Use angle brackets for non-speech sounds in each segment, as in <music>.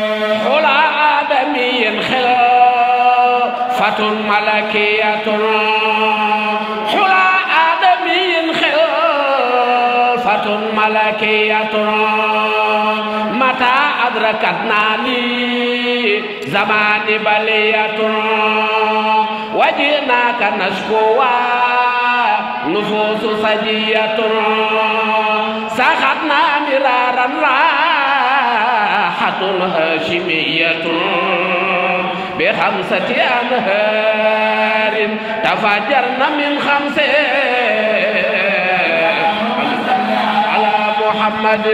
العالمي خلافة ملكية حلى آدمي خلافة ملكية متى أدركتنا لي زمان بلية وجئناك نشكو نفوس سجية سخطنا مرارا الصفحة الهاشمية بخمسة أنهار تفجرنا من خمسة على محمد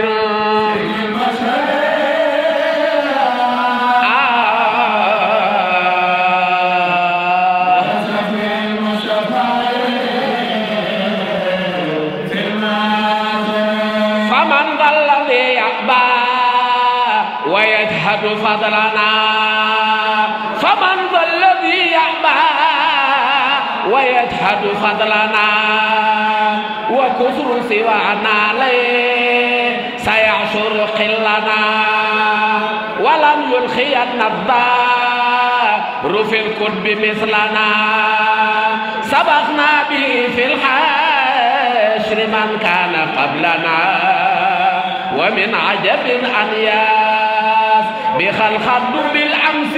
يشهد فضلنا وكثر سوانا ليه سيعشر قلنا ولم يلخين الضار في الكتب مثلنا سبقنا به في الحشر من كان قبلنا ومن عجب أن ياس بخلق بالأمس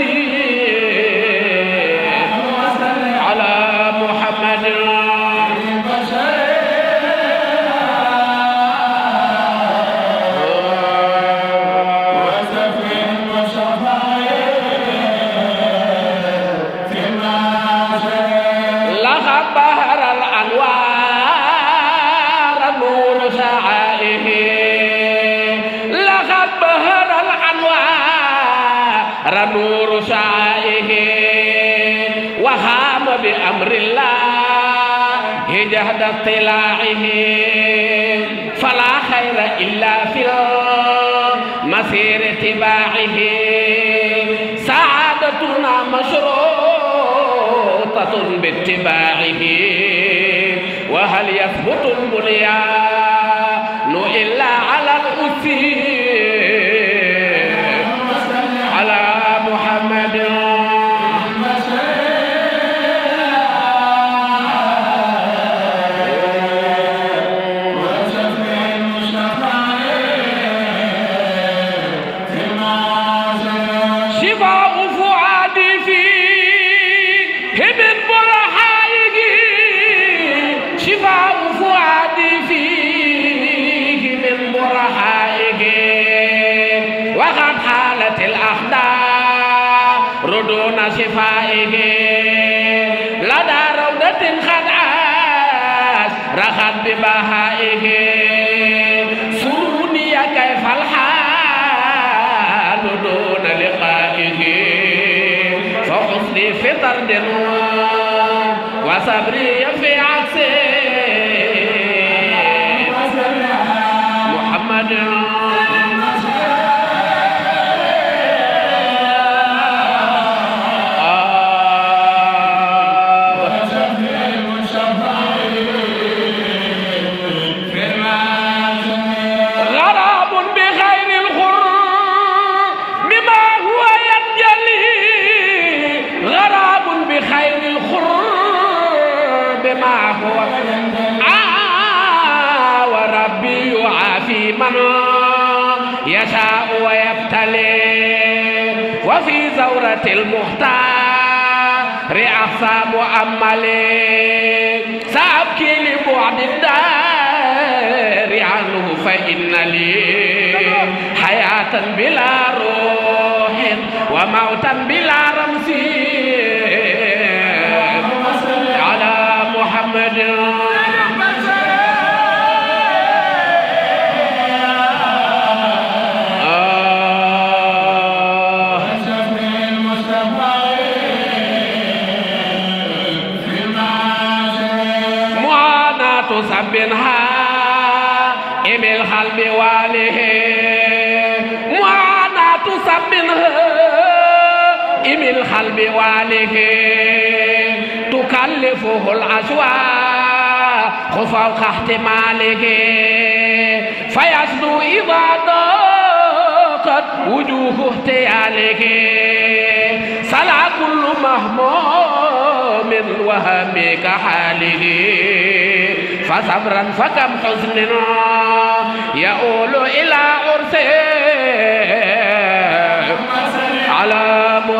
بعد اطلاعه فلا خير إلا في مسير اتباعه سعادتنا مشروطة باتباعه وهل يثبت البنيان إلا على الأسير زورة المختار أحصى مؤملة سأبكي لبعد الدار عنه فإن لي حياة بلا روح وموتا بلا روح مالك تكلفه الأسواق فوق احتمالك فيصدو إذا ضاقت وجوه اهتيالك صلع كل مهموم وهمك حاله فصبرا فكم حزننا يقول إلى عرسه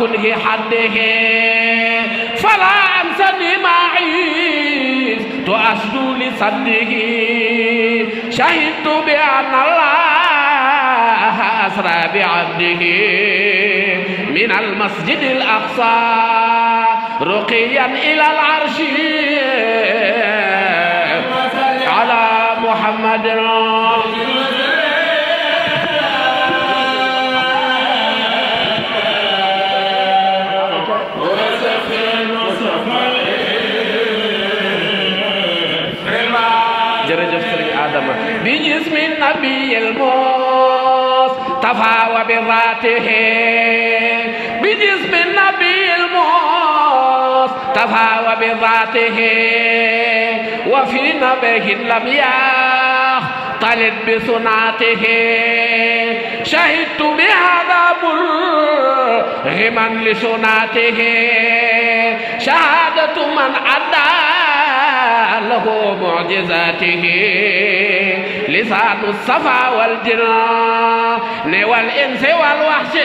كله حده فلا أنسني معيز تؤسد لصده شهدت بأن الله أسرى بعبده من المسجد الأقصى رقيا إلى العرش على محمد ذاته بجسم النبي المصطفى وبذاته وفي نبيه لم يختلط بصنعته شهدت بهذا مرغما لصنعته شهادة من له معجزاته لسان الصفا والجنان والإنس والوحش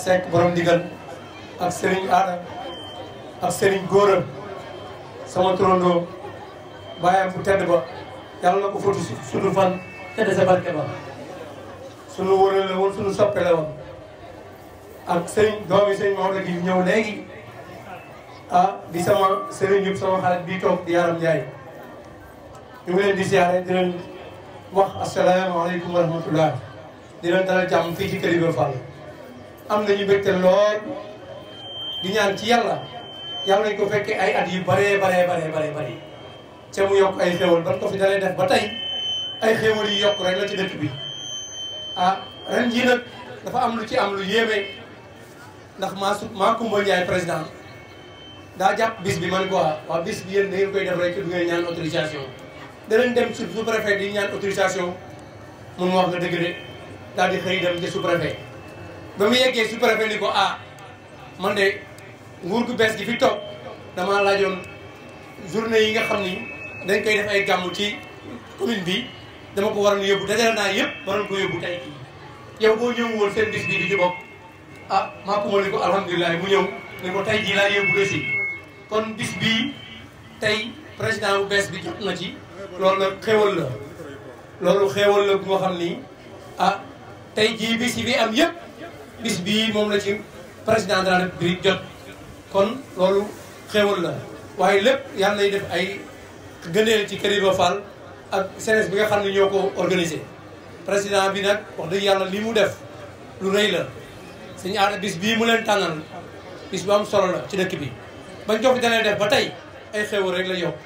Seck borom ndigal ak Serigne Aada ak Serigne Góora sama turandoo bàyyam bu tedd ba yàlla na ko sunu fan tedd sa ba sunu wóoral woon sunu soppe woon ak Serigne doomi Serigne Mouhamed gi ñëw léegi ah di sama Serigne yëpp sama xarit bii toog di Yaram Ndiaye ñu ngi leen di siyaare di leen wax asalaamaaleykum wa rahmatullah di leen dalal jàmm fii ci Kër Ibra Fall am na nañu mbégte lool di ñaan ci yàlla yàlla nañ ko fekkee ay at yu bëree baree bare baree bëri ca mu yokk ay xéewal ban ko fi dalee def ba tey ay xéewal yu yokk rek la ci dëkk bi ah ren jii nag dafa am lu ci am lu yéeme ndax maa su maa Kumba Ndiaye président daa jàpp bis bi man quoi waaw bis bi yéen da ngeen koy def rek du ngay ñaan autorisation danañ dem su sous di ñaan autorisation mun wax nga dëgg de daal di xëy dem ci sous préfet ba mu yeggee sous-préfet ni ko ah man de nguur gu bees gi fi toog damaa laajoon journée yi nga xam ni dañ koy def ay gàmmu ci commune bi dama ko waroon yóbbu dajale naa yëpp waroon ko yóbbu tey kii yow boo ñëw woon seen ah, ma ni ko alhamdulilah mu ñëw ne ko tey jii laa yóbbu la si kon bis bi tey président bu bees bi jot na ci loolu nag xéwal la loolu xéwal la bu nga xam ni ah tey jii bis yi bi am yëpp bis bii moom la ci président de la République jot kon loolu xéewal la waaye lépp yàlla lay def ay gëneel ci kër Iba Fall ak CNS bi nga xam ne ñoo ko organisé président bi nag wax dëgg yàlla li mu def lu rëy la suñu aada bis bii mu leen tànnal bis bu am solo la ci dëkk bi bañ jox dalee def ba tey ay xéewal rek la yokk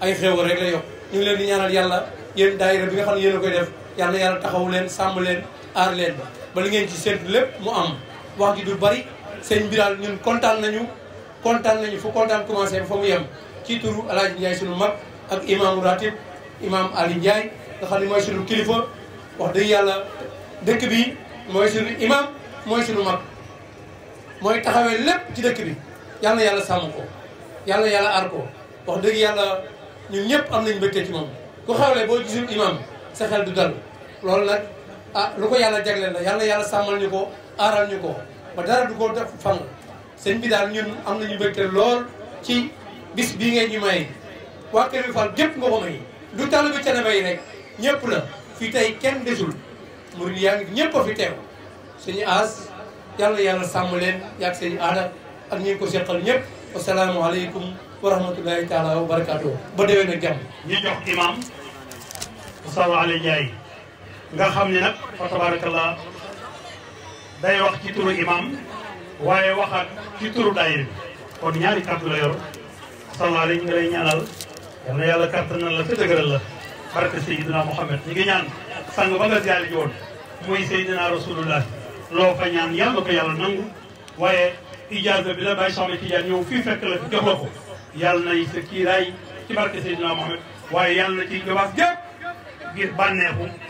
ay xéewal rek la yokk ñu ngi leen di ñaanal yàlla yéen daayira bi nga xam ne yéen a koy def yàlla yàlla taxaw leen sàmm leen aar leen ba ba li ngeen ci séntu lépp mu am wax ji du bari seen Biral ñun kontaan nañu kontaan nañu fu kontaan commencé ba fa mu yem ci turu El Ndiaye sunu mag ak imam ratib imam Ali Ndiaye nga xam ne mooy sunu kilifa wax dëgg yàlla dëkk bi mooy sunu imam mooy sunu mag mooy taxawee lépp ci dëkk bi yal na yàlla sàmm ko yal na yàlla ko wax dëgg yàlla ñun ñëpp am nañu mbégte ci moom ku xawle boo gisul imam sa xel du dal loolu nag. ah lu ko yàlla jagleel la yàlla yàlla sàmmal ñu ko aaral ñu ko ba dara du ko def fang sëñ bi daal ñun am nañu mbégte lool ci bis bii ngeen ñu may waa Kër bi Fall gépp nga ko may du taalibe Thiénaba yi rek ñëpp la fii tey kenn desul murid yaa ngi ñëpp a fi teew suñu aas yàlla yàlla sàmm leen yàgg seen aada ak ñu ko seqal ñëpp asalaamaaleykum wa rahmatulahi taala wa barakaatu ba déwén ak jàmm ñu jox imam Moustapha Aliou Ndiaye nga xam ne nag fa tabarakallah day wax ci turu imam waaye waxaat ci turu daayir kon ñaari kàddu la yor sallaa ñu ngi lay ñaanal yal na yàlla la te dëgëral la barke Seydina Muhammad ñu ngi ñaan sang ba nga ziyaare ji woon mooy Seydina Rasulullah loo fa ñaan yàlla ko yàlla nangu waaye ijaaza bi la bàyyi soxna Tijaan ñëw fii fekk la ko yàlla nay sa kiiraay ci barke Seydina Muhammad waaye yàlla na ci jobaas gépp ngir bànneexu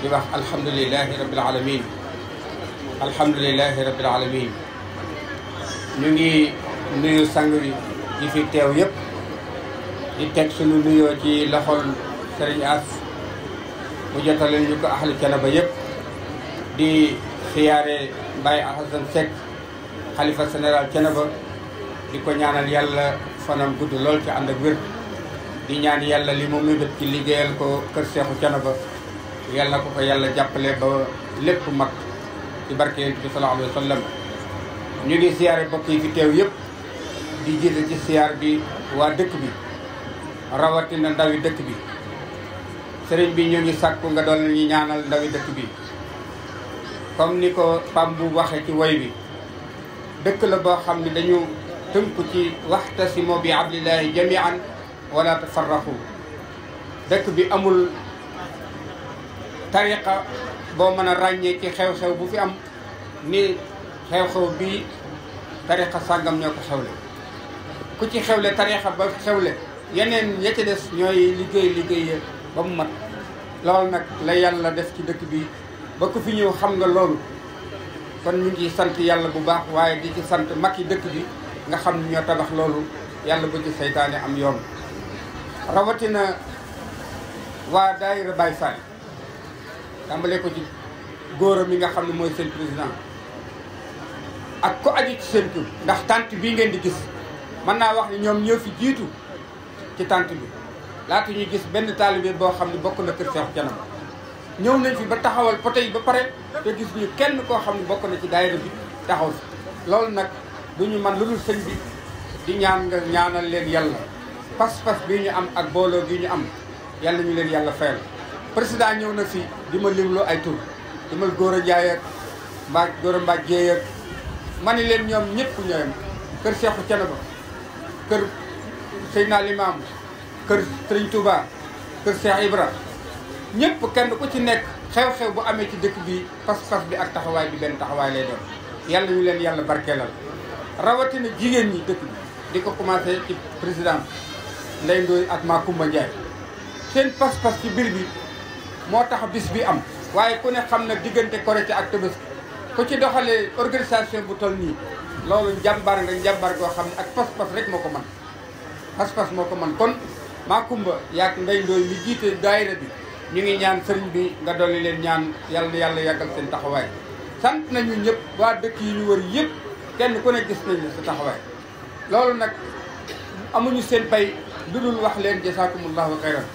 di wax alhamdulilahi rabil alamin alhamdulilahi rabil alamin ñu ngi nuyu sang bi yi fi teew yëpp di teg suñu nuyoo ci loxol sëriñ As mu jotale ñu ko ahlu Thiénaba yëpp di siyaare Baye Assane Seck xalifa général Thiénaba di ko ñaanal yàlla fanam gudd lool ci ànd ak wér di ñaan yàlla li mu mébét ci liggéeyal ko kër Seexu Thiénaba yal na ko ko yàlla jàppale ba lépp mag ci barke yonent bi sallallahu alayhi wa sallam ñu ngi siyaare bokk yi fi teew yëpp di jiite ci siyaar bi waa dëkk bi rawatina ndawi dëkk bi sëriñ bi ñu ngi sàkku nga doon ñu ñaanal ndawi dëkk bi comme ni ko pam bu waxee ci woy bi dëkk la boo xam ne dañu tënk ci waxtasimu bi abdillahi jamian wala tafarraxu dëkk bi amul tariqa boo mën a ràññee ci xew-xew bu fi am ni xew-xew bii tariqa sàngam ñoo ko xewle ku ci xewle tariqa ba xewle yeneen ya ca des ñooy liggéey liggéey ba mu mat loolu nag la yàlla def ci dëkk bi ba ku fi ñëw xam nga loolu kon ñu ngi sant yàlla bu baax waaye di ci sant mag yi dëkk bi nga xam ni ñoo tabax loolu yàlla bu ci seytaane am yoon rawatina waa daayira Baye Fall tàmbalee ko ci góoram mi nga xam ne mooy seen président ak ko aju ci seen tur ndax tànt bii ngeen di gis mën naa wax ne ñoom ñoo fi jiitu ci tànt bi laatu ñuy gis benn taalibe boo xam ne bokk na kër Cheikh Thiénaba ñëw nañ fi ba taxawal poté ba pare te gis ñu kenn koo xam ne bokk na ci daayira bi taxaw si loolu nag du ñu man lu dul sëñ bi di ñaan nga ñaanal leen yàlla pas-pas bii ñu am ak booloo gi ñu am yàlla ñu leen yàlla fayal président ñëw na si di ma limlu ay tur di ma góor a jaay ak mbaaj góor a mbaaj jéey ma ni leen ñoom ñëpp ñooyam kër Seexu Canaba kër Seydina Limaamu kër Sëriñ Touba kër Seex Ibra ñëpp kenn ku ci nekk xew-xew bu amee ci dëkk bi pas-pas bi ak taxawaay bi benn taxawaay lay doon yàlla ñu leen yàlla barkeelal rawatina jigéen ñi dëkk bi di ko commencé ci président Ndeye Ndoye ak Makumba Ndiaye seen pas-pas ci biir bi moo tax bis bi am waaye ku ne xam na diggante korité ak tabaski ku ci doxalee organisation bu toll nii loolu njàmbaar nga njàmbaar goo xam ne ak pas-pas rek moo ko mën pas-pas moo ko mën kon Makumba yaag Ndeye Ndoye li jiite daayira bi ñu ngi ñaan sëriñ bi nga dolli leen ñaan yàlla na yàlla yàggal seen taxawaay sant nañu ñëpp waa dëkk yi ñu wër yëpp kenn ku ne gis nañu sa taxawaay loolu nag amuñu seen pay lu dul wax leen jasakumullahu xayran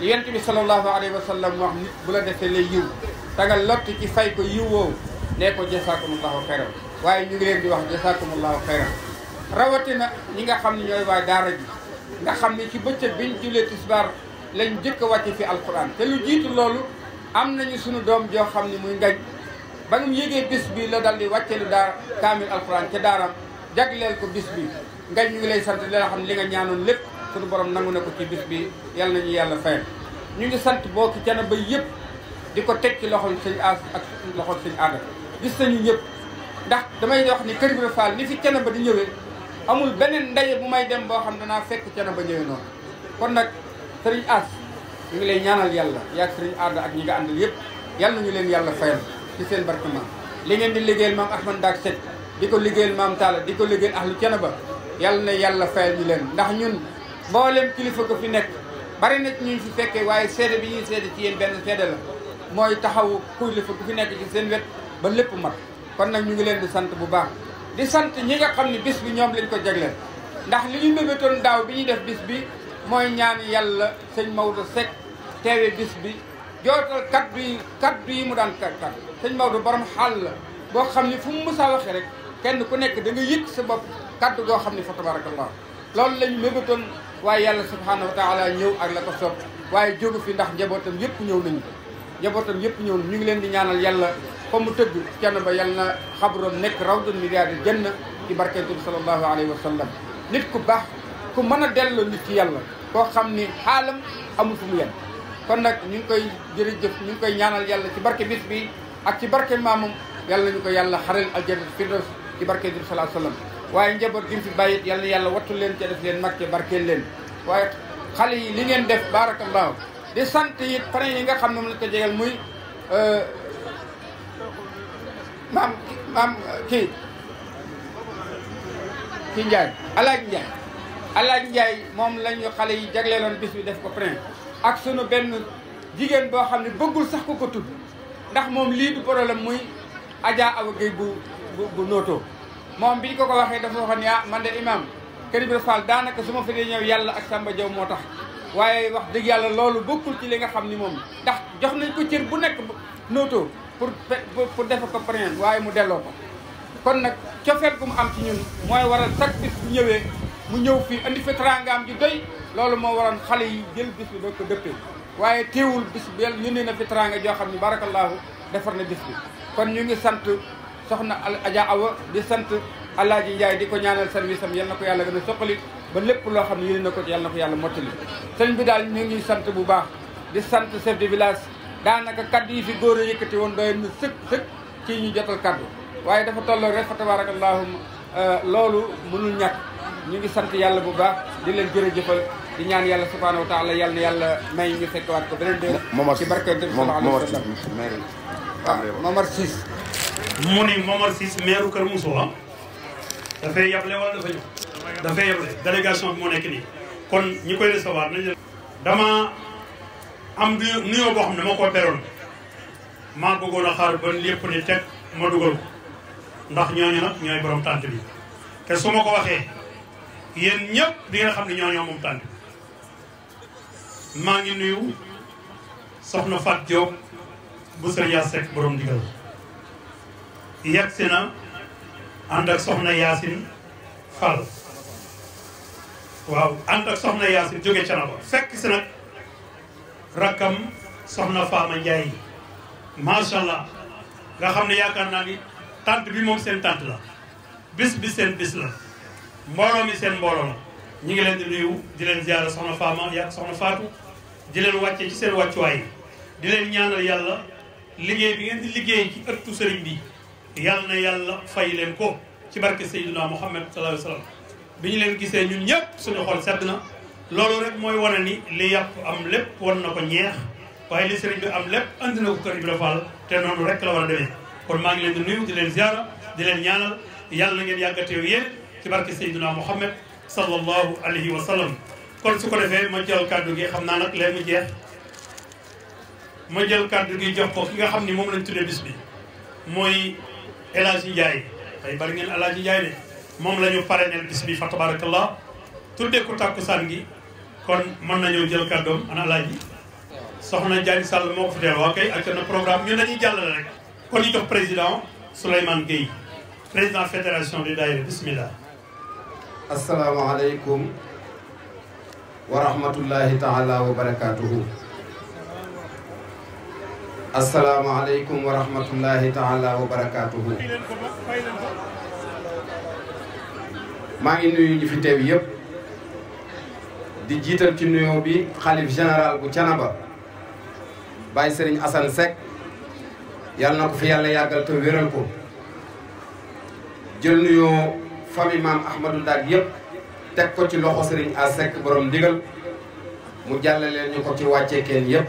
li bi sallallahu alayhi wa sallam wax nit bu la defee lay yiw da nga lott ci fay ko yiw woowu nee ko jasaakumullahu xayran waaye ñu ngi leen di wax jasaakumullahu xayran rawatina ñi nga xam ne ñooy waa daara ji nga xam ne ci bëccëg ñu julee tisbaar lañ jëkk a wàcce fi al alquran te lu jiitu loolu am nañu sunu doom joo xam ne muy ngañ ba mu yégee bis bi la dal di wàcce lu daara kaamil alquran ca daaraam jagleel ko bis bi ngañ ñu ngi lay sant li nga xam ne li nga ñaanoon lépp suñu borom nangu ne ko ci bis bi yalla nañu yalla fay ñu ngi sant ci Thiénaba ba di diko tek ci loxol sëñ as ak loxol sëñ adam gis nañu ñëpp ndax damay wax ni Kër bi Fall ni fi ba di ñëwé amul benen ndaye bu may dem bo xam dana fekk ba ñëwé non kon nak sëriñ as ñu ngi lay ñaanal yalla yaag sëriñ adam ak ñi nga andal yépp yalla nañu leen yalla fay ci seen barkement li ngeen di liggéeyal maam Ahmad dak set di ko liggéeyal maam tala, di ko liggéeyal ahlu ba yalla ne yalla fayal ñu leen ndax ñun mboolem kilifa ko fi nekk bari na ci ñu fi fekkee waaye seede bi ñuy seede ci yéen benn seede la mooy taxawu kilifa ku fi nekk ci seen wet ba lépp mag kon nag ñu ngi leen di sant bu baax di sant ñi nga xam ne bis bi ñoom lañ ko jagleel ndax li ñu mébétoon daaw bi ñuy def bis bi mooy ñaan yàlla sëñ Maodo Seck teewe bis bi jootal kaddu yi kaddu yi mu daan kat kat sëñ Maodo borom xaal la boo xam ne fu mu musaa waxee rek kenn ku nekk da nga yëg sa bopp kaddu goo xam ne fa tabarakallah loolu la ñu waaye yàlla subhaanahu wa taala ñëw ak la ko soob waaye jógu fi ndax njabootam yëpp ñëw nañu njabootam yëpp ñëw ñu ngi leen di ñaanal yàlla fa mu tëgg kenn ba yàlla na xabroom nekk raw rawdun milliards yi jënn ci barkente bi sallallahu alayhi wa sallam nit ku baax ku mën a delloo nit ci yàlla koo xam ni xaalam amul fu mu yem kon nag ñu ngi koy jëf ñu ngi koy ñaanal yàlla ci barke bis bi ak ci barke maamam yàlla ñu ko yàlla xaral aljanna firdaws ci barke bi sallallahu alayhi wa sallam waye njabot gi fi bàyyit yalla yalla watul len ci def len mag barkel len waye xali li ngeen def barakallahu di sante yi parents yi nga xam ne la ko jegal muy euh, mam mam ki ki Ndiaye alaaj Ndiaye alaaj Ndiaye mom lañu xale yi lon bis bi def ko prince ak suñu benn jigen bo xamni ne bëggul sax ko ko tud ndax mom li du problème muy aja aw geey bu bu bu moom bi ko ko waxee dafa waxoon yaa man de imam Kër Ibra Fall daanaka su ma fi dee ñëw yàlla ak Samba Diaw moo tax waaye wax dëgg yàlla loolu bokkul ci li nga xam ni moom ndax jox nañ ko cër bu nekk nooto pour pour defe ko preneen waaye mu delloo ko kon nag cofeel gu mu am ci ñun mooy waral chaque bis bu ñëwee mu ñëw fii indi fi teraangaam ji doy loolu moo waroon xale yi jël bis bi ba ko dëppee waaye teewul bis bi yónnee na fi teraanga joo xam ne barakallahu defar na bis bi soxna Adja Awa di sant Alaaji Njaay di ko ñaanal service am yal na ko yàlla gën a soqali ba lépp loo xam ne yéene na ko ci yal na ko yàlla mottali sëñ bi daal ñu ngi sant bu baax di sant chef de village daanaka kaddu yi fi góor a yëkkati woon doyen na sëkk sëkk ci ñu jotal kaddu waaye dafa tolloo rek fa tabaarakallaahu euh, loolu mënul ñàkk ñu ngi sant yàlla bu baax di leen jërëjëfal di ñaan yàlla subhaanahu wa taala yàlla na yàlla may ñu fekk waat ko beneen dé ci barke Momar Cissé ah, mu sis Momar keur muso Kër da fay yable wala dafa da fay yable délégation mo nek ni kon ñi koy recevoir nañ dama am bi nuyo bo xamne mako ko ma bëggo na xaar ba lepp ni tek ma duggal ndax ñooñu nak ñoy borom tante bi té suma ko waxé yeen ñëpp di nga xam ne ñooñoo moom tànt ngi nuyu soxna fat Diop bu sëriñ borom digal yegg si na ànd ak soxna Yaasin Fall waaw ànd ak soxna Yaasin jóge Canaba fekk si nag rakkam soxna Faama Ndiaye macha allah nga xam ne yaakaar naa ni tante bi moom seen tante la bis bi seen bis la mbooloo mi seen mbooloo la ñu ngi leen di nuyu di leen ziara soxna Faama yàgg soxna Faatu di leen wàcce ci seen wàccuwaay di leen ñaanal yàlla liggéey bi ngeen di liggéey ci ëttu sëriñ bi yal na yàlla fay leen ko ci barke Seydina Muhammad sallallahu alayhi wa sallam bi ñu leen gisee ñun ñëpp suñu xol sedd na loolu rek mooy wane ni li yàpp am lépp wan na ko ñeex waaye li sëriñ bi am lépp andi na ko kër Ibra Fall te noonu rek la war a demee kon maa ngi leen di nuyu di leen ziara di leen ñaanal yàlla na ngeen yàgg a teew yéen ci barke Seydina Muhammad sallallahu alayhi wa sallam kon su ko defee ma jël kàddu gi xam naa nag leen mu jeex ma jël kàddu gi jox ko nga xam ni moom lañ tuddee bis bi El Hadji Ndiaye tey bari ngeen El Hadji Ndiaye moom lañu ñu parrainé bis bi fa tabarakallah tuddee ko tàkkusaan gi kon mën nañoo jël kàddoom ana El Hadji soxna Diagne Sall moo ko fi teel waa kay ak na programme ñun dañuy jàllale rek kon ñu jox président Souleymane Gueye président fédération du daayira bismillah asalaamaaleykum wa rahmatullahi taala wa السلام عليكم ورحمة الله تعالى وبركاته. ما إنه يفتي يب. ديجيتال كنيو بي خليفة جنرال بوشانابا. باي سرين أسان سك. يالنا كفي الله يعقل تويرلكو. جلنيو فامي مام أحمد الدار يب. تك كتير لخسرين أسك برم ديجل. مجالل نيو كتير واجي كن يب.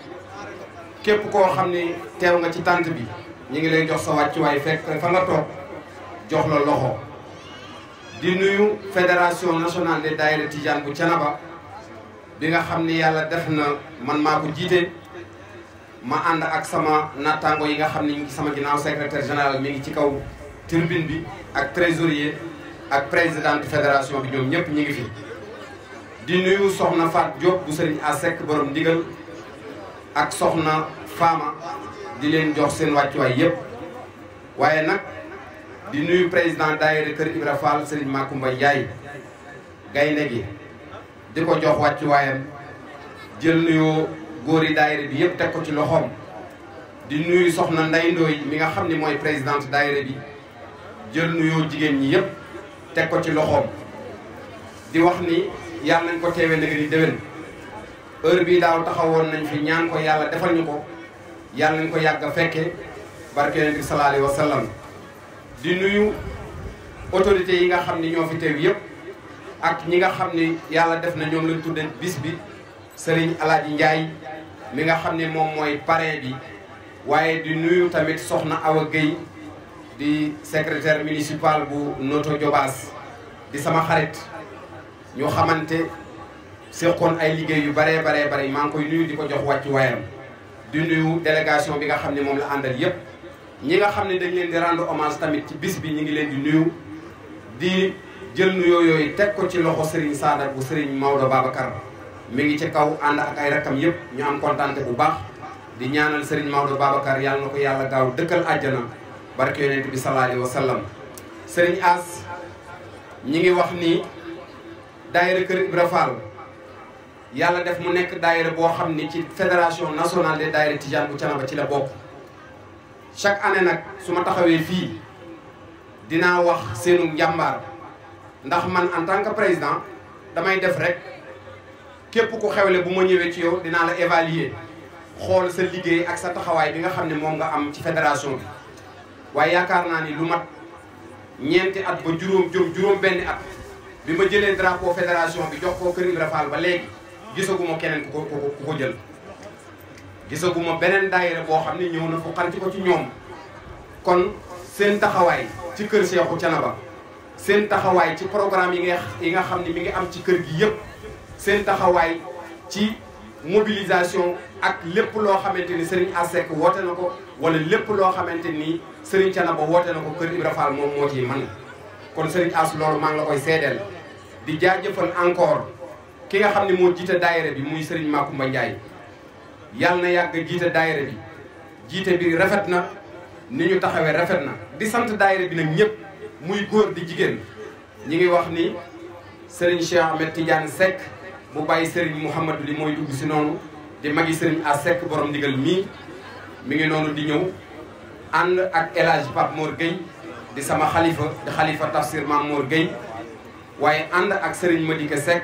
képp koo xam ni teew nga ci tànt bi ñu ngi lay jox sa wàccuwaay fekk fa nga toog jox la loxo di nuyu fédération nationale des daayira tijaan bu Thiénaba bi nga xam ni yàlla def na man maa ko jiite ma ànd ak sama nattaango yi nga xam ni sama ginnaaw secrétaire général mi ngi ci kaw tribune bi ak trésorier ak présidente fédération bi ñoom ñëpp ñu ngi fi di nuyu soxna Faat Diop bu sëriñ Asek borom ndigal ak soxna Fama di len jox sen waccu wàccuwaay yëpp waye nak di nuyu president daayira keur Ibra Fall Serigne Makumba Ndiaye gaynde gi diko jox waccu wayam djel nuyu góori daayira bi yëpp teg ko ci loxom di nuyu soxna Ndeye ndoy mi nga xamni moy president présidente bi djel nuyu jigen ñi yëpp teg ko ci loxom di wax ni yalla nango ko teewee nag ni déwén heure bii daaw taxawoon nañ fi ñaan ko yàlla defal ñu ko yàlla nañ ko yàgg a fekke barke yonent bi sallallahu alayhi wa sallam di nuyu autorités yi nga xam ni ñoo fi teew yëpp ak ñi nga xam ni yàlla def na ñoom lañ tudde bis bi Serigne Alaaji Njaay mi nga xam ni moom mooy pare bi waaye di nuyu tamit soxna Awa Gueye di secrétaire municipal bu Noto Diobass di sama xarit ñu xamante seqoon ay liggéey yu baree baree bare maa ngi koy nuyu di ko jox wàccu waayam di nuyu délégation bi nga xam ne moom la àndal yépp ñi nga xam ne dañ leen di rendre hommage tamit ci bis bi ñu ngi leen di nuyu di jël nuyoo yooyu teg ko ci loxo Serigne Sada bu Serigne Maodo Babacar mi ngi ci kaw ànd ak ay rakam yépp ñu am kontaan bu baax di ñaanal Serigne Maodo Babacar yàlla na ko yàlla gaaw dëkkal àjjana barke yonent bi sallallahu alayhi wa sallam Serigne As ñi ngi wax ni daayira kër yàlla def mu nekk daayira boo xam ne ci fédération nationale des daayira tijaan bu Thiénaba ci la bokk chaque année nag su ma taxawee fii dinaa wax seenu njàmbaar ndax man en tant que président damay def rek képp ku xewle bu ma ñëwee ci yow dinaa la évaluer xool sa liggéey ak sa taxawaay bi nga xam ne moom nga am ci fédération bi waaye yaakaar naa ni lu mat ñeenti at ba juróom jëm juróom benni at bi ma jëlee drapeau fédération bi jox koo Kër Ibra ba léegi gisaguma keneen ku ko ku ko jël gisaguma beneen daayira boo xam ne ñëw na fu xarci ko ci ñoom kon seen taxawaay ci kër Seexu Canaba seen taxawaay ci programme yi nga yi nga xam ne mi ngi am ci kër gi yëpp seen taxawaay ci mobilisation ak lépp loo xamante ni Serigne Assec woote na ko wala lépp loo xamante ni Serigne Canaba woote na ko kër Ibra Fall moom moo ciy man kon Serigne Ass loolu maa ngi la koy seedeel di jaajëfal encore ki nga xam ne moo jiite daayira bi muy Serigne Makumba Ndiaye yàlla na yàgg jiite daayira bi jiite bi rafet na ni ñu taxawee rafet na di sant daayira bi nag ñëpp muy góor di jigéen ñi ngi wax ni Serigne Cheikh Ahmed Tidiane Seck bu bàyyi Serigne Mouhamadou li mooy dugg si noonu di magi Serigne a Seck borom ndigal mii mi ngi noonu di ñëw ànd ak El Hadj Pape Mor di sama xalifa di xalifa tafsir Maam Mor Gueye waaye ànd ak Serigne Madike Seck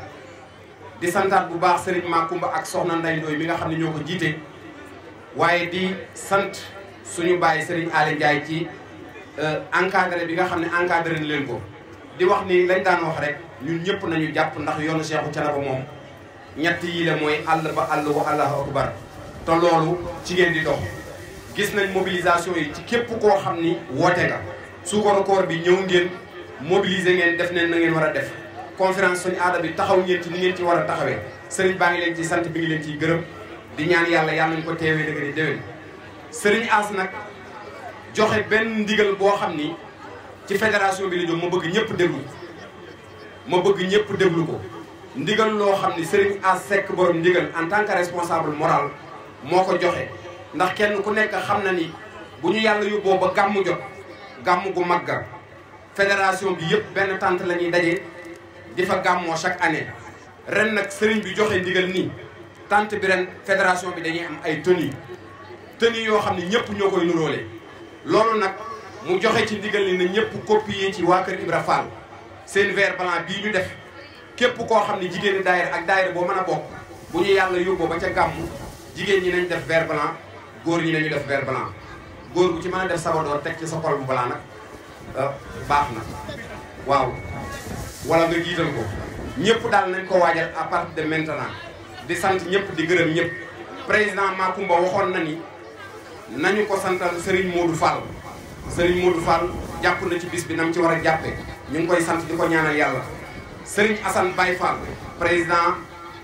di santaat bu baax Serigne Makumba ak Soxna Nday Ndoy mi nga xam ne ñoo ko jiite waaye di sant suñu bàyyi Serigne Aly Ndiaye ci euh, encadré bi nga xam ne encadré na leen ko di wax ni lañ daan wax rek ñun ñëpp nañu jàpp ndax yoonu Seexu Canaba moom ñett yii la mooy àll ba àll wa allahu akbar te ci ngeen di dox gis nañ mobilisation yi ci képp koo xam ni woote nga suukaru koor bi ñëw ngeen mobiliser ngeen def neen na ngeen war a def conférence suñu aada bi taxaw ngeen ci ni ngeen ci war a taxawee sëriñ baa ngi leen ci sant bi ngi leen ciy gërëm di ñaan yàlla yàlla nañu ko teewee dëgg di déwén sëriñ As nag joxe benn ndigal boo xam ni ci fédération bi la jëm bëgg ñëpp déglu ma bëgg ñëpp déglu ko ndigal loo xam ni sëriñ As Seck borom ndigal en tant que responsable moral moo ko joxe ndax kenn ku nekk xam na ni bu ñu yàlla yóbboo ba gàmmu jot gàmm gu magga fédération bi yëpp benn tànt la ñuy daje di fa gàmmoo chaque année ren nag sëriñ bi joxe ndigal nii tant bi ren fédération bi dañuy am ay tenues tenues yoo xam ne ñëpp ñoo koy nuróole loolu nag mu joxe ci ndigal ni na ñëpp copier ci waa kër Ibra Fall seen veer blanc bii ñu def képp koo xam ne jigéen daayira ak daayira boo mën a bokk bu ñu yàlla yóbboo ba ca gàmmu jigéen ñi nañ def vert blanc góor ñi nañu def vert blanc góor bu ci mën a def sabadoor teg ci sa kol bu balaa nag euh, baax na waaw wala nga jiital ko ñëpp daal nañ ko waajal à partir de maintenant di sant ñëpp di gërëm ñëpp président Macoumba waxoon na ni nañu ko santal Serigne Modou Fall Serigne Modou Fall jàpp na ci bis bi nam ci war a jàppe ñu ngi koy sant di ko ñaanal yàlla Serigne Assane Baye Fall président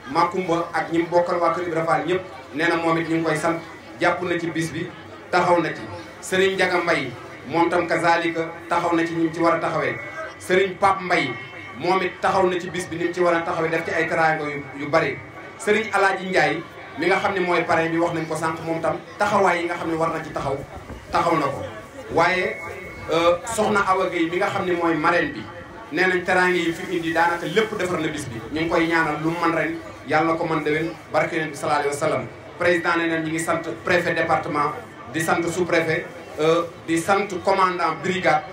Macoumba ak ñi bokkal waa Kër Ibra Fall ñëpp nee na moom it ñu koy sant jàpp na ci bis bi taxaw na ci Serigne Ndiaga Mbaye moom tam kazalika taxaw na ci ñi ci war a taxawee Serigne Pape Mbaye moom it taxaw na ci bis bi ni ci war taxaw taxawee def ci ay teraanga yu yu bari Serigne Alaaji Njaay mi nga xam ne mooy parrain bi wax nañ ko sànq moom tam taxawaay yi nga xam ne war na ci taxaw taxaw na ko waaye euh, soxna Awa Gueye mi nga xam ne mooy marraine bi nee nañ teraanga yi fi indi daanaka lépp defar na bis bi ñu koy ñaanal lu mu mën ren yàlla na ko mën déwén barke neen bi sallallahu alayhi wa sallam président ne neen ñi ngi sant préfet département di sant sous préfet euh, di sant commandant brigade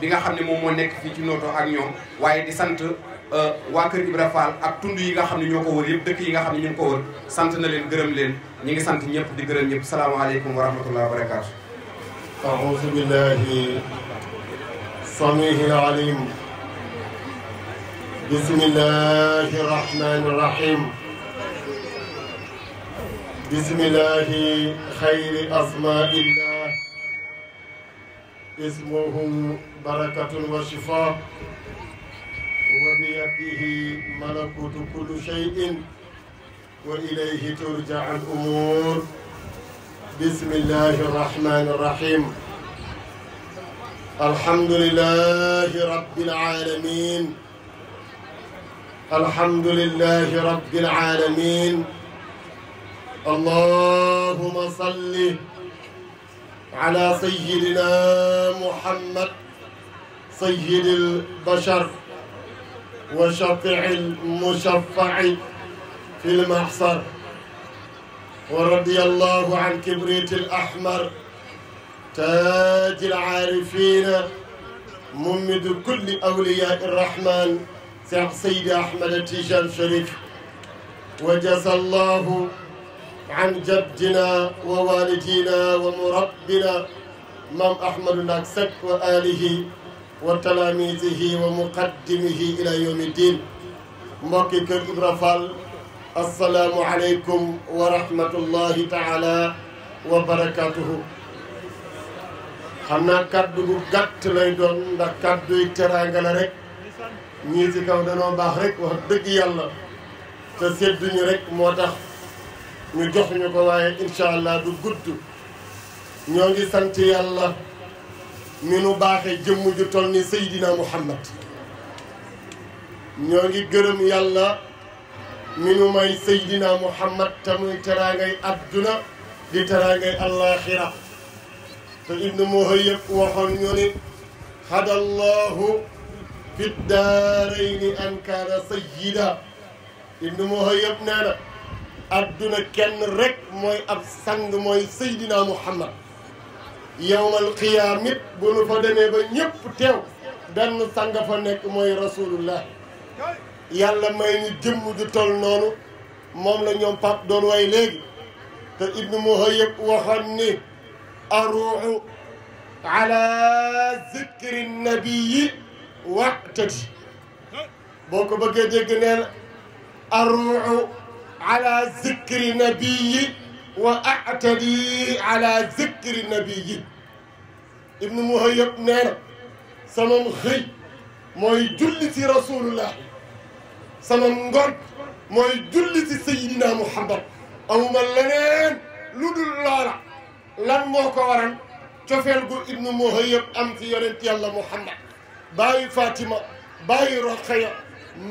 bi nga xam mom mo nek fi ci Noto ak ñom waye di sante euh wa keur ibrahim Fall ak tundu yi nga xam ñoko wër yëpp dëkk yi nga xam ñu ko wër sante na leen gërëm leen ñi ngi sante ñëpp di gërëm ñëpp assalamu alaykum wa rahmatullahi wa barakaatu aouzu billahi samihi alim الرحيم بسم الله خير أسماء الله اسمه بركة وشفاء وبيده ملكوت كل شيء وإليه ترجع الأمور بسم الله الرحمن الرحيم الحمد لله رب العالمين الحمد لله رب العالمين اللهم صلِّ على سيدنا محمد سيد البشر وشفع المشفع في المحصر ورضي الله عن كبريت الأحمر تاج العارفين ممد كل أولياء الرحمن سيد أحمد التجار شريف وجزى الله عن جدنا ووالدينا ومربنا مام أحمد ناكسك وآله وتلاميذه ومقدمه إلى يوم الدين موكي كير إبرافال السلام عليكم ورحمة الله تعالى وبركاته xam naa kaddu gu gàtt lay doon ndax kaddu yi teraanga la rek ñii ci kaw danoo baax rek wax dëgg yàlla te ñu jox ñu ko waaye incha allah du gudd ñoo ngi sant yàlla mi nu baaxee jëmm ju toll ni Seydina Muhammad ñoo ngi gërëm yàlla mi nu may Seydina Muhammad te muy teraangay adduna di teraangay allaaxira te Ibnu Muhayyab waxoon ñu ni hadallahu fi daarayni an kaana sayyida Ibnu Muhayyab nee na duna kenn rek mooy ab sang mooy Seydina Muhammad yowmal qiyaam it bu nu fa demee ba ñëpp teew benn sang fa nekk mooy rasulullah yàlla may ñu jëmm ju tol noonu moom la ñoom pap doon way léegi te ibnu muhayyib waxoon ni aruuxu ala zikri nabiyi waxtati boo ko bëggee dégg neen aruuxu على ذكر نبي واعتدي على ذكر نبي ibnu muhayyab nee na sama xëy mooy julli ci rasulullah sama ngor mooy julli ci sayidina muhammad amuma leneen lu dul loola lan moo ko waral cofeel gu ibnu muhayyab am ci yonent yàlla muhammad bàyyi fatima bàyyi roqaya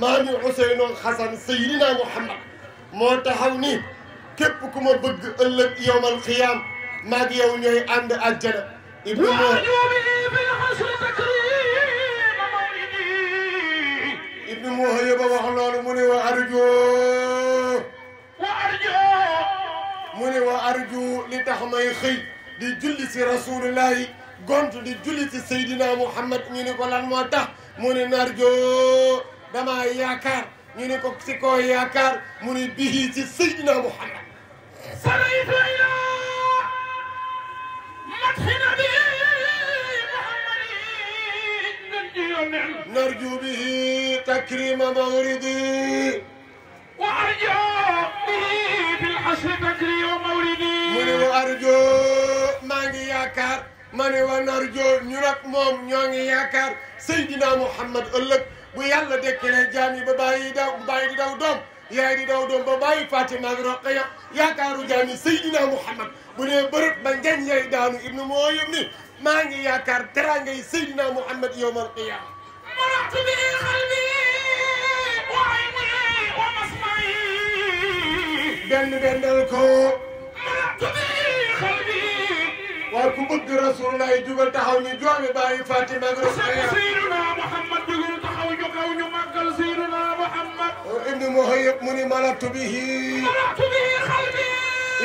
maami useyno xasan sayidina muhammad moo taxaw ni képp ku ma bëgg ëllëg yowmal xiyaam maag yow ñooy ànd àjjana ibnu moo ibnu moo ba wax loolu mu ne wa arju wa arju mu ne wa arju li tax may xëy di julli si rasulullahi gont di julli si seydina muhammad ñu ni ko lan moo tax mu ne narjo damaa yaakaar ñu ne ko si koo yaakaar mu ne bihi ci Seydina Muhammad saraytu ila madhi nabi Muhammadin narju bihi takrima mawridi wa arju bihi fil hasri takrima mawridi mu ne wa arju maa ngi yaakaar ma ne wa narju ñu nag moom ñoo ngi yaakaar Seydina Muhammad ëllëg bu yàlla dekkilee jaam yi ba bàyyi daw bàyyi di daw doom yaay di daw doom ba bàyyi Fatima ak Roqaya yaakaaru jaam yi Seydina ba njañ yay daanu ibnu moo yëm ni ngi yaakaar teraangay Seydina Muhammad yawmal qiyaama maratu bi qalbi wa ayni taxaw ñu joomi bàyyi Fatima ak ñu kaw ñu màggal Seydina Muhammad ibnu Muhayyab mu ni malatu bihi malatu bihi xalbi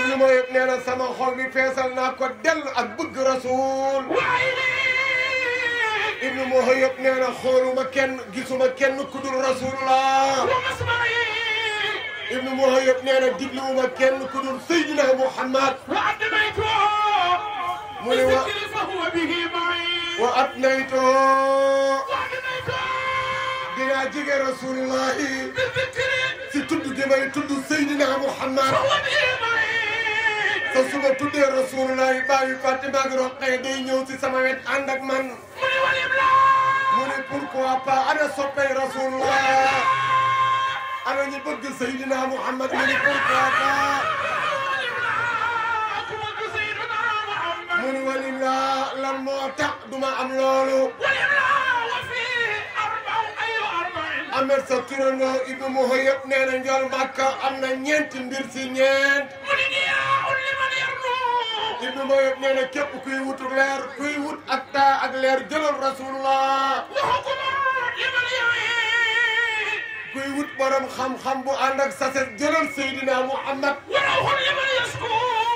ibnu Muhayyab nee na sama xol bi feesal naa ko dell ak bëgg rasul waaye ibnu Muhayyab nee na xooluma kenn gisuma kenn ku dul rasulullah ibnu Muhayyab nee na digluwuma kenn ku dul Seydina Muhammad wa admaytu mu ni wa wa admaytu di nga jege rasulillahi si tudd gi may tudd Seydina Muhammad sa suma tuddee rasulillahi baayu Fatima ak Roqaya day ñëw si sama wet ànd ak man mu ne pourquoi pas ana soppay rasulullah ana ñu bëgg Seydina Muhammad mu ne pourquoi pas mu ne walillah lan moo tax duma am loolu Ahmed sa turandoo Ibou Mouhoyeb nee na Ndiol Màkka am na ñeenti mbir si ñeent. mu di nii ah on li ma leer loo. Ibou Mouhoyeb nee na képp kuy wut leer kuy wut ak taa ak leer jëlal rasulullah. kuy wut borom xam-xam bu ànd ak saset jëlal Seydina Muhammad. waaw li ma leer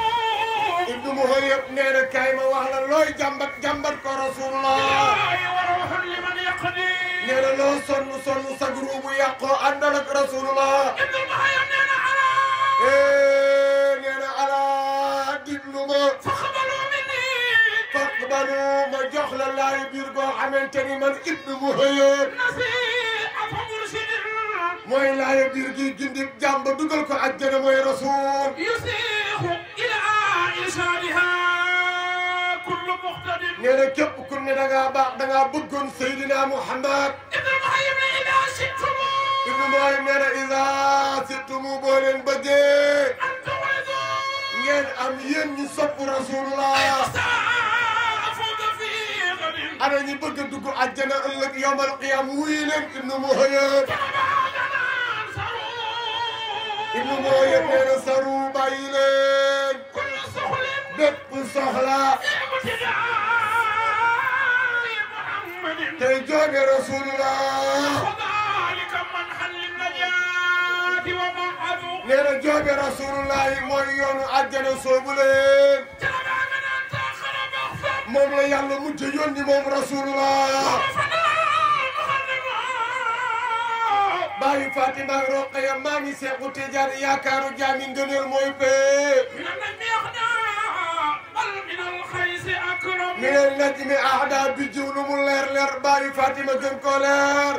ابن مهير نينا كايما واهلا لوي جنبك جنبك كو رسول الله يا ايها وروح لمن يقضي نينا لو سن سن سغروب يقو عندك رسول الله ابن مهير نينا على ايه على ابن مهير فاقبلوا مني فاقبلوا ما جخل الله يبيرغو حمنتني من ابن مهير مرشد لا يدير جي جندي جامب دوغل كو اجنا موي رسول يسيح الى nee na képp ku ne da ngaa baax da ngaa bëggoon Seydina Muhammad. Ibnu Muhayyib ne Ida Sittumu. Ibnu Muhayyib nee na Ida Sittumu boo leen bëggee. ngeen am yéen ñu sopp Rasulullah. ana ñi bëgg a dugg àjjana ëllëg yawmal qiyaam wuyu leen Ibnu Muhayyib. Ibnu Muhayyib nee na saru bàyyi leen. bépp soxla te joone rasulullah nee na joobe rasulullahi mooy yoonu àjjana soobu mooy pee minel najmi ahda bi jiw nu mu leer leer bàyyi Fatima gën koo leer.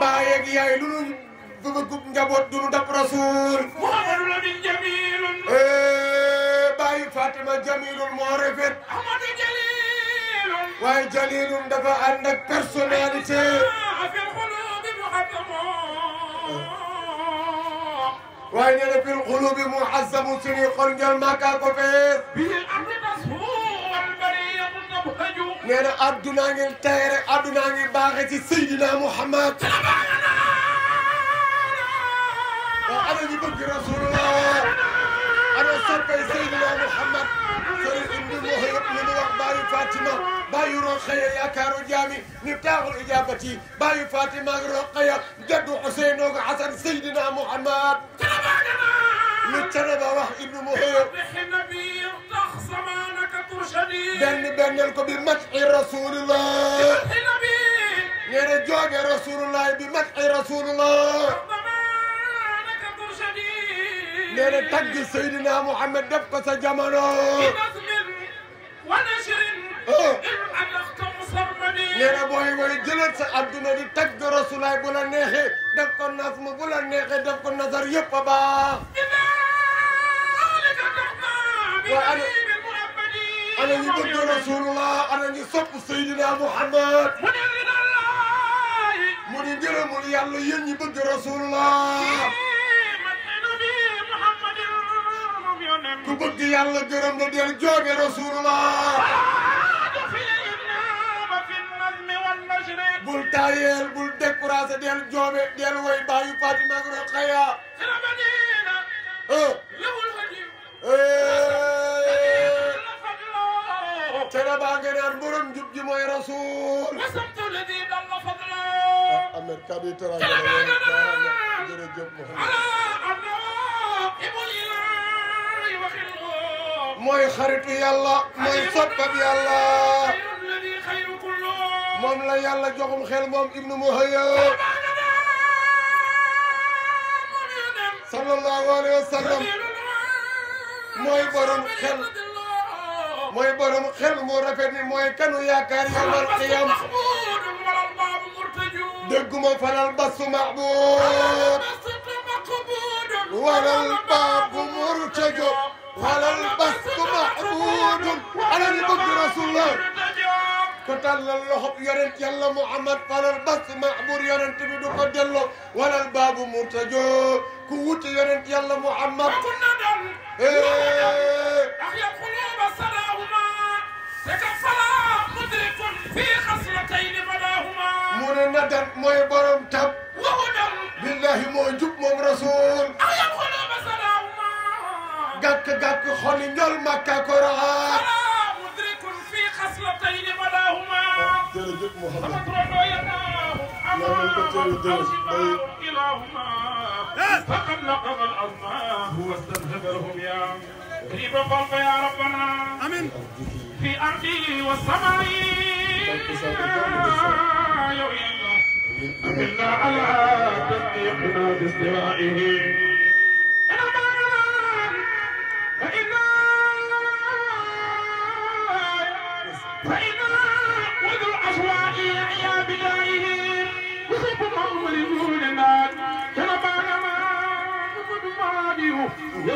baay ak yaay lu nu bëggub njaboot du nu dab rasuul. Muhammadu eh, Lamin jamilun. bàyyi Fatima jamilun moo rafet. Ahmadu waaye jalilun dafa ànd ak وين انا في القلوب محزم سني خرج المكاك وفير به الارض مسهول المريض المبهج نانا ادنا نجل تير ادنا نجل باغتي سيدنا محمد تبعنا انا دي بك رسول الله انا صفي سيدنا محمد سري ابن المهيب من اخبار فاطمه بايو روخي يا كارو جامي نفتاح الاجابتي بايو فاطمه روخي جد حسين وحسن سيدنا محمد تبعنا للترى بروح ابن مهير بن بن الكبير مسح رسول الله يا رجوع يا رسول الله بمدح رسول الله لأن تقي سيدنا محمد نفقس جمله nee na booy woy jëlal sa adduna di tagg rasulaay bu la neexee def ko nasmu bu la neexee def ko nasar yëpp a baax. waaw ana ana ñu bëgg rasulullah ana ñu sopp Seydina Muhammad. mu di jërëmul yàlla yéen ñi bëgg rasulullah ku bëgg yàlla gërëm la del joobe rasulullah bul taayeel bul découragé del joobe del woy baayu Fatima ak Rokhaya cere eh. eh. baa ngi naan borom jub ji mooy rasul amet ah, kadi teraanga la jërëjëf mooy xaritu yàlla mooy soppab yàlla moom la yàlla joxum xel moom ibnu muhayya sallallahu alayhi wa sallam mooy borom xel mooy borom xel mu rafet ni mooy kanu yaakaar yawmal qiyaam dëgguma faral basu mahbub walal baabu murtajo walal basu mahbudum ala ni bëgg rasulullah ko tàllal loxo yonent yàlla Muhammad falal basu mahbur yonent bi du ko delloo walal baabu murtajo ku wuti yonent yàlla Muhammad mu ne nadat mooy borom tab billahi moo jub moom rasul gàkk gàkk xoli njol makka ko raxaat jërëjëf Muhammad الأجمع أمين في أرضه والسماء يا على تصديقنا باستوائه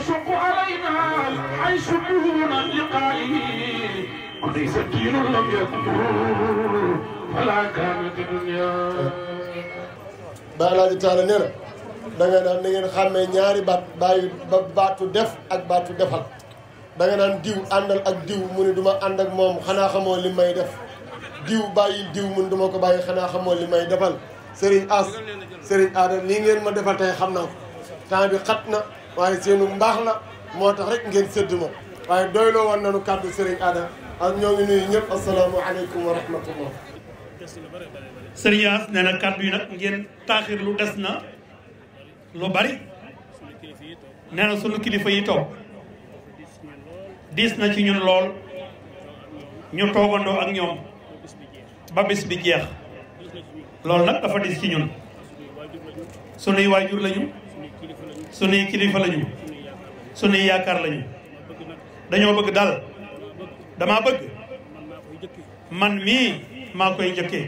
يشق علينا الحيش دون لقائه Taala nee na naan da ngeen xàmmee ñaari baat baatu def ak baatu defal da nga naan diw àndal ak diw mu ne du moom xanaa xamoo li may def diw bàyyi diw mu ne ko bàyyi xanaa xamoo li may defal Serigne As Serigne Aada lii ngeen ma defal tey xam naa ko xat na waaye seenu mbaax la moo tax rek ngeen sédd ma waaye doyloo woon nañu kàddu Serigne Adam ak ñëpp asalaamualeykum wa rahmatullah. Serigne As nee na kàddu yi nag ngeen taaxir lu des na lu bari nee na sunu kilifa yi toog diis na ci ñun lool ñu toogandoo ak ñoom ba bis bi jeex loolu nag dafa diis ci ñun sunuy waajur lañu. sunuy kilifa lañu sunuy yaakaar lañu dañoo bëgg daal damaa bëgg man mii maa koy njëkkee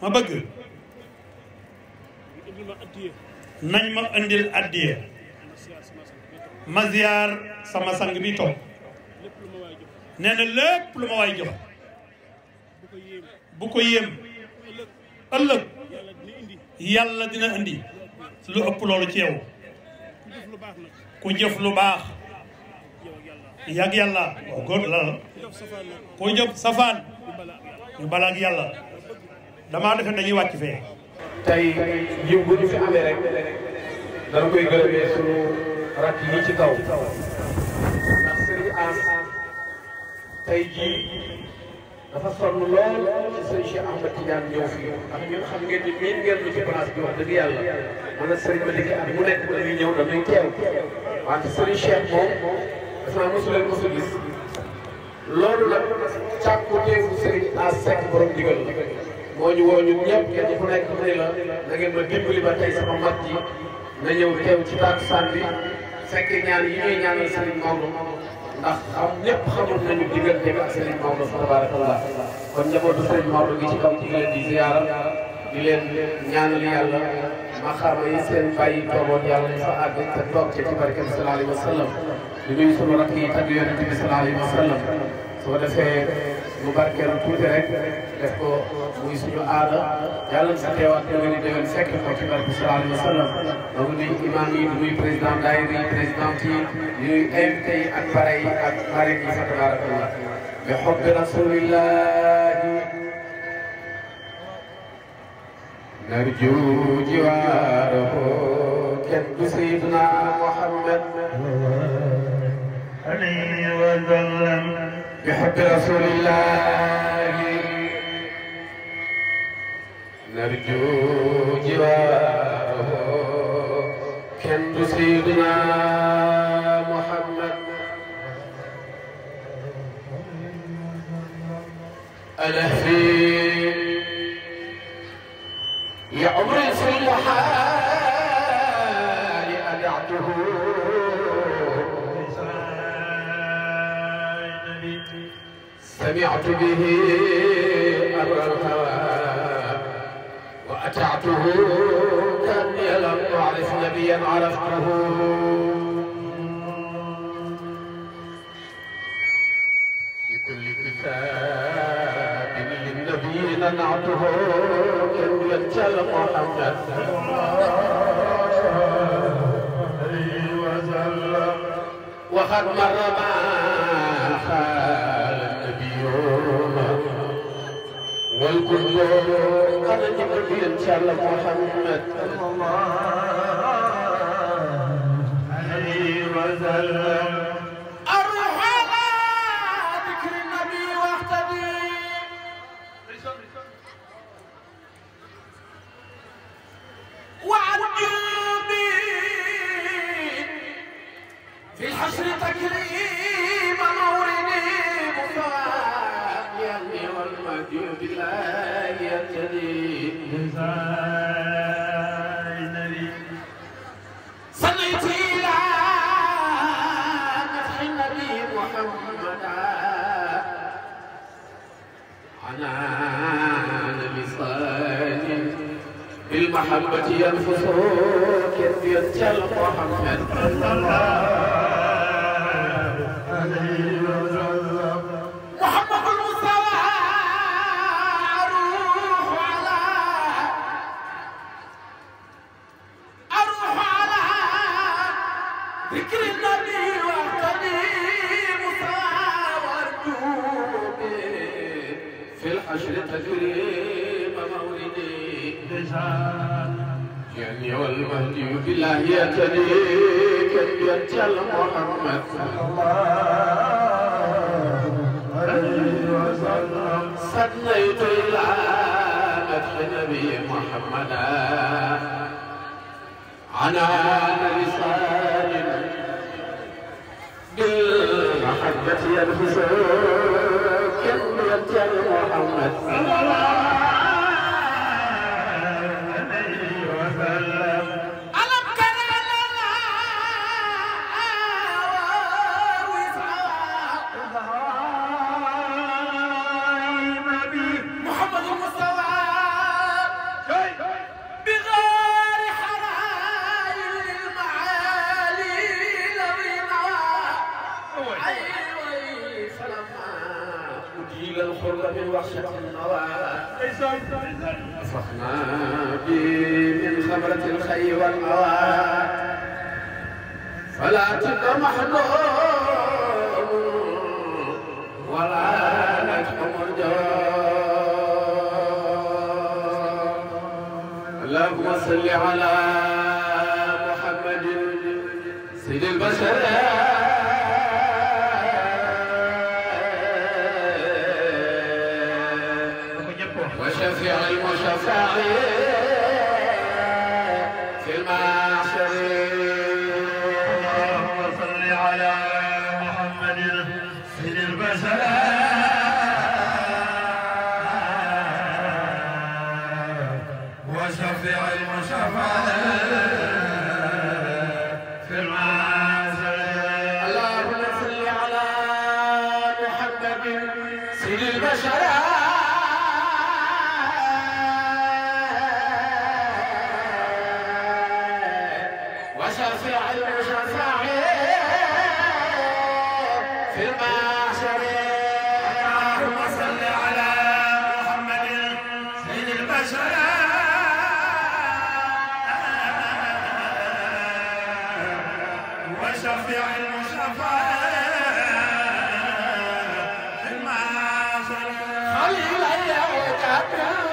ma bëgg nañ ma indil addiya ma sama sang bi toog nee na lépp lu ma waay jox bu ko yéem ëllëg yàlla dina indi lu ëpp loolu ci yow ku jëf lu baax yàgg yàlla waaw góor la la ku jëf safaan ñu balaak yàlla damaa defe dañuy wàcc fee tey jiw bu fi amee rek dana koy gërëmee suñu rakk yi ci kaw dafa sonn lool ci sëñ Cheikh Ahmed Tidiane ñëw fii ndax xam ngeen ni wax dëgg yàlla man a sëriñ ma liggéey at mu nekk dañuy ñëw dañuy teew wante sëriñ Cheikh moom daf naa mosu leen mosu gis loolu nag càkku teefu sëriñ à sec borom ndigal la moo ñu woo ñun ñëpp kenn ku nekk mu ne la na ngeen ma dimbali ba tey sama mat ji na ñëw teew ci tàkkusaan bi fekk ñaan yi ñuy ñaanal sëriñ Maodo ndax xam ñëpp xamoon nañu diggante bi ak sëriñ Maodo tabarakallah kon njabootu sëriñ Maodo gi ci kaw ci leen di ziyaara di leen ñaanal yàlla maxaama yi seen bàyyi toogoon yàlla ñu fa àgg te toog ca ci barkam sallallahu alayhi wa sallam di nuyu sunu rakk yi tagg yonente bi sallallahu alayhi wa sallam soo defee bu barkeelu tuuti rek def ko muy suñu aada yàlla sa teewaat déwén i déwén fekk ko ci barke sallallahu alayhi wa sallam donc nuyu imam yi nuyu président daayira yi président yi nuyu invité yi ak pare yi ak pare yi fa tabarakallah bi hubbi rasulillahi narju jiwaarahu kenn sayyidina Muhammad alayhi wa sallam بحب رسول الله نرجو جواره كم تصيبنا محمد ألهي يا عمري في الحال سمعت به الهوى وأتعته كأني لم أعرف نبيا عرفته لكل كتاب للنبي ننعته كأني اتلقى محمد وقد مر معه على النبي إن شاء الله محمد Até.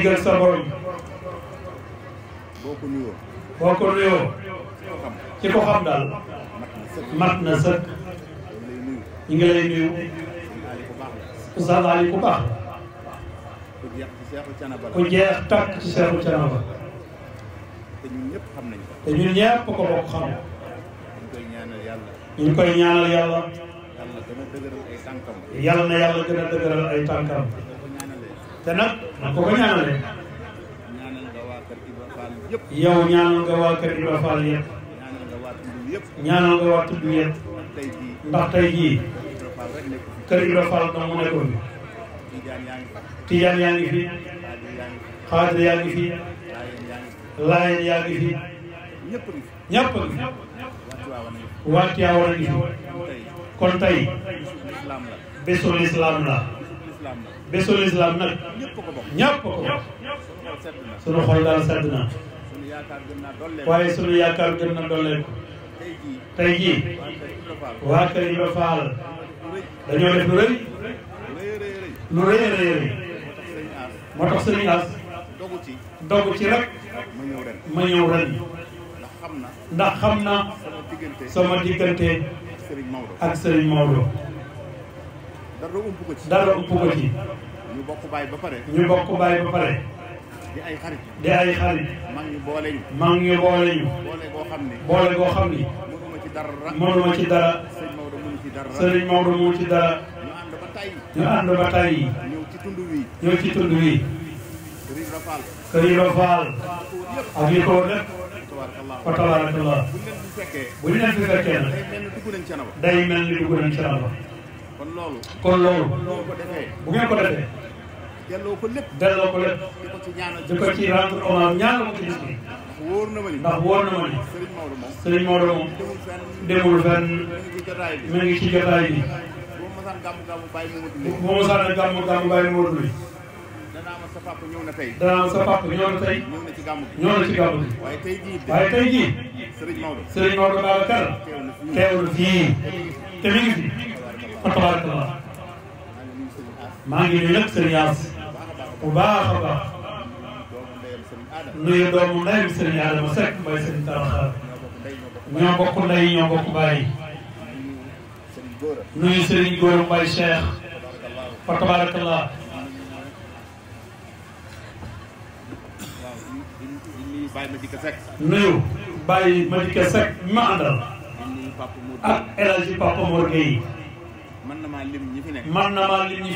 ndigal sa borom boo ko nuyoo boo ko nuyoo ci ko xam daal mat na sëkk ñu ngi lay nuyu Oustaz ku jeex tàkk ci Seexu Canaba te ñun ñëpp xam nañ ko te ñun ñëpp ko bokk xam ñu koy ñaanal yàlla yàlla na yàlla gën a dëgëral ay tànkam te nag na ko ko ñaanal de. yow ñaanal nga waa kër Ibra Fall yëpp. ñaanal nga waa tudd yëpp. ndax tey jii kër Ibra Fall dong mu nekkoon. Tijaan yaa ngi fi. Xaadir yaa ngi fi. Laayeen yaa ngi fi. ñëpp a ngi fi. waa Tiwaawan a ngi fi. kon tey bésu lislaam la. bésu lislaam nag ñëpp ko bokk sunu xol daal sedd na waaye sunu yaakaar gën na dolleeku tey jii waa kër Ibra Faal dañoo def lu rëy lu rëy rëy rëy moo tax sëriñ As dogu ci rek ma ñëw ren ndax xam naa sama diggante ak sëriñ Maodo dara ump ci dara ump ko ci. ñu bokk baay ba pare. ñu bokk baay ba di ay xarit. di ay xarit. maa boole ñu. maa ngi boole boole goo xam ne. boole goo xam ne. mënuma ci dara. mënuma ci dara. sëriñ Maodo mënu ci dara. sëriñ Maodo mënu ci dara. ñu ànd ba tay. ñu ànd ba tay. ñëw ci tund wi. ñëw ci tund wi. Kër Ibra Fall. Kër Ibra Fall. ak li ko woon lépp. fa tabaarakallah. bu ñu leen fi fekkee nag. day mel ni dugg nañ kon loolu. kon loolu. bu ngeen ko defee. delloo ko lépp delloo ko lépp. di ko ci ñaanal di ko ci rendre hommage ñaanal ma ko gis bi. wóor na ma ni ndax wóor na ma ni. Serigne Maodo moom Serigne Maodo moom. demul fenn mi ngi ci jotaay bi. boo mosaan gàmmu gàmmu bàyyi mu wut lii. boo mosaan gàmmu gàmmu bàyyi mu wut lii. danaa ma sa papa ñëw na tey. danaa ma sa papa ñëw na tey. ñëw na ci gàmmu gi ñëw na ci gàmmu gi. waaye tey jii waaye tey jii. Serigne Maodo Serigne Maodo Babacar. teewul fii teewul fii te mi ngi fi. fa tabarakallah maa ngi nuyu nag sëriñ Yaas bu baax a baax nuyu doomu ndeyam sëriñ Adama Seck mbay sëriñ Taraxa ñoo bokk ndey ñoo bokk bàyyi nuyu sëriñ Góora Mbay Cheikh fa tabarakallah nuyu Baye Madika Seck bi ma àndal ak El Hadji Papa Mor Gueye mën na maa lim ñi fi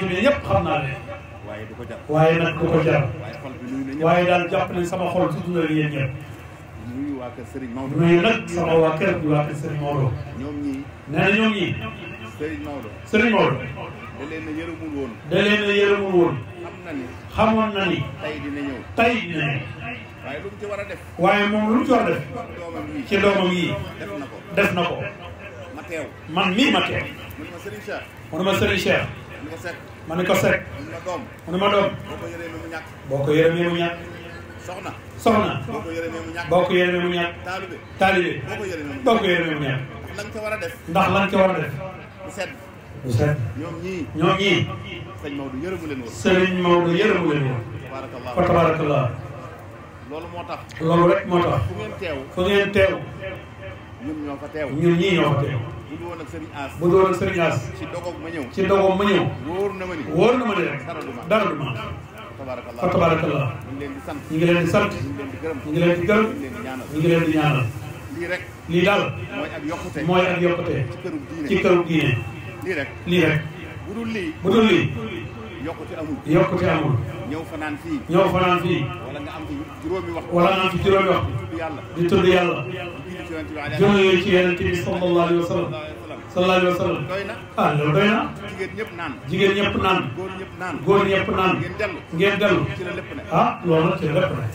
ne ñëpp xam naa leen. waaye nag du ko jar. waaye na ñëpp. waaye daal jàpp nañ sama xol tudd na yéen ñëpp. nuyu waa kër Serigne Maodo. nuyu nag sama waa kër bi waa kër Serigne Maodo. ñoom ñii. nee na ñoom ñii. Serigne Maodo. Serigne Maodo. da leen a yërëmul woon. da leen a yërëmul ni. xamoon na ni. tey dina ñëw. tey dina waaye lu mu a def. waaye moom lu mu ci war a def. ci doomam yii. def na ko. man mii ma teew mu ne ma Serigne Cheikh mu ne ma Serigne Cheikh mu ne ko Seck ma ma doom mu ne ma doom boo ko yërëmee mu ñàkk boo ko yërëmee mu ñàkk soxna soxna boo ko yërëmee mu mu ñàkk taalibe taalibe boo ko yërëmee mu ñàkk ndax lan ca war a def ndax lan ca war a def mu sedd mu sedd ñoom ñii ñoom ñii sëñ Maodo leen woon sëñ Maodo yërëmu leen woon loolu moo tax loolu rek moo tax fu ngeen teew ngeen teew ñun bu dul woon ak sëriñ As bu dul woon ak sëriñ As ci dogoog ma ñëw ci dogoog ma ñëw wóor na ma ni wóor na ma ni rek dara du ma fa tabarakallah ñu ngi leen di sant ñu ngi leen di sant ñu ngi leen di gërëm ñu ngi leen di ñaanal lii rek lii daal mooy ak yokkute mooy ak yokkute ci këru diine lii rek lii rek bu dul lii bu dul lii yokkute amul yokkute amul ñëw fanaan fii ñëw fanaan fii wala nga am fi juróomi waxtu wala nga am fi juróomi waxtu di tudd yàlla di tudd yàlla jógee ci yonent bi sallallahu alayhi wa sallam sallallahu alayhi wa sallam ah loolu doy na jigéen ñëpp naan góor ñëpp naan ngeen dellu ah loolu nag ci lépp ne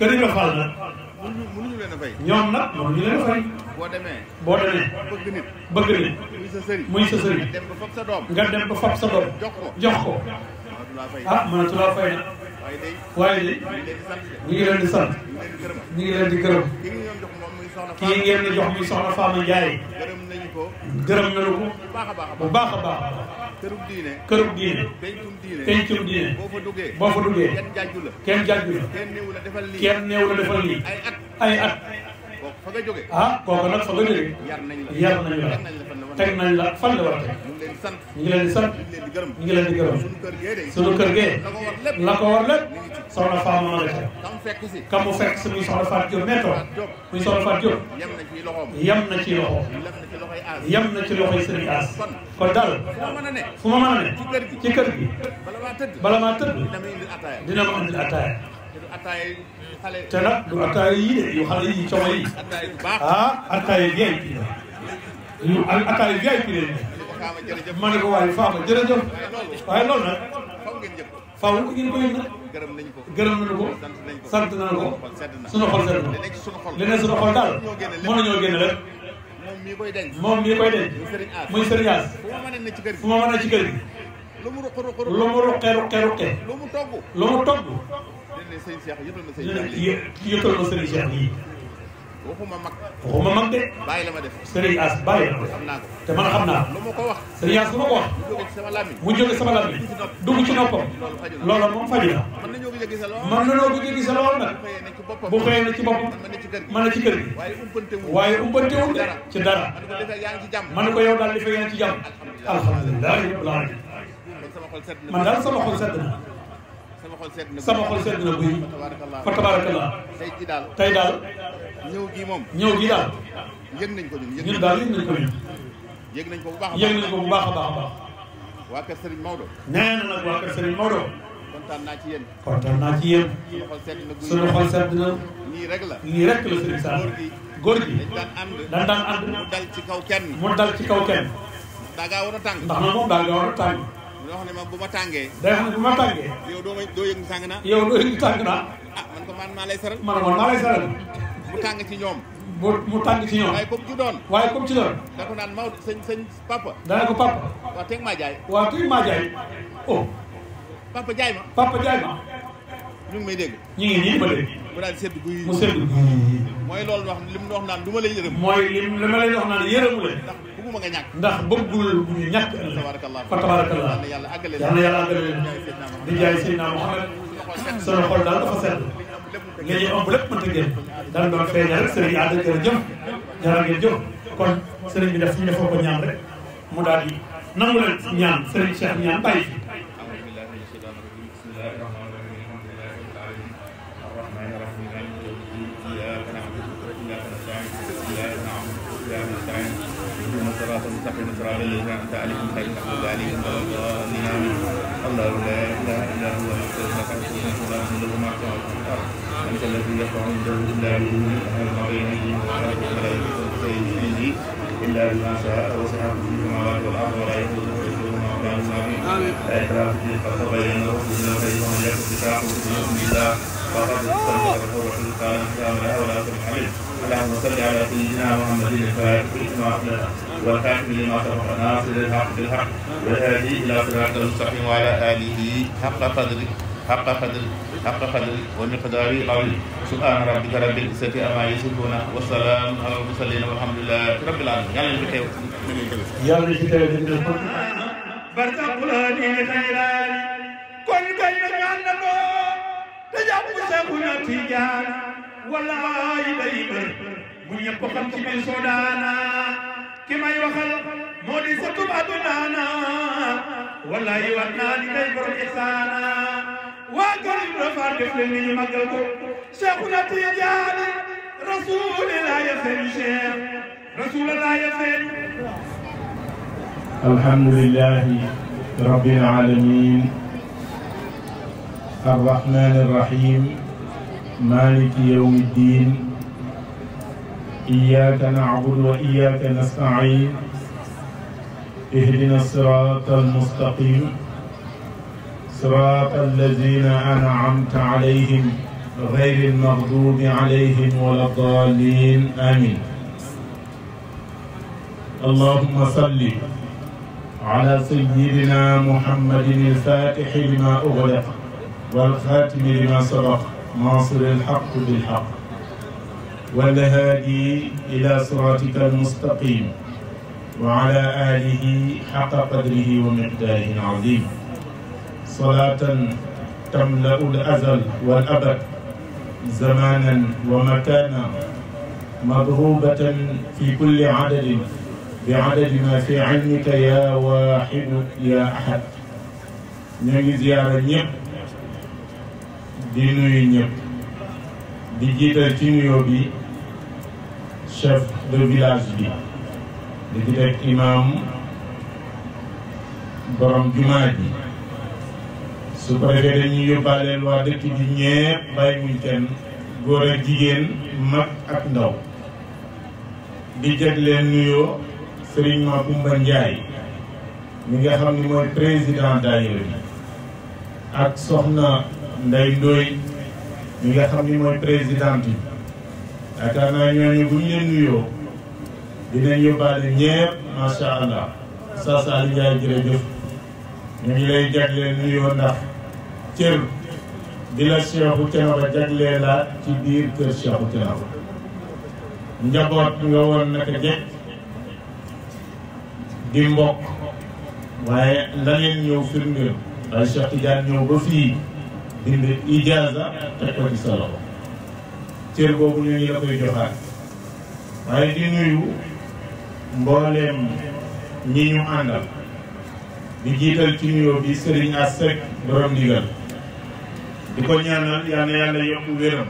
kër Ibra Fall nag ñoom nag moom ñu leen fay boo demee bëgg nit bëgg nit muy sa sëriñ nga dem ba fab sa doom jox ko ah mënatu laa fay na waaye de ñu a leen di a ñu ngi a di gërëm kii ngeen di jox muy soxna Fama Ndiaye gërëm nañu ko gërëm nañu ko bu baax a baax kërub diine kërub diine pencum diine pencum diine boo fa duggee boo fa duggee kenn jàjju la kenn jàjju la kenn néew la defal lii ay at ay at fa jóge ah kooku nag fa nga jóge yar nañ la yar nañ la teg nañ la fan la war a teg ñu ngi leen di sant ñu ngi leen di sant ñu ngi leen di gërëm suñu kër gee la ko war lépp soxna Fatou maa la ca ka mu fekk si muy soxna Fatou Diop météo muy soxna Fatou Diop yem na ci loxo yem na ci loxoy sëriñ As kon daal fu ma mën a ne ci kër gi bala maa tëdd dina ma andil ataaya te nag du attaaya yi de yu xale yi coono yi ah attaaya VIP la yu attaaya VIP la ma ne ko waaye faama jërëjëf waaye loolu nag faaw ngeen ko yëg nag gërëm nañu ko sant nañu ko suñu xol sedd na li ne suñu xol daal mën nañoo génn rek moom mii koy denc muy sëriñ As fu ma mën a ci kër gi lu mu ruqe ruqe ruqe lu mu togg ne sëñ Cheikh yëppal ma sëñ Cheikh lii yëppal ma de. bàyyi ma def sëriñ As bàyyi ma na. mën nañoo ko gisee lool mën nañoo bu xëyee na ci boppam waaye umpante wu ci dara. man ko yow daal li fekk yaa ngi ci jàmm. alhamdulilah man daal sama xol sedd sama xol sedd na buy fa tabarakallah tey daal ñëw gi moom ñëw gi daal yëg nañ ko ñun ñun daal yëg nañ ko ñun yëg nañ ko bu baax yëg nañ ko bu baax a baax a baax waa kër Serigne Maodo nee na nag waa kër Serigne Maodo kontaan naa ci yéen kontaan naa ci yéen suñu xol sedd na nii rek la nii rek la Serigne Sall góor gi dañ daan ànd mu dal ci kaw kenn mu dal ci kaw kenn daa gaa war a tàng ndax na moom daa gaa war a tàng yoo xam ne ma bu ma tàngee. day xam ne bu ma tàngee. yow doo ma doo yëngu tàng naa. yow doo yëngu tàng naa. ah man ko man maa lay saral. man man maa lay saral. mu tàng ci ñoom. mu mu tàng ci ñoom. waaye comme ci doon. waaye comme ci doon. da ko naan Maodo sëñ sëñ papa. dana ko papa. waaw teg ma jaay. waaw teg ma jaay. oh. papa jaay ma. papa jaay ma. ñu ngi may dégg. ñu ngi nii ba dégg. mu daal di sedd guy. mu sedd guy. mooy loolu wax li mu wax naan du ma lay yërëm. mooy li li ma lay wax naan yërëmu la. bëgguma nga ñàkk ndax bëggul ñu ñàkk ëllëg fa tabarakallah yàlla àggale leen di jaay Seydina Muhammad sunu xol daal dafa sell li ñuy ëmb lépp mënta génn daal doon feeñal sëriñ àdda kër jëm jara jëm kon sëriñ bi def ñu ko ñaan rek mu daal di nangu leen ñaan sëriñ Cheikh ñaan bàyyi fi الصراط عليهم غير المغضوب عليهم ولا الضالين الله لا إله إلا هو يستغفرك ويستغفرك ولا عنده ما تعلم أنت الذي يقع عنده إلا علمه ولا بين أيديه ولا يحيطون بشيء من علمه إلا بما شاء وسع في السماوات والأرض ولا يحيطون بشيء لا إكراه في الدين بين تبين رشد إلا فإذا لم يكن فقد استمسك بالعروة الوثقى لا انقسام لها ولا انقسام حمل اللهم صل على سيدنا محمد الفاتح لما أخلق والحاكم لما سبق ناصر الحق بالحق والهادي إلى صراط المستقيم وعلى آله حق قدره حق قدره حق قدره ومقداره قوي سبحان ربك رب العزة عما يصفون والسلام على المرسلين والحمد لله رب العالمين يلا نبكي يلا نبكي برتقل هذه خيرا كن كن من عندنا te jàpp Seexuna Tijaan wallaay day bër mu ñëpp xam ci biir Soodaan ki may waxal moo di sa tubaab bi naana wallaay waat naa waa kër Ibra Faal def leen ni ñu màggal ko Seexuna Tijaan rasuulillah ya feeñ alhamdulillahi rabbil alamin الرحمن الرحيم مالك يوم الدين إياك نعبد وإياك نستعين اهدنا الصراط المستقيم صراط الذين أنعمت عليهم غير المغضوب عليهم ولا الضالين آمين اللهم صل على سيدنا محمد الفاتح لما أغلق والخاتم لما سبق ناصر الحق بالحق والهادي إلى صراطك المستقيم وعلى آله حق قدره ومقداره العظيم صلاة تملأ الأزل والأبد زمانا ومكانا مضروبة في كل عدد بعدد ما في علمك يا واحد يا أحد ñu ngi ziyaara di nuyu ñëpp di jiital ci nuyoo bi chef de village bi di ci teg imaam borom jumaa ji su ko defee dañuy yóbbaaleel bi ñepp bàyyi wuñ kenn góor ak jigéen mag ak ndaw di jeg leen nuyoo Serigne Macoumba Ndiaye mi nga xam ni mooy président daayira bi ak soxna Ndeye Ndoye mi nga xam ni mooy présidente yi yaakaar naa ñooñu bu ñu leen nuyoo dinañ yóbbaale ñépp macha allah saa saa li ngay jërëjëf ñu ngi lay jagleel nuyoo ndax cër bi la Cheikhou Thiénaba jagleel la ci biir kër Cheikhou Thiénaba njaboot nga woon naka jekk di mbokk waaye la ñëw firndeel waaye Cheikh Tidiane ñëw ba fii bind ijaaza teg ko ci cër boobu ñooñu la koy joxaat waaye di nuyu mbooleem ñi ñu àndal di jiital ci nuyoo bi Serigne Assek borom ndigal di ko ñaanal yal na yàlla yokk wéram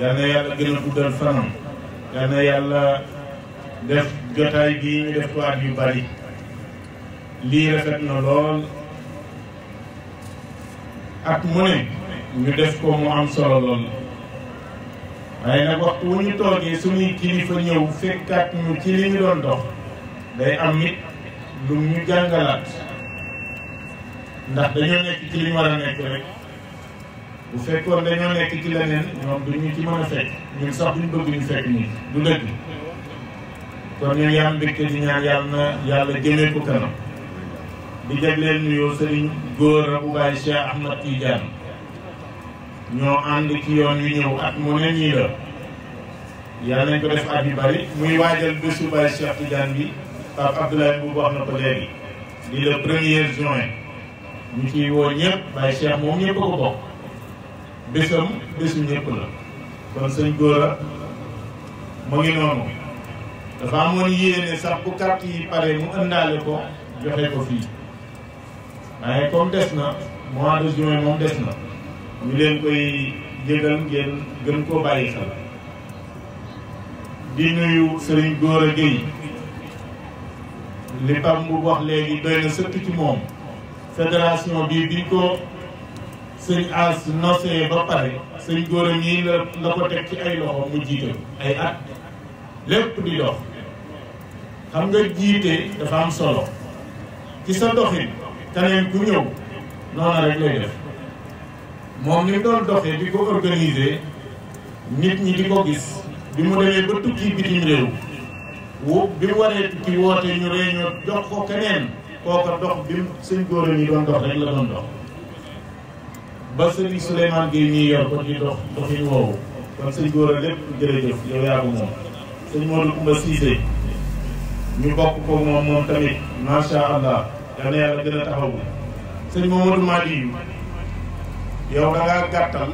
yal na yàlla gën a guddal fanam yal na yàlla def jotaay bii ñu def waat yu bari lii rafet na lool at mu ne ñu def ko mu am solo lool waaye nag waxtu wu ñu toogee suñuy kilifa ñëw fekkaat ñu ci li ñu dox day am nit lu ñu jàngalaat ndax dañoo nekk ci li ñu war a nekk rek bu fekkoon dañoo nekk ci leneen ñoom du ñu ci mën a fekk ñun sax duñ bëgg ñu fekk ñu du dëgg kon ñu ngi am di ñaan yàlla na yàlla jëmee ko kanam di jagleel nuyoo sëriñ góor Abou Baye Cheikh Ahmad Tidiane ñoo ànd ci yoon wi ñëw at mu ne nii la yàlla nañ ko def at yu bari muy waajal bésu Baye Cheikh Tidiane bi Pape Abdoulaye Mbow wax na ko léegi di le premier ñu ciy woo ñëpp Baye Cheikh moom ñëpp ko bokk bésam bésu ñëpp la kon sëñ Gora mu ngi noonu dafa amoon yéene sax bu carte yi pare mu ëndaale ko joxe ko fii waaye comme des na mois de juin moom des na ñu leen koy jégal ngeen gën koo bàyyi xel di nuyu Serigne Gora Gueye li Pape Mboup wax léegi doy na sëkk ci moom fédération bi bi ko sëñ As nosee ba pare sëñ Gora ñii la la ko teg ci ay loxo mu jiite ay at lépp di dox xam nga jiite dafa am solo ci sa doxin keneen ku ñëw noonu rek lay def moom ni mu doon doxee di ko organiser nit ñi di ko gis bi mu demee ba tukki bitim réew wu bi mu waree tukki woote ñu réunion jox ko keneen kooka dox bi sëñ góor ñi doon dox rek la doon dox ba sëñ góor a lépp jërëjëf yow yaa moom sëñ Modou Koumba Cissé ñu bokk ko moom moom tamit macha allah dana yàlla gën a taxawu sëñ Mamadou Madi yow da gàttal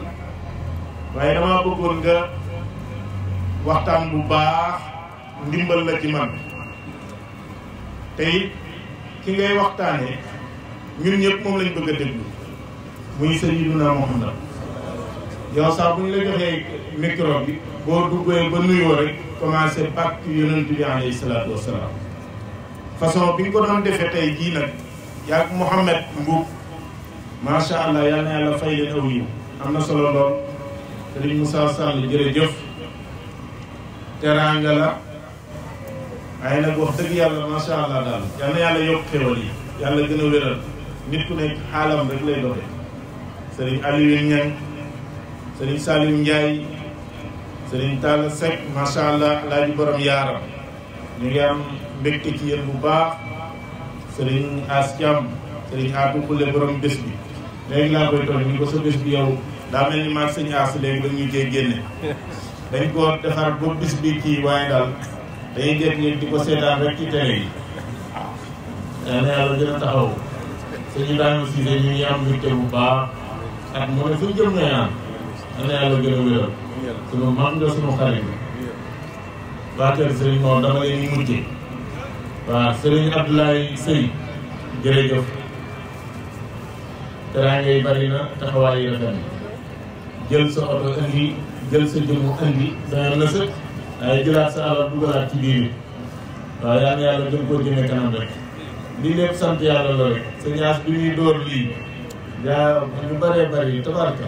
waaye damaa bëggoon nga waxtaan bu baax ndimbal la ci man tey ki ngay waxtaane ñun ñëpp moom lañ bëgg a déglu muy sayyiduna Muhammad yow sax bu ñu la joxee micro bi boo duggee ba nuyoo rek commencé bàkk yonent bi alayhi salaatu wasalaam façon bi nga ko doon defee tey jii nag yaag Mouhamed macha allah yal na yàlla fay aw yiw am na solo lool Serigne Moussa Sall jërëjëf teraanga la waaye nag wax dëgg yàlla macha allah daal yal na yàlla yokk xéwal yi yàlla gën a wéral nit ku nekk xaalam rek lay doxee Serigne Aliou Niang Serigne Saliou Ndiaye Serigne Talla Seck macha allah laaji borom yaaram ñu ngi am mbégte ci yéen bu baax Serigne As Thiam Serigne Atou Koule borom bés bi. léegi laa koy tooñ ñu ko sa bis bi yow daa mel ni maag sëñ aas léegi ba ñu cee génne dañ ko defar ba bis bi kii waaye dal dañuy jël nit di ko seetaan rek ci télé yi waaw yal na yàlla gën a taxaw sëñu daanu si ñu ngi am mbégte bu baax ak mu ne fu ñu jëm na naan yal na yàlla gën a wéral sunu mag nga sunu xarit waa kër sëriñ moom dama leen ñu mujjee waaw sëriñ Abdoulaye Seye jërëjëf teraanga yi bari na taxawaay yi rafet na jël sa oto indi jël sa jëmu indi dana na sëkk waaye jëlaat sa alal dugalaat ci biir waaw yaa ngi yàlla gën koo jëmee kanam rek lii lépp sant yàlla la rek sa ñaas bi ñuy dóor lii yaa ñu bëree bëri tabarka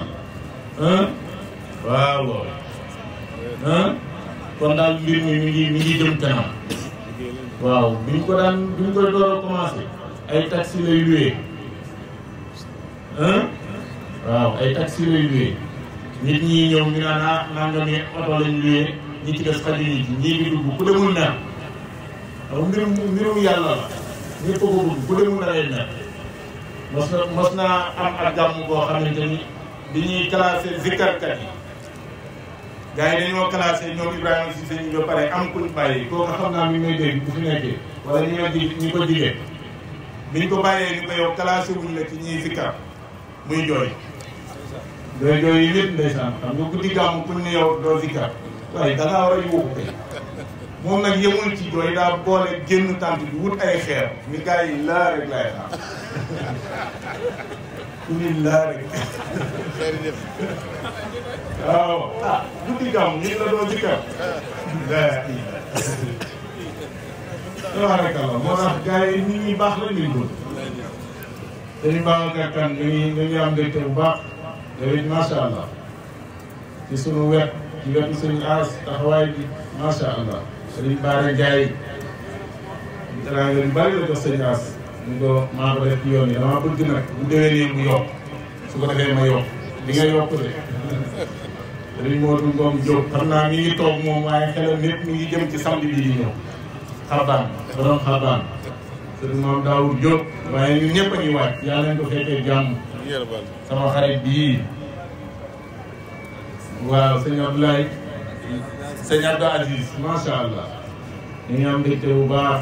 waaw waaw kon daal mbir mi mi ngi mi ngi jëm kanam waaw bi ñu ko daan bi ñu ko door a commencé ay taxi lay luwee waaw ay taxi lay luwee nit ñi ñëw ñu naan ah nangami oto lañ luwee ñi ci des xaj yi ñii ngi dugg ku demul mer waaw mbirum mbirum yàlla la ñëpp ko bëgg ku demul da ngay mer mos na mos naa am ak gàmm boo xamante ni bi ñuy classé zikkarkat yi gars yi dañoo classé ñoom Ibrahima Cissé pare am kuñ bàyyi koo nga xam naa mi may dégg fi nekkee wala ñu ma di ñu ko jigee biñ ko bàyyee ni ko yow classé wuñ la ci ñiy zikkar muy jooy dooy jooy yi lépp ndeysaan xam nga guddi gàmm ku ne yow doo zikkar waaye dangaa war a yuuxu tey moom nag yemul ci jooy daa boole génn tànt bi wut ay xeer ni gars yi rek laay xaar ku ni laa rek waaw ah guddi gàmm ñun la doo zikkar laa tabaaraka llaah moo tax gars yi nit ñi la ñuy doon sëriñ Babacar Kane ñu ngi ñu ngi am mbégte bu baax yow it macha allah ci sunu wet ci wetu sëriñ As taxawaay bi macha allah. sëriñ Baara Ndiaye teraanga yu As ñu ko maa ko def yoon yi dama bëgg nag bu déwénee mu yokk su ko defee ma yokk di nga yokk de. sëriñ Modou Ngom Diop xam naa mi ngi toog moom waaye xelam lépp mi ngi jëm ci samedi bii di ñëw xabaan borom xabaan. sëriñ maam Daawud Diop waaye ñun ñëpp a ngi waaj yàlla nañ ko fekkee jàmm sama xarit bii waaw sëñ Abdoulaye sëñ Abdou allah ñu ngi am bu baax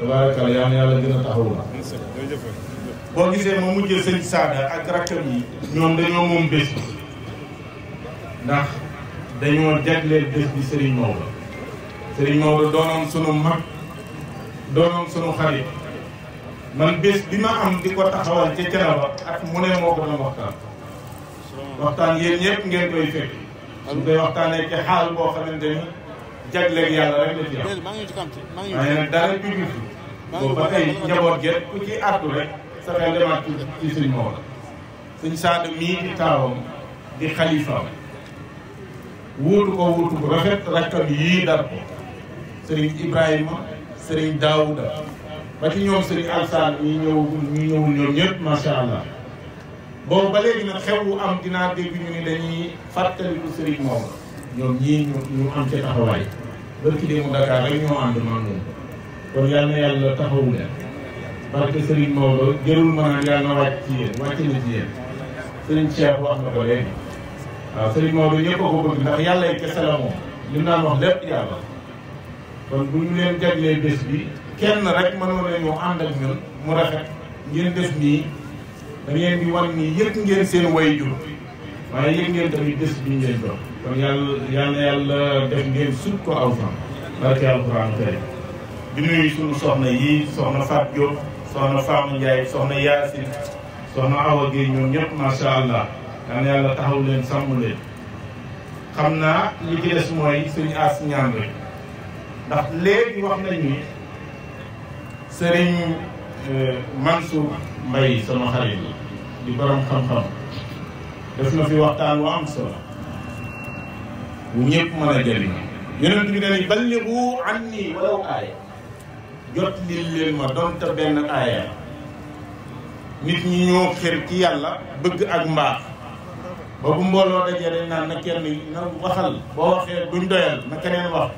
tabaaraka yàlla yàlla gën a taxawu boo gisee ma mujjee sëñ Saada ak rakkam yi ñoom dañoo moom bés bi ndax dañoo jagleel bés bi Serigne Maodo Serigne Maodo doonoon sunu mag doonoon sunu xarit man bés bi ma am di ko taxawal ca Thiénaba ak mu ne moo ko doon waxtaan waxtaan yéen ñëpp ngeen koy fekk suñ koy waxtaanee ci xaal boo xamante ni jagleeg yàlla rek la ci am ma nag dara jugu fi boobu ba tey njaboot gi ku ci àttu rek sa xel demaat ci suñ moo la suñ saada mii di taawam di xalifaam wuutu ko wuutu ko rafet rakkam yii dar ko sëriñ Ibrahima sëriñ Daouda ba ci ñoom sëriñ Alsaan ñu ñëwul ñi ñëwul ñoom ñëpp macha allah boobu ba léegi nag xewu am dinaa dégg ñu ni dañuy fàttaliku sëriñ moom ñoom ñii ñu ñu am ci taxawaay barki démb Dakar rek ñoo ànd man moom kon yal yàlla taxawu leen barke sëriñ Maodo jërul ma naan yàlla wàcc ci yéen wàcc na ci yéen sëriñ wax na ko léegi waaw sëriñ Maodo ñëpp a ko bëgg ndax yàlla kese la moom li naan wax lépp yàlla kon bu ñu leen jaglee bés bi kenn rek mënoon nañu ànd ak ñun mu rafet ngeen def nii da di wan nii yëg ngeen seen way jur waaye yëg ngeen tamit bés bi ñu leen kon yàlla yàlla def ngeen sut ko aw fan barke alquran karim di suñu soxna yi soxna Fat Diop soxna Faamu Ndiaye soxna Yaasin soxna Awa Gueye ñoom ñëpp macha allah na yàlla taxaw leen sàmm leen xam naa li ci des mooy suñu aas rek ndax léegi wax nañ ni sëriñ euh, Mansour Mbaye sama xarit la di borom xam-xam def na fi waxtaan wu am solo wu ñëpp mën a jëriñ yonent bi danañ balligu anni walaw aaya jot lii leen ma donte benn aaya nit ñi ñoo xër ci yàlla bëgg ak mbaax ba bu mbooloo dajee dañ naan na kenn na waxal boo waxee buñ doyal na keneen wax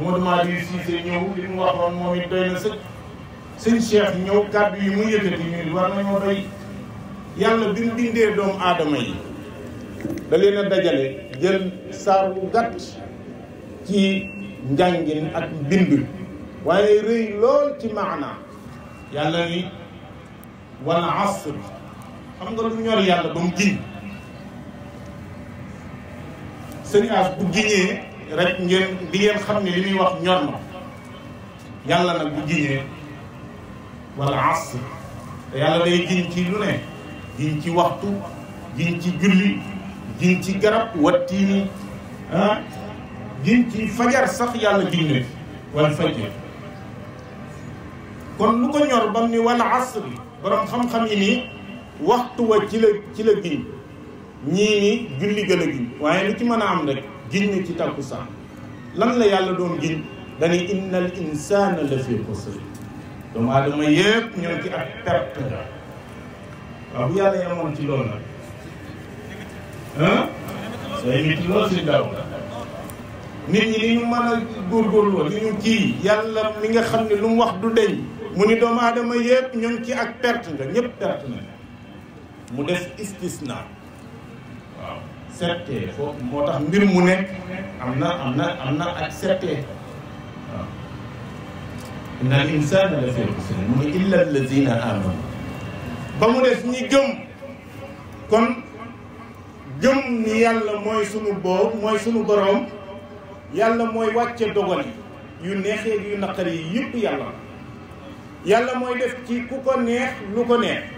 Modou Malick Cissé ñëw li mu waxoon moom it doy na sëkk sëñ Cheikh ñëw kàddu yi mu yëkkati ñun war nañoo doy yàlla bi mu bindee doomu aadama yi da leen a dajale jël saar wu gàtt ci njàngin ak mbind waaye rëy lool ci maana yàlla ni wal asr xam nga lu ñor yàlla ba mu giñ sëñ As bu giñee rek ngeen di ngeen xam ne li muy wax ñor na yàlla nag bu jiñee wala asr te yàlla day jiñ ci lu ne jiñ ci waxtu jiñ ci julli jiñ ci garab wattiini ah jiñ ci fajar sax yàlla jiñ ne wal fajr kon lu ko ñor bam ni wala asr borom xam-xam yi ni waxtu wa ci la ci la giñ ñii ni julli gën a giñ waaye lu ci mën a am rek giñ ñu ci takkusaan lan la yàlla doon giñ dani innal insaana la fi xusr doomu aadama yëpp ñoo ci ak perte la waaw bu yàlla yemoon ci loolu nag say mit lool si daw nit ñi li ñu góor a góorgóorloo li ñu kii yàlla mi nga xam ne lu mu wax du deñ mu ni doomu aadama yëpp ñoo ngi ci ak pert nga ñëpp perte na mu def istisna waaw accepté foofu moo mbir mu nek amna amna amna accepté inna al insana la fi khusr mu illa allazina amanu ba mu des ñi gëm kon gëm ni yalla moy sunu boob moy sunu borom yalla moy wacce dogal yu neexee yu nakari yi yalla yalla moy def ci ku ko neex lu ko neex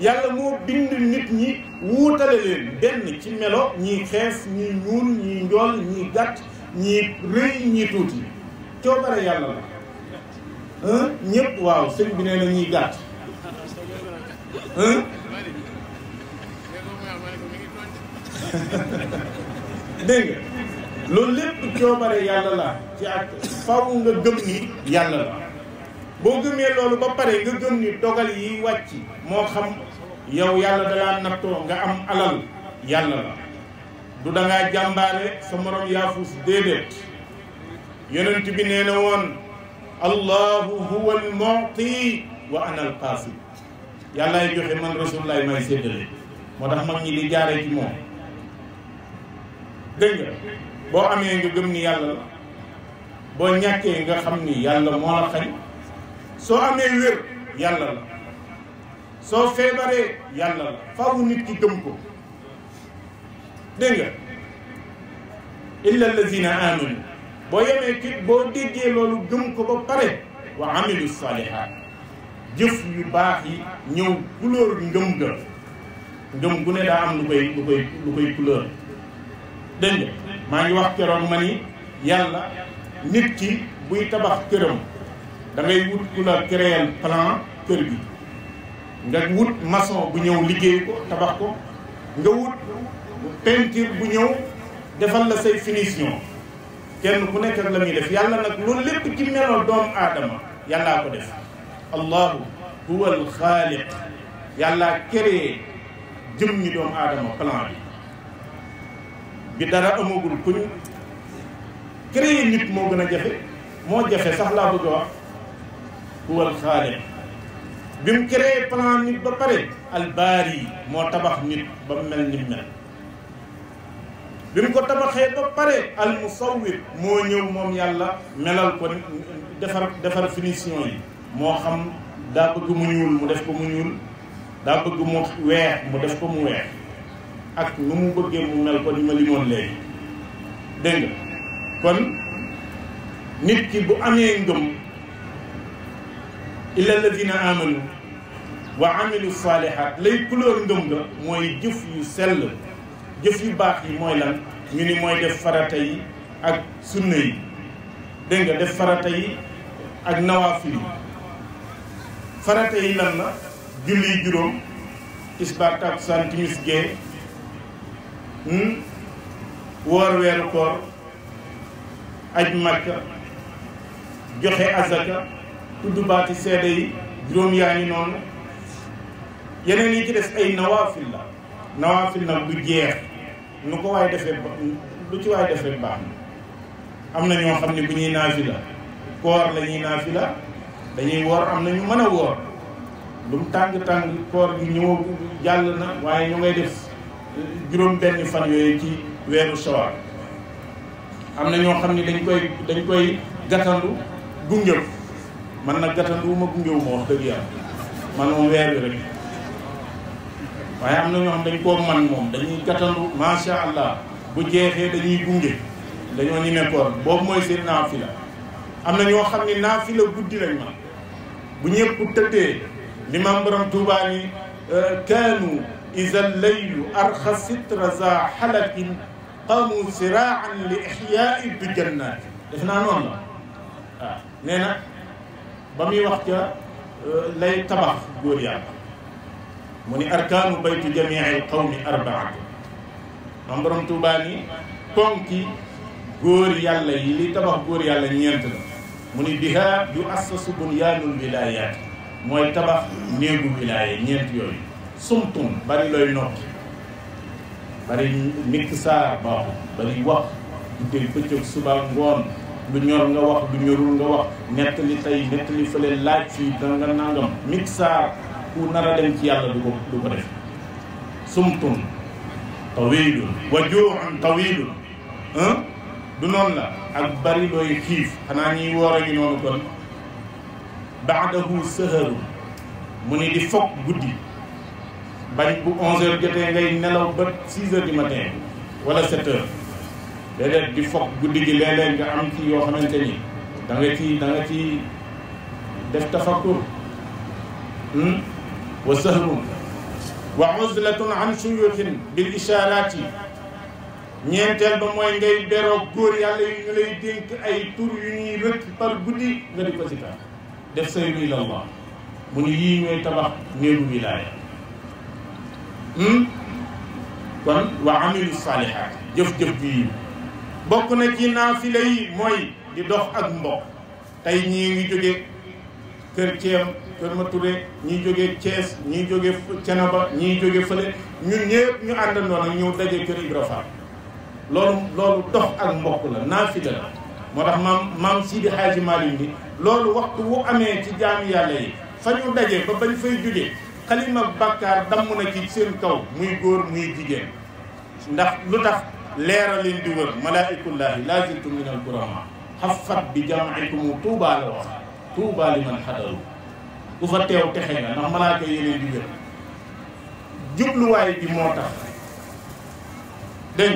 yàlla moo bind nit ñi wuutale leen benn ci melo ñii xees ñii ñuul ñii njool ñii gàtt ñii rëy ñii tuuti coobare yàlla la ñëpp waaw sëñ bi na ñii gàtt <laughs> dégg loolu lépp coobare yàlla la ci ak faw nga gëm ni yàlla la bo gëmé loolu ba paré nga gëm ni dogal yi wacc mo xam yow da la natto nga am alal yalla la du nga jàmbaare sa morom fus déedéet yonent bi nee won allah huwa al mu'ti wa ana al yalla ay joxe man rasulullah may séddale motax mag ñi li jaare ci mom deug nga bo amé nga gëm ni yalla la nga xam ni yalla mo la xañ soo amee wér yàlla la soo feebaree yàlla la faaw nit ki gëm ko dégg nga illa allazina amanu boo yemee ki boo déggee loolu gëm ko ba pare wa amilu salihat jëf yu baax yi ñëw couleur ngëm ga ngëm gu ne daa am lu koy lu koy lu koy maa ngi wax keroog ma ni yàlla nit ki buy tabax këram da wut ku la créer plan keur bi nga wut maçon bu ñëw liggéey ko tabax ko nga wut peinture bu ñëw defal la say finition kenn ku nekk ak la muy def yàlla nak lool lépp ci melo doom adam yalla ko def allah huwa al khaliq yalla créer jëm ñi doomu aadama plan bi bi dara amagul kuñ créer nit mo gëna jafe mo jafe sax la bëgg wax huwa alxaaliq bi mu créé plan nit ba pare albaari moo tabax nit ba mel ni mel bi mu ko tabaxee ba pare al musawwir moo ñëw moom yàlla melal ko defar defar finition yi moo xam daa bëgg mu ñuul mu def ko mu ñuul daa bëgg mu weex mu def ko mu weex ak nu mu bëggee mu mel ko ni ma limoon léegi dégg nga kon nit ki bu amee ngëm illa alladina amanu wa amilu salihat lay couleur ngëm nga mooy jëf yu sell jëf yu baax yi mooy lan ñu ni mooy def farata yi ak sunna yi dégg nga def farata yi ak nawaafil yi farata yi lan la julli juróom tisbaar takkusaan timis gee woor weeru koor aj màkka joxe azaka tudd mbaati seede yi juróom yaa ngi noonu yeneen yi ci def ay nawaafil la nawaafil nag du jeex nu ko waay defee lu ci waay baax na am na ñoo xam ne bu ñuy naafila koor la ñuy naafila dañuy woor am na ñu mën a woor lu mu tàng-tàng koor gi ñëw jàll na waaye ñu ngay def juróom benn fan yooyu ci weeru sawar am na ñoo xam ne dañ koy dañ koy gàttandu gunge man nag gàttanduwuma gungewuma wax dëgg yàlla man moom weer wi rek waaye am na ñoo xam dañ koo man moom dañuy gàttandu macha allah bu jeexee dañuy gunge dañoo ñi nekkoon boobu mooy seen naafila am na ñoo xam ne naafila guddi lañ man bu ñëpp tëddee li maam borom tuubaa ni kaanu iza leylu arxa sitra za xalatin qamu siraan li ixyaai bi jannaati def naa noonu la waaw nee na bamuy wax ca euh, lay tabax goor yàlla muni arkanu baytu jami'i qawmi arbaatu mom borom touba ni tonki goor yalla yi li tabax goor yalla ñent la muni ni biha yu assasu bunyanul wilayat moy tabax neegu wilaya ñent yoy sumtum bari loy noppi bari mikk saar bari wax di bëccëg suba ngoon lu ñor nga wax lu ñorul nga wax nettali tey nettali fële laaj fii danga nangam mixaar ku nar a dem ci yàlla du ko du ko def sumtun tawilun wa juuxun tawilun du noonu la ak bari looy xiif xanaa ñuy woor a ngi noonu kon baadahu sëharu mu ni di fokk guddi bañ bu onze heures jotee ngay nelaw ba six heures du matin wala sept heures déedéet di foog guddigi gi léeg-léeg nga am ci yoo xamante ni da nga ci da nga ci def tafakkur wa sahru wa uzlatun an suyuxin bil isharati yi ñeenteel ba mooy ngay beroo góor yàlla yu ñu lay dénk ay tur yu ñuy rëkk par guddi nga di ko sikkar def la ilallah mu ñu yii ñooy tabax néegu wilaaya kon wa amilu salihat jëf-jëf bi bokk na ci naafile yi mooy di dox ak mbokk tey ñii ngi jóge kër Thiam kër Mature ñii jóge Thiès ñii jóge Thiénaba ñii jóge fële ñun ñëpp ñu àndandoo nag ñëw daje kër Ibra loolu dox ak mbokk la naafile la moo tax maam maam Sidi Hadji Malick bi loolu waxtu wu amee ci jaamu yàlla yi fa ñu daje ba bañ fay jóge xalima bàkkaar damm na ci seen kaw muy góor muy jigéen ndax lu tax lera len di wër malaa'ikullaahi laa lazimtu min al kurama xafat bi jam'ikum Tuba la wax tuba liman hadaru xadaru ku fa tew texe nga ndax malaika yene di wër way bi motax deñ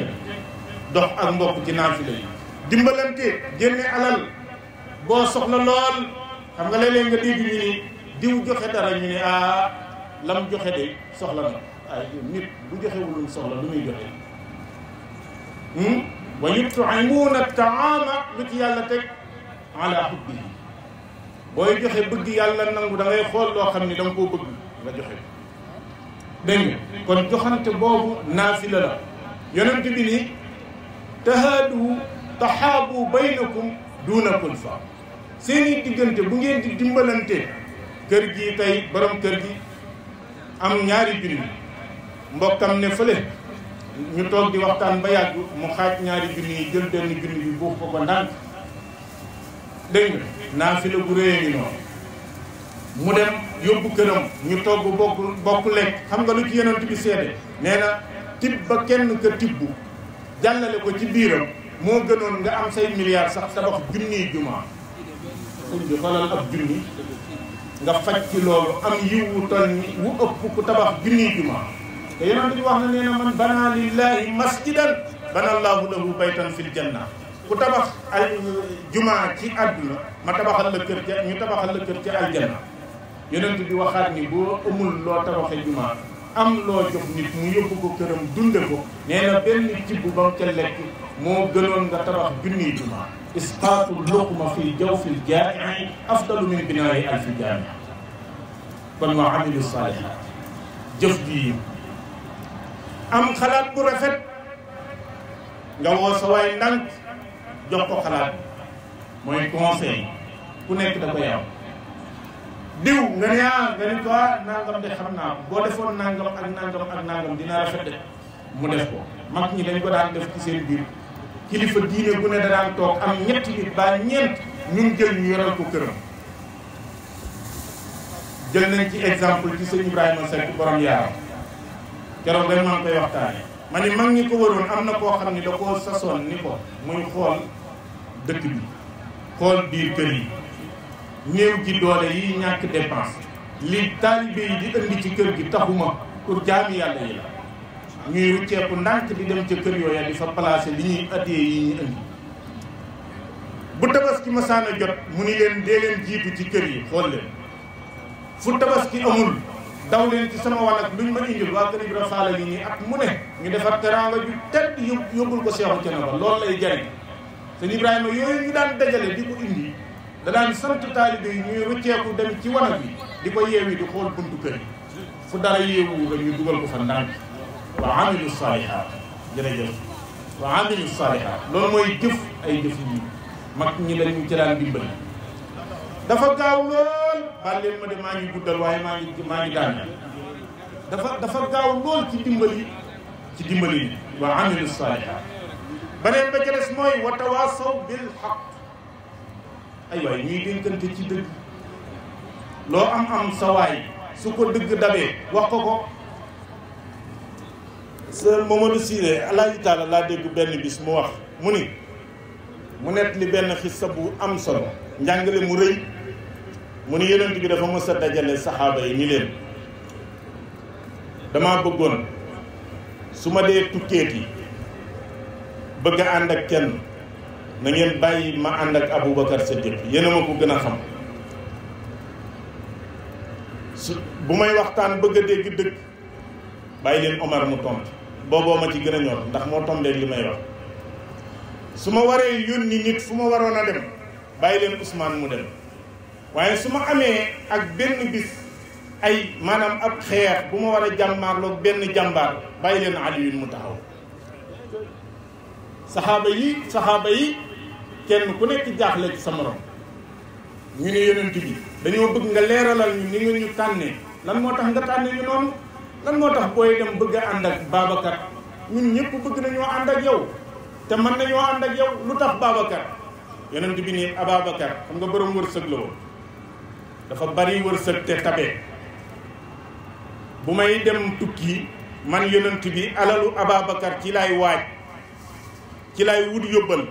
dox ak mbokk ci nafile dimbalante génne alal bo soxla lol xam nga lele nga dégg ñu ni diw joxe dara ñu ni ah lam joxe de soxla na ay nit bu joxewulul soxla lu muy joxe Hmm? wa yut'imuuna taama lu ci yàlla teg ala hubbihi booy joxe bëgg yàlla nangu da ngay xool loo xam ni da nga koo bëgg nga joxe dégg kon joxante boobu naafila la yonent bi ni tahaadu taxaabu baynakum duuna kulfa seeni diggante bu ngeen di dimbalante kër gi tey borom kër gi am ñaari junni mbokkam ne fële ñu toog di waxtaan ba yàgg mu xaaj ñaari junni yi jël benn junni bi buux ko ko ndànk dégg nga naafila bu réyee ngi noonu mu dem yóbbu këram ñu togg bokk bokk lekk xam nga lu ci yonent bi seede nee na tibb ba kenn ka tibb jàllale ko ci biiram moo gënoon nga am say milliards sax tabax junniy jumaa suñ bi xoolal ab junni nga faj ci loolu am yiw wu toll wu ëpp ku tabax junniy jumaa te yonent bi wax na nee na man bana lillahi masjidan bana allahu lahu baytan fil janna ku tabax ay uh, jumaa ci àdduna ma tabaxal la kër ca ñu tabaxal la kër ca aljanna yonent bi waxaat ni boo amul loo tabaxee jumaa am loo jox nit mu yóbbu ko këram dunde ko nee na benn cibb ba ca lekk moo gënoon nga tabax junniy jumaa isqaatu luqma fi jawfil jaai afdalu min binaayi fi jaami kon wa amilu salihat jëf ji am xalaat bu rafet nga woo sa waay jox ko xalaat mooy conseil ku nekk da ko yaw diw nga ne ah nga ne ko ah, nangam de xam naa boo defoon nangam ak nangam ak nangam dina rafet de mu def ko mag ñi dañ ko daan def ci seen biir kilifa diine bu ne da daan toog am ñetti nit ba ñeent ñun jël ñu yoral ko këram jël nañ ci exemple ci sëñ Ibrahima Seck borom yaaram keroog rek maa ngi koy waxtaane ma ni mag ñi ko waroon am na koo xam ni da koo sasoon ni ko muy xool dëkk bi xool biir kër yi néew gi doole yi ñàkk dépense li taalibe yi di indi ci kër gi taxuma pour jaami yàlla yi la ñuy rucceeku ndànk di dem ca kër yooya di fa placé li ñuy addee yi ñu indi bu tabaski masaana jot mu ni leen dee leen jiitu ci kër yi xool leen fu tabaski amul daw leen ci sama wàll ak luñ ma indil waa kër Ibra Faal yi nii ak mu ne ñu defar teranga ju tedd yób yóbbul ko seexu ca ba loolu lay jariñ sëñ Ibrahima yooyu ñu daan dajale di ko indi da sant taalibe yi ñuy rëcceeku dem ci wanag bi di ko yeewi di xool buntu kër yi fu dara yeewu rek ñu dugal ko fa ndànk wa amilu saalihaat jërëjëf wa amilu saalihaat loolu mooy jëf ay jëf yi mag ñi dañu ci daan dimbali dafa gaaw lool baal ma de maa ngi guddal waaye maa ngi maa ngi daan dafa dafa gaaw lool ci dimbali ci dimbali wa amilu saalihaat beneen ba ca des mooy wa tawaasaw bil xaq ay waay ñuy dénkante ci dëgg loo am am sa waay su ko dëgg dabee wax ko ko sër Mamadou Siré Alaaji Taala laa dégg benn bis mu wax mu ni mu nett li benn xissa bu am solo njàngale mu rëy mu ni yonent bi dafa mës a dajale saxaaba yi ni leen dama bëggoon su ma dee tukkeeti bëgg a ànd ak kenn na ngeen bàyyi ma ànd ak Aboubacar Siddiq yéen a ma ko gën a xam su bu may waxtaan bëgg a dégg dëgg bàyyi leen Omar mu tont booboo ma ci gën a ñor ndax moo tombeeg li may wax su ma waree ni nit fu ma waroon a dem bàyyi leen Ousmane mu dem waaye su ma amee ak benn bis ay maanaam ab xeex bu ma war a jàmbaarloog benn jàmbaar bàyyi leen Aliyun mu taxaw saxaaba yi saxaaba yi kenn ku nekk jaaxle ci sa morom ñu ne yonent bi dañoo bëgg nga leeralal ñu ni nga ñu tànnee lan moo tax nga tànnee ñu noonu lan moo tax booy dem bëgg a ànd ak Babacar ñun ñëpp bëgg nañoo ànd ak yow te mën nañoo ànd ak yow lu tax Babacar yonent bi nii Ababacar xam nga borom wërsëg la woon dafa bari wërsëg te tabe bu may dem tukki man yonent bi alalu Ababacar ci lay waaj ci lay wut yóbbal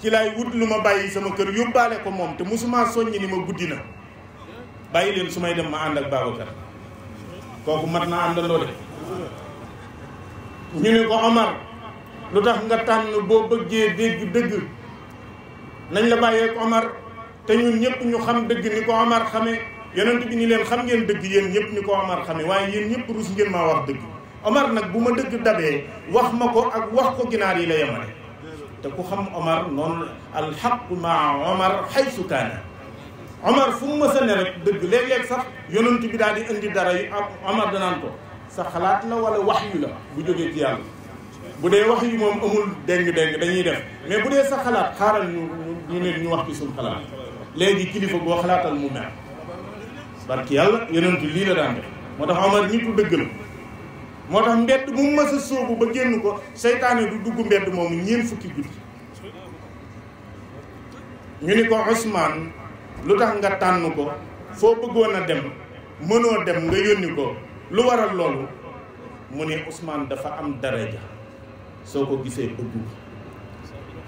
ci lay wut lu ma bàyyi sama kër yóbbaale ko moom te musuma soññ ni ma guddi na bàyyi leen su may dem ma ànd ak Babacar kooku mat naa àndandoo de ñu ne ko Omar lu tax nga tànn boo bëggee dégg dëgg nañ la bàyyeek Omar te ñun ñëpp ñu xam dëgg ni ko Omar xamee yonent bi ni leen xam ngeen dëgg yéen ñëpp ni ko Omar xamee waaye yéen ñëpp rus ngeen maa wax dëgg Omar nag bu ma dëgg dabee wax ma ko ak wax ko ginaar yi la yemale te ku xam Omar noonu alxaqu maa Omar xaysu kaana Omar fu mu mës a ne rek dëgg léeg-léeg sax yonent bi daal di indi dara yu Omar danaan ko sa xalaat la wala wax yu la bu jógee ci yàlla bu dee wax yu moom amul déng-déng dañuy def mais bu dee sa xalaat xaaral ñu ñu ne ñu wax ci suñu léegi kilifa goo xalaatal mu mer barki yàlla yonentu lii la daan moo tax Omar ñëpp dëggal moo tax mbedd mu mës a ba génn ko seytaane du dugg mbedd moomu ñeent fukki guddi ñu ni ko Ousmane lu tax nga tànn ko foo bëggoon a dem mënoo dem nga yónni ko lu waral loolu mu ne Ousmane dafa am daraja soo ko gisee bëgg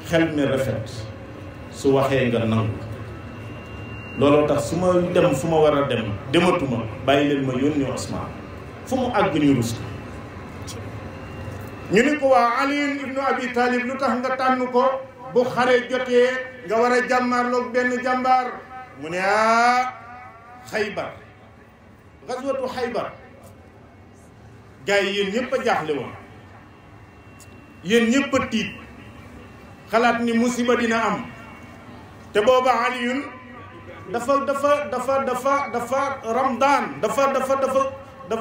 xel mi rafet su waxee nga nangu loolu tax su ma dem fu ma war a dem dematuma bàyyi leen ma yónni Ousmane fu mu àgg ñu rus ko ñu ni ko waa Aliyu ibnu Abi Talib lu tax nga tànn ko bu xare jotee nga war a jàmmaarloog benn jàmbaar mu ne ah xaybar gaswatu xaybar gars yi yéen ñëpp a jaaxle woon yéen ñëpp a tiit xalaat ni musiba dina am te booba Aliyun dafa dafa dafa dafa dafa ramdaan dafa dafa dafa daf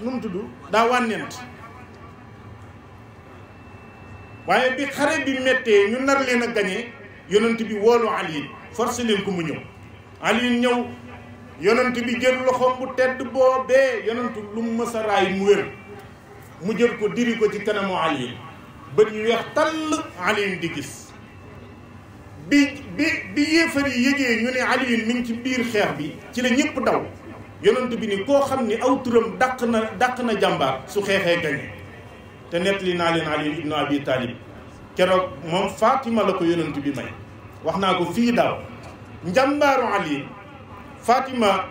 nu mu tudd daa wànnent waaye bi xare bi méttee ñu nar leen a gañee yonent bi woolu Aliin forcé leen ko mu ñëw Aliin ñëw yonent bi jël loxoom bu tedd boobee yonent lu mu mës mu wér mu jël ko diri ko ci kanamu Aliin bët yu weex tàll Aliin di gis bi bi bi yéefar yi yëgee ñu ne Aliyun mi ngi ci biir xeex bi ci la ñëpp daw yonent bi ni koo xam ni aw turam dàq na dàq na jàmbaar su xeexee gañe te nettali naa leen Ali ibnu Abi Talib keroog moom Fatima la ko yonent bi may wax naa ko fii daaw njàmbaaru Ali Fatima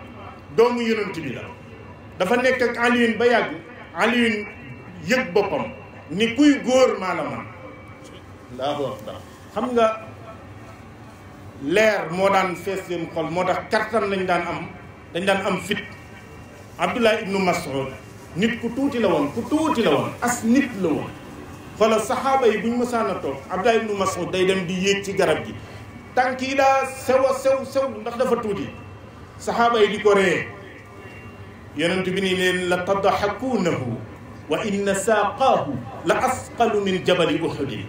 doomu yonent bi la dafa nekk ak Aliyun ba yàgg Aliyun yëg boppam ni kuy góor maa la man allahu akbar xam nga leer moo daan fees seen xol moo tax kartan lañ daan am dañ daan am fit abdullah ibnu mas'ud nit ku tuuti la woon ku tuuti la woon as nit la woon xoolal saxaaba yi buñ mësaan a toog abdullah ibnu mas'ud day dem di yéeg ci garab gi tànk yi daa sew a sew sew ndax dafa tuuti saxaaba yi di ko ree yonent bi ni leen la tadaxakuunahu wa inna saaqaahu la asqalu min jabali uhudin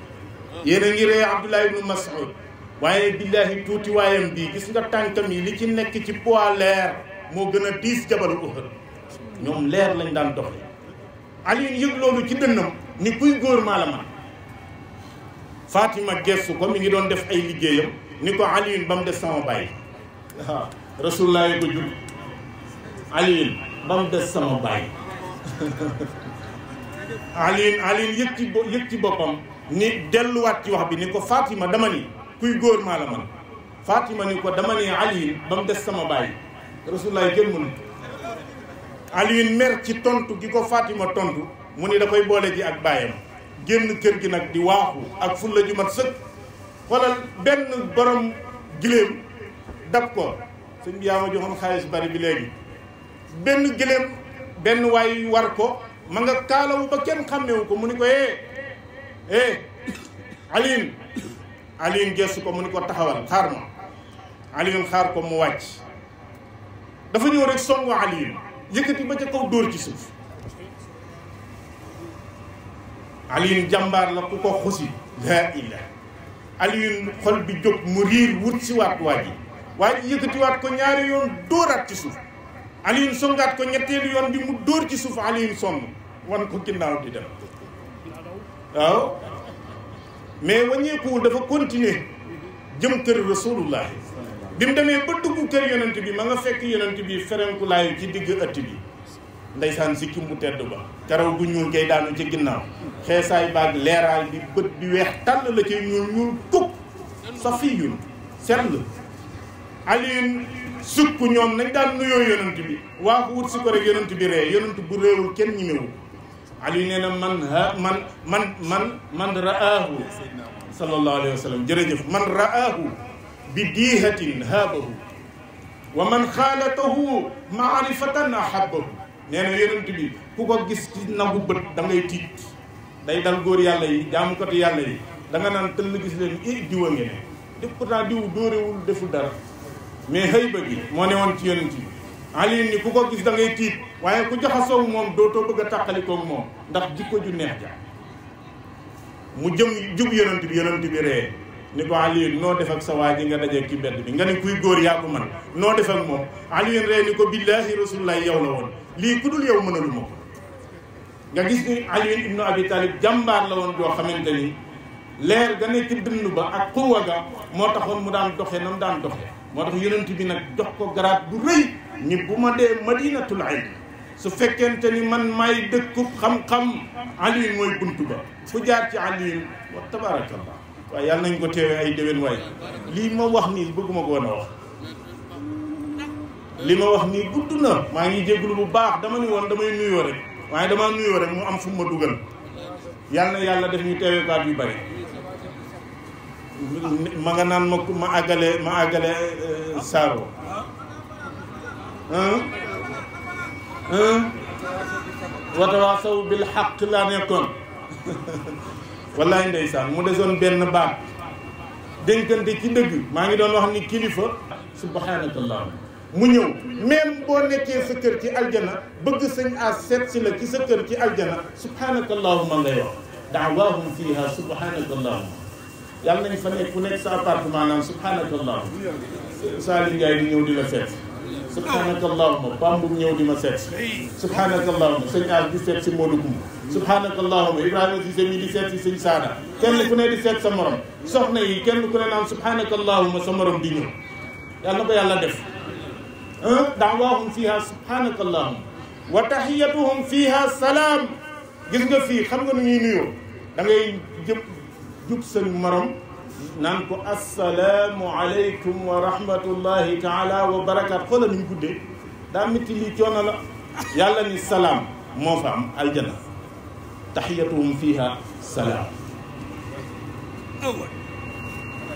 yéen a ngi ree abdullah ibnu mas'ud waaye billaahi tuuti waayam bii gis nga tànkam yi li ci nekk ci poids leer moo gën a diis jabalu Uhud ñoom leer lañ daan doxe Alioune yëg loolu ci dënnam ni kuy góor maa la man ko mi ngi doon def ay liggéeyam ni ko Alioune ba mu des sama bàyyi waaw ah, rasulullah ko jub Alioune ba mu des sama bàyyi Alioune Alioune yëg ci yëg ci boppam ni delluwaat ci wax bi ni ko Fatima dama ni kuy góor maa la man Fatima ni ko dama ne Aliyin ba mu des sama bàyyi Rasulullah jël mu ne Aliyin mer ci tontu gi ko Fatima tontu mu ni da koy boole ji ak bàyyam génn kër gi nag di waaxu ak fulla ju mat sëkk xoolal benn borom giléem dab ko sëñ bi yaa ma joxoon xaalis bari bi léegi benn giléem benn waay war ko ma nga kaalawu ba kenn xàmmewu ko mu ni ko eh eh Aliyin Alioune gestu ko mu ni ko taxawal xaar ma Alioune xaar ko mu wàcc dafa ñëw rek songu Alioune yëkkati ba ca kaw dóor ci suuf Alioune jàmbaar la ku ko xusi laa ilaa Alioune xol bi jóg mu riir wut si waat waa yëkkatiwaat ko ñaari yoon dóoraat ci suuf Alioune songaat ko ñetteelu yoon bi mu dóor ci suuf Alioune song wan ko ginnaaw di dem waaw mais wàññeekuwul dafa continuer jëm kër rasulullah bi mu demee ba dugg kër yonent bi ma nga fekk yonent bi ferenkulaayu ci digg ëtt bi ndeysaan si kimbu tedd ba karaw gu ñuul kay daanu ci ginnaaw xeesaay baag leeraal bi bët bi weex tàll la ci ñuul ñuul set safiyun sell aliyun sukk ñoom nañ daan nuyoo yonent bi waaxu wut si ko rek yonent bi ree yonent bu réewul kenn ñi mewu Aliou nee na man man man man man ra'aahu sallallahu alayhi wa sallam jërëjëf man ra'aahu bi diihatin haabahu wa man xaalatahu maarifatan ahabbahu nee na yonent bi ku ko gis ci nagu bët da ngay tiit day dal góor yàlla yi jaamukatu yàlla yi da nga naan tëll gis leen i diwa ngeen ne pourtant diw dóorewul deful dara mais xëy ba gi moo ne woon ci yonent bi Alioune ni ku ko gis da ngay tiit waaye ku jaxasoo moom dootoo bëgg a tàqalikoog moom ndax jikko ju neex ja mu jëm jub yonent bi yonent bi ree ni ko Alioune noo def ak sa waa ji nga dajeeg ci mbedd bi nga ne kuy góor yaa ko man noo def ak moom Alioune ree ni ko billaahi rasulullahi yow la woon lii ku dul yow mënalu ma ko nga gis ni Alioune ibnu Abi Talib jàmbaar la woon goo xamante ni leer ga ne ci dund ba ak xuwa ga moo taxoon mu daan doxe na mu daan doxe moo tax jox ko garaat bu rëy ni bu ma dee madinatul ilm su fekkente ni man maay dëkkub xam-xam aliin mooy bunt ba fu jaar ci aliin wa waaye yàlla nañ ko teewee ay déwén waay lii ma wax nii bëgguma ko woon wax li ma wax nii gudd na maa ngi jégalu bu baax dama ni woon damay nuyoo rek waaye dama nuyoo rek mu am fu ma dugal yàlla na yàlla def ñu teewee baat yu bari ma nga naan ma ma àggale ma àggale euh, saaro wa tawaasaw bil xaq laa nekkoon <laughs> wallaay ndeysaan mu desoon benn baat dénkante ci dëgg maa ngi doon wax ni kilifa subhanakallaa mu ñëw même boo nekkee sa kër ci aljana bëgg sëñ a seet si la ci sa kër ci aljana subhanakallahuma ngay wax daawahum fiha subhanakallahuma yàlla nañ fa nekk ku nekk sa appartement naan subhanakallahuma saa li di ñëw di la seet subhanaka allahuma bambum ñëw di ma seet si subhanaka allahuma sëñ aar di seet si Modou Goumba subhanaka allahuma ibrahima si sëñ yi di seet si sëñ saana kenn ku ne di seet sa morom soxna yi kenn ku ne naan subhanaka allahuma sa morom di ñëw yàlla na ko yàlla def daawahum fiha subhanaka fiha salaam gis nga fii xam nga nu ñuy nuyoo da sa morom نانكو السلام عليكم ورحمة الله تعالى وبركات خلا نقول ده ده مثل اللي كنا لا يلا نسلام ما فهم الجنة تحياتهم فيها سلام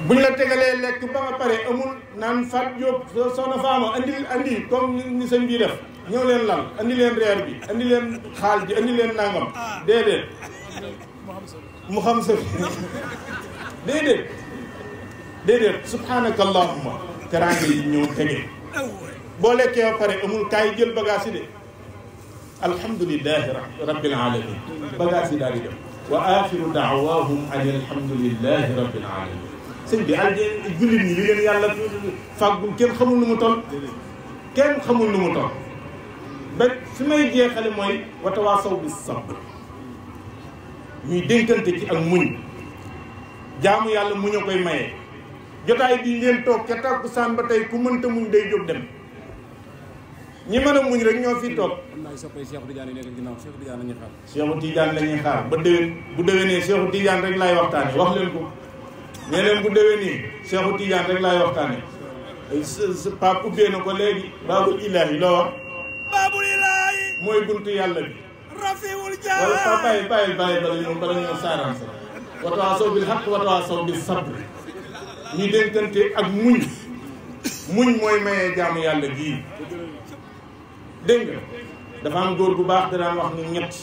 بنا تقال لك كبار بره أمور نان فاديو صنع فاهم أندي أندي كم نسنجيرف نيولين لام أندي لين ريربي أندي لين خالدي أندي لين نعم ده ده محمد ده ده dedet subhanak allahumma teraanga yi ñëw tege boo lekkee ba pare amul kay jël bagage yi de alhamdulillah rabbil alamin bagage yi daal di dem wa akhiru da'wahum alhamdulillah rabbil alamin seen bi al jullit ñi li leen yàlla fagu kenn xamul nu mu toll kenn xamul nu mu toll ba fi may jeexale mooy watawaasaw bis sabr ñuy dénkante ci ak muñ jaamu yàlla muñ a koy maye jotaay bii ngeen toog ca tàkkusaan ba tey ku mënta muñ day jóg dem ñi mën a muñ rek ñoo fi toog. am na ay soppay Cheikh Tidiane nekk la ñuy xaar. ba déwén bu déwénee Cheikh Tidiane rek laay waxtaane wax leen ko nee leen bu déwénee Cheikh Tidiane rek laay waxtaane Pape ubbee na ko léegi. Baabul Ilaahi la wax. Baabul Ilaahi. mooy buntu yàlla bi. rafiwul jaa wala Pape bàyyi bàyyi bàyyi bala ñu bala ñu saaraan sa. wa bil haqq wa tawaasaw bis ñu dénkante ak muñ muñ mooy mayee jaamu yàlla gii dégg nga dafa am góor bu baax danaan wax ni ñett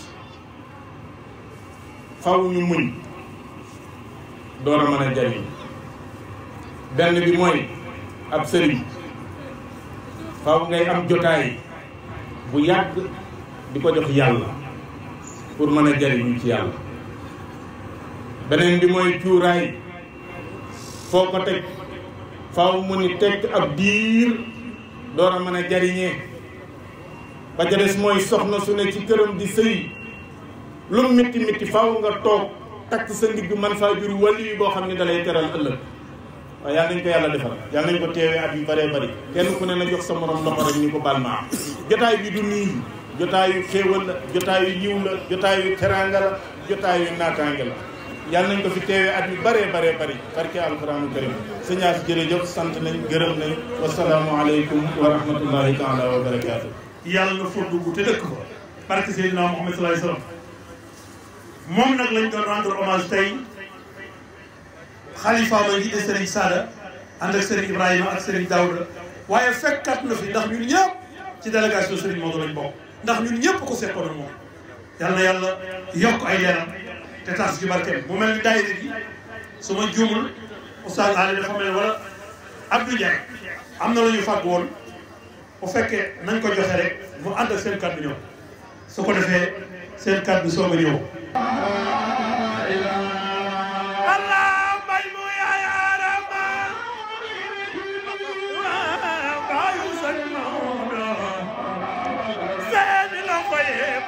faw ñu muñ door a mën a jariñ benn bi mooy ab sëriñ faw ngay am jotaay bu yàgg di ko jox yàlla pour mën a jariñu ci yàlla beneen bi mooy cuuraay boo ko teg faaw mu ni teg ab diir doo a mën a jariñee ba ca des mooy soxna su ne ci këram di sëy lu métti métti faaw nga toog takk sa ndigg man faa jur wali yi boo xam ne dalay teral ëllëg waaw yàlla nañ ko yàlla defal yàlla nañ ko teewee at yu bëree bëri kenn ku ne na jox sa moroom loxo rek ni ko baal ma jotaay bi du nii jotaayu xéewal la jotaayu yiw la jotaayu teraanga la jotaayu naataange la yàlla nañ ko fi teewee at yu bëree bëree bëri barke alquranu karim sëñ As jërëjëf sant nañ gërëm nañ wasalaamualeykum wa rahmatullahi taala wa barakaatu yàlla na fa dugg te dëkk ko barke Seydina Muhammad sallallahu alayhi wa sallam moom nag lañ doon rendre hommage tey xalifa ma ngi de Serigne Sada ànd ak Serigne Ibrahima ak Serigne Daouda waaye fekkat na fi ndax ñun ñëpp ci délégation Serigne Maodo lañ bokk ndax ñun ñëpp ko seqoon moom yàlla na yàlla yokk ay leeram te tax ci barkeem bu mel ni daayira bi su ma juumul oustaz Ali dafa mel wala Abdou Ndiaye am na lu ñu fàgg woon bu fekkee nañ ko joxe rek mu ànd ak seen kàddu ñëw su ko defee seen kàddu soog a ñëw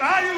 Are you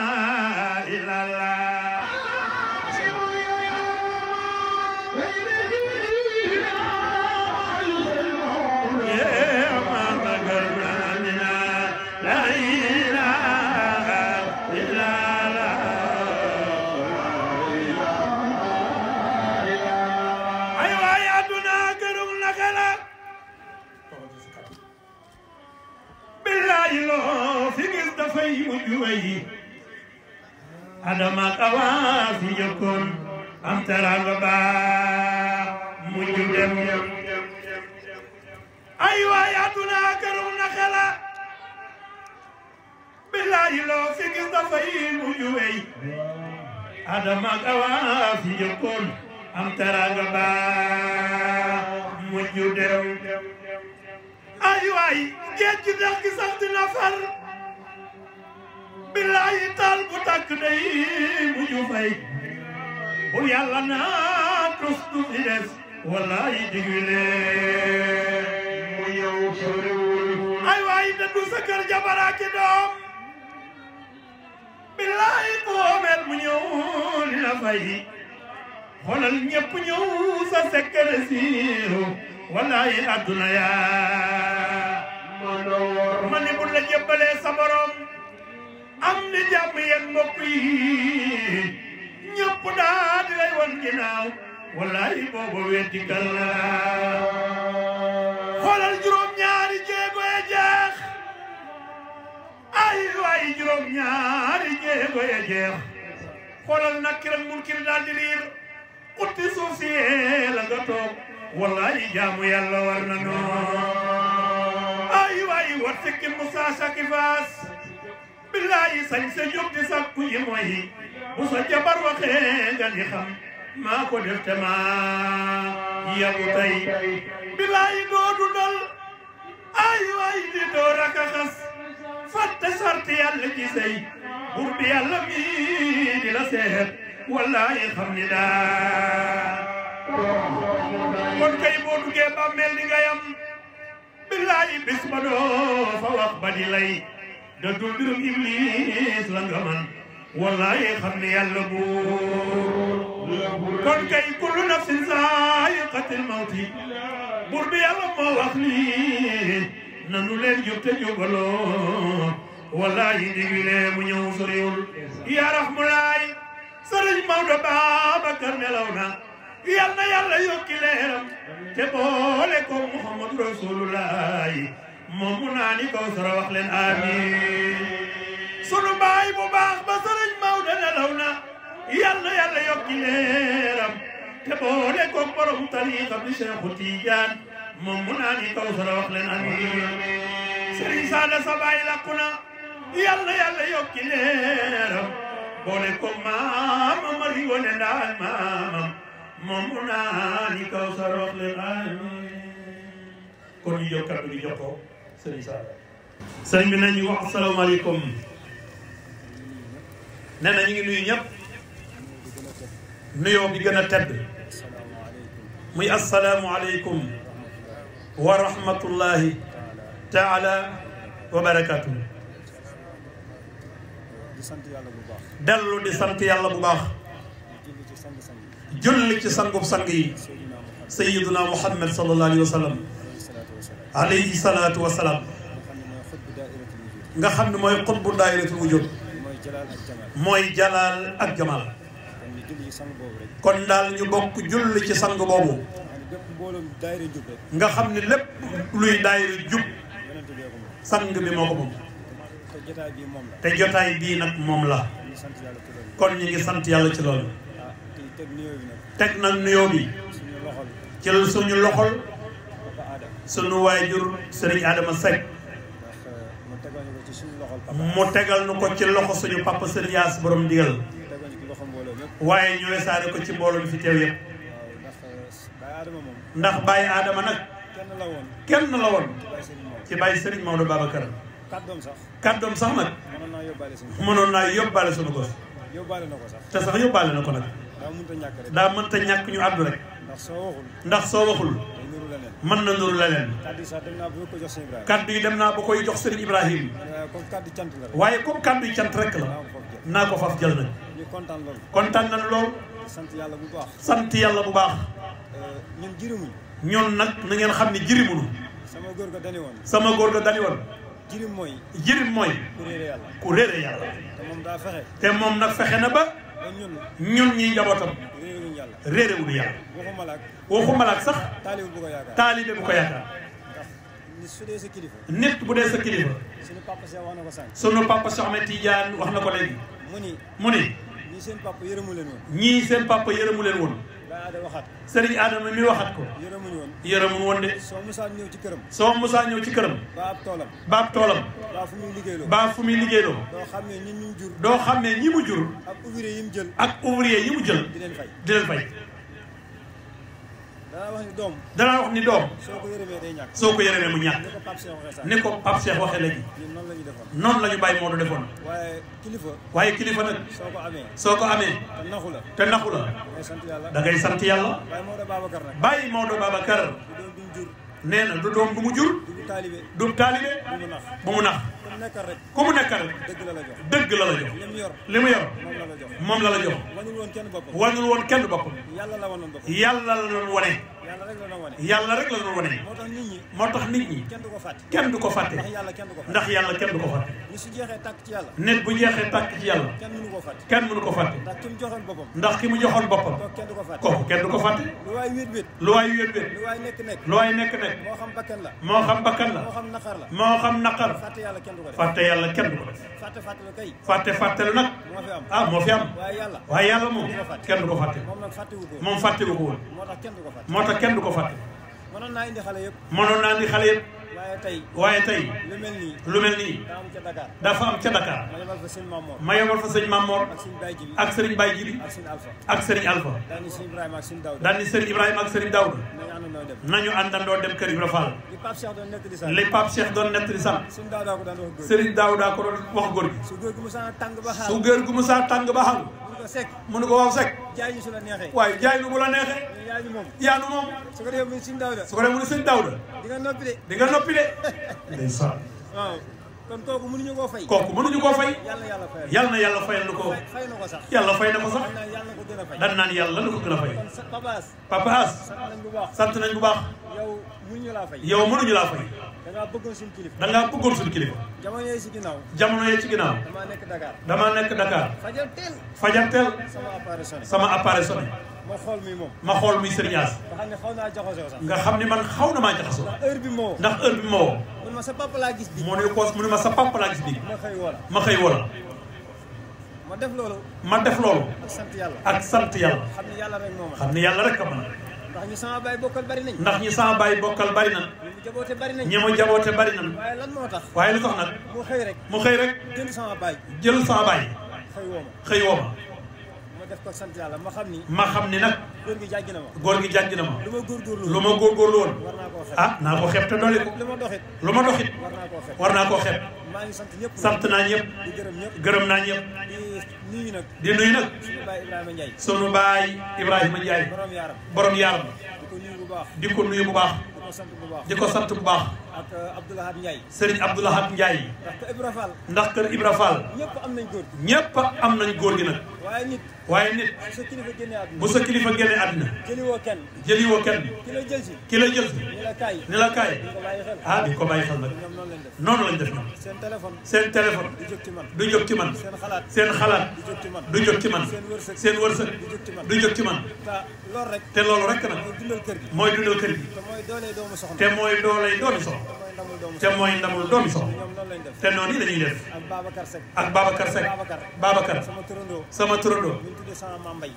كل ويه أدم قوافي يكون أم ترى غبا مجدم أيوة يا دنا كرم نخلا بالله لو فيك دفعي مجوي أدم قوافي يكون أم ترى غبا مجدم أيوة جيت دلك سخت نفر billaahi taal bu tàkk day fay pour yàlla naa tus du fi des wallaahi digwi leen mu ñëw ay waay da du sa kër jabaraa doom billaahi ku oomeel li la fay xoolal ñëpp ñëw sa sekkere siiru wallaahi adduna yaa ma ni bu la jëbbalee am na jàmm yéen mbokk yi ñëpp daal di lay wan ginnaaw wallahi boobu weddi kal la xoolal juróom-ñaari jéego ya ay waay juróom-ñaari jéego ya xoolal nakir ak munkir daal di liir utti suuf si la nga wallahi jaamu yàlla na noonu ay waay war sikki musa sakifaas billaahi sañ sa jóg di sàkku yi mooy bu sa jabar waxee nga ni xam maa ko def te maa yabu tey billaahi doodu dal ay waay di door a xas fàtte sarti yàlla ci sey bur bi yàlla mi di la seet wallaahi xam ni daa kon kay boo duggee bàmmeel di nga yam billaahi bis ba doo fa wax ba di lay dëddul mbirum iblis la nga man wallaay xam ne yàlla buur kon kay kullu nafsin zaa'iqatil mawti buur bi yàlla moo wax ni nanu leen jub te jubaloo wallaay ndigle mu ñëw soriwul ya rahmulaay sëriñ Maodo Babacar nelaw na yal na yàlla yokki leeram te boole ko Muhammad Rasulullaay moom mu naani Kawsara wax amiin sunu baay bu baax ba sëriñ Maodo nelaw na yàlla yokki leeram te boole ko borom tariqa bi Cheikhu Tidiane moom mu naani Kawsara wax amiin sëriñ Saada sa baay lakku na yàlla yokki leeram boole ko maama mari wone ndaan maamam moom mu naani Kawsara wax amiin kon ñu jokkatu di sëriñ Saar sëriñ bi nañu wax asalaamaaleykum nee na ñu ngi nuyu ñëpp nuyoo bi gën a tedd muy asalaamualeykum wa rahmatullahi taala wa barakaatu. dellu di sant yàlla bu baax. julli ci sangub sang yi. sayyiduna muhammad sallallahu alayhi wa sallam. alayhi salaatu wasalaam nga xam ne mooy xutbu daayiratul wujud mooy jalaal ak jamaal kon daal ñu bokk julli ci sang boobu nga xam ne lépp luy daayira jub sang bi moo ko moom te jotaay bii nag moom la kon ñu ngi sant yàlla ci loolu teg nag nuyoo bi ci suñu loxol sunu waajur sëriñ Adama Seck mu tegal nu ko ci loxo suñu papa sëriñ borom ndigal waaye ñu wesaare ko ci mbooloo mi fi teew yëpp ndax bàyyi Adama nag kenn la woon ci bàyyi sëriñ Maodo Babacar kàddoom sax nag mënoon naa yóbbaale sunu gos te sax yóbbaale na ko nag daa mënta ñàkk ñu àddu rek ndax soo waxul mën na nuru leneen. kaddu yi sax dem naa ba koy jox sëñ Ibrahima. kaddu yi dem naa ba koy jox sëñ Ibrahima. Euh, waaye comme kaddu yi cant rek la. naa ko faf jël nag. kontaan nañu lool. sant yàlla bu baax. sant yàlla bu baax. Euh, ñun jirimuñu. ñoon nag na ngeen xam ne jirimuñu. sama góor ga dani woon. sama góor ga dani woon. jirim mooy. jirim mooy. ku réere yàlla. ku réere te moom daa fexe. te moom nag fexe na ba. ñun ñun ñii njabootam. yàlla. waxuma la sax. taalibe bu ko yaakaar taalibe ko yaakaar. nit su bu dee sa kilifa. sunu papa Cheikh wax na ko sànq. sunu papa Cheikh Ahmed Tidiane wax na ko léegi. mu ni mu ni. ñii seen papa yërëmu leen woon. ñii seen papa yërëmu leen woon. sëriñ Adama mi waxat ko. yërëmuñu woon yërëmuñu woon de. soo musaa ñëw ci këram. soo musaa ñëw ci këram. baab toolam. baab toolam. baa fu muy liggéeyloo. baa fu muy liggéeyloo. doo xam ne ñi mu jur. doo xam ne ñi mu jur. ak ouvrier yi mu jël. ak ouvrier yi mu jël. di leen fay di leen danaa wax ni doom soo ko yërëmee mu ñàkk ni ko Pape Cheikh waxee léegi noonu la ñu bàyyi Modou defoon waaye kilifa nag soo ko amee te naxu la da ngay sant yàlla bàyyi Modou Babacar nee na du doom bu mu jur du taalibe bu mu nax ku mu nekkal rek dëgg la la jox li mu yor moom la la jox wanul woon kenn boppam yàlla la doon wane yàlla rek la doon wane. moo tax nit ñi moo tax nit ñi kenn du ko fàtte. ndax yàlla kenn du ko fàtte ndax ki mu joxoon boppam. ndax kenn du ko fàtte. lu waay wéet wéet. lu waay nekk nekk. moo xam bakkan la. moo xam bakkan la. moo xam naqar la. moo xam naqar. fàtte yàlla kenn du ko def. fàtte yàlla fàtte fàtte nag. ah moo fi am. waaye yàlla moom kenn du ko fàtte. moom fàttewu ko woon. moo tax kenn du li Pape Cheikh doon nettali li Pape Cheikh doon ko wax góor su góor gu mu saa tàng ko sec mënu ko waaw sec jaay ñu su la neexee waaye jaay ñu bu la neexee yaa ñu moom yaa ñu moom su ko defee mu ne sëñ Daouda su ko defee mu ne sëñ Daouda di nga noppi de di nga noppi de <laughs> ndeysaan waaw kon kooku mënuñu koo fay kooku mënuñu fay yàlla na yàlla na fay na ko sax dan naan yàlla na ko gën a fay papaas papaas sant bu baax yow mënuñu laa fay da ngaa bëggoon suñu kilifa. da ngaa bëggoon suñu kilifa. jamono yee ci ginnaaw. damaa nekk Dakar. damaa nekk Dakar. fajar teel. fajar teel. sama appareil sonné. sama appareil sonné. ma xool muy moom. ma xool muy Serigne As. nga xam ne xaw nga xam ne man xaw na maa jaxasoo. ndax heure bi ma ndax heure bi ma woo. mu ne ma sa papa laa gis bi mu ne ko mu ne ma sa papa ma xëy woo la. ma la. ma def loolu. ak sant yàlla. ak sant yàlla. xam ne yàlla rek moo mën. xam ne yàlla rek a mën ndax ñu sama bay bokal bari nañ ndax ñi sama baay bari nañ ñi jaboote bari nañ ñi lan motax tax lu tax nag mu xëy rek mu xëy rek jël sama bay jël sama baay xëy wooma xëy wooma ma def ko sant yàlla ma xamni ni ma xam ni nag gi jàggi ma góor gi jàggi ma lu ma góorgóorlu lu ma góorgóorlu woon war naa ah naa ko xeeb te doole ko lu ma doxit lu ma doxit war naa koo xeeb maa ngi sant ñëpp sant naa ñëpp gërëm na ñep di nuyu nag sunu baay Ibrahima Ndiaye borom yaaram di ko nuyu bu baax di ko sant bu baax ak euh, Abdoulahat Ndiaye. Serigne Abdoulahat Ndiaye. ndax kër Ibra Fall. ndax kër Ibra Fall. ñëpp am nañ góor gi. ñëpp am nañ góor gi nag. waaye nit. waaye nit bu sa kilifa génnee àdduna. bu sa kilifa génnee àdduna. jëliwoo kenn. jëliwoo kenn. ki la jël si. ki la jël si. ni la kaay. ni la kaay. ah di ko bàyyi xel nag. noonu lañ def ñoom. seen téléphone. seen téléphone. du jóg ci man. du jóg ci man. seen xalaat. seen xalaat. du jóg ci man. seen wërsëg. du jóg ci man. te loolu rek nag. mooy dundal kër gi. te mooy dooley doomu soxna. te mooy ndamul doomi soxna te noonu la ñuy def ak Babacar Seck Babacar sama turandoo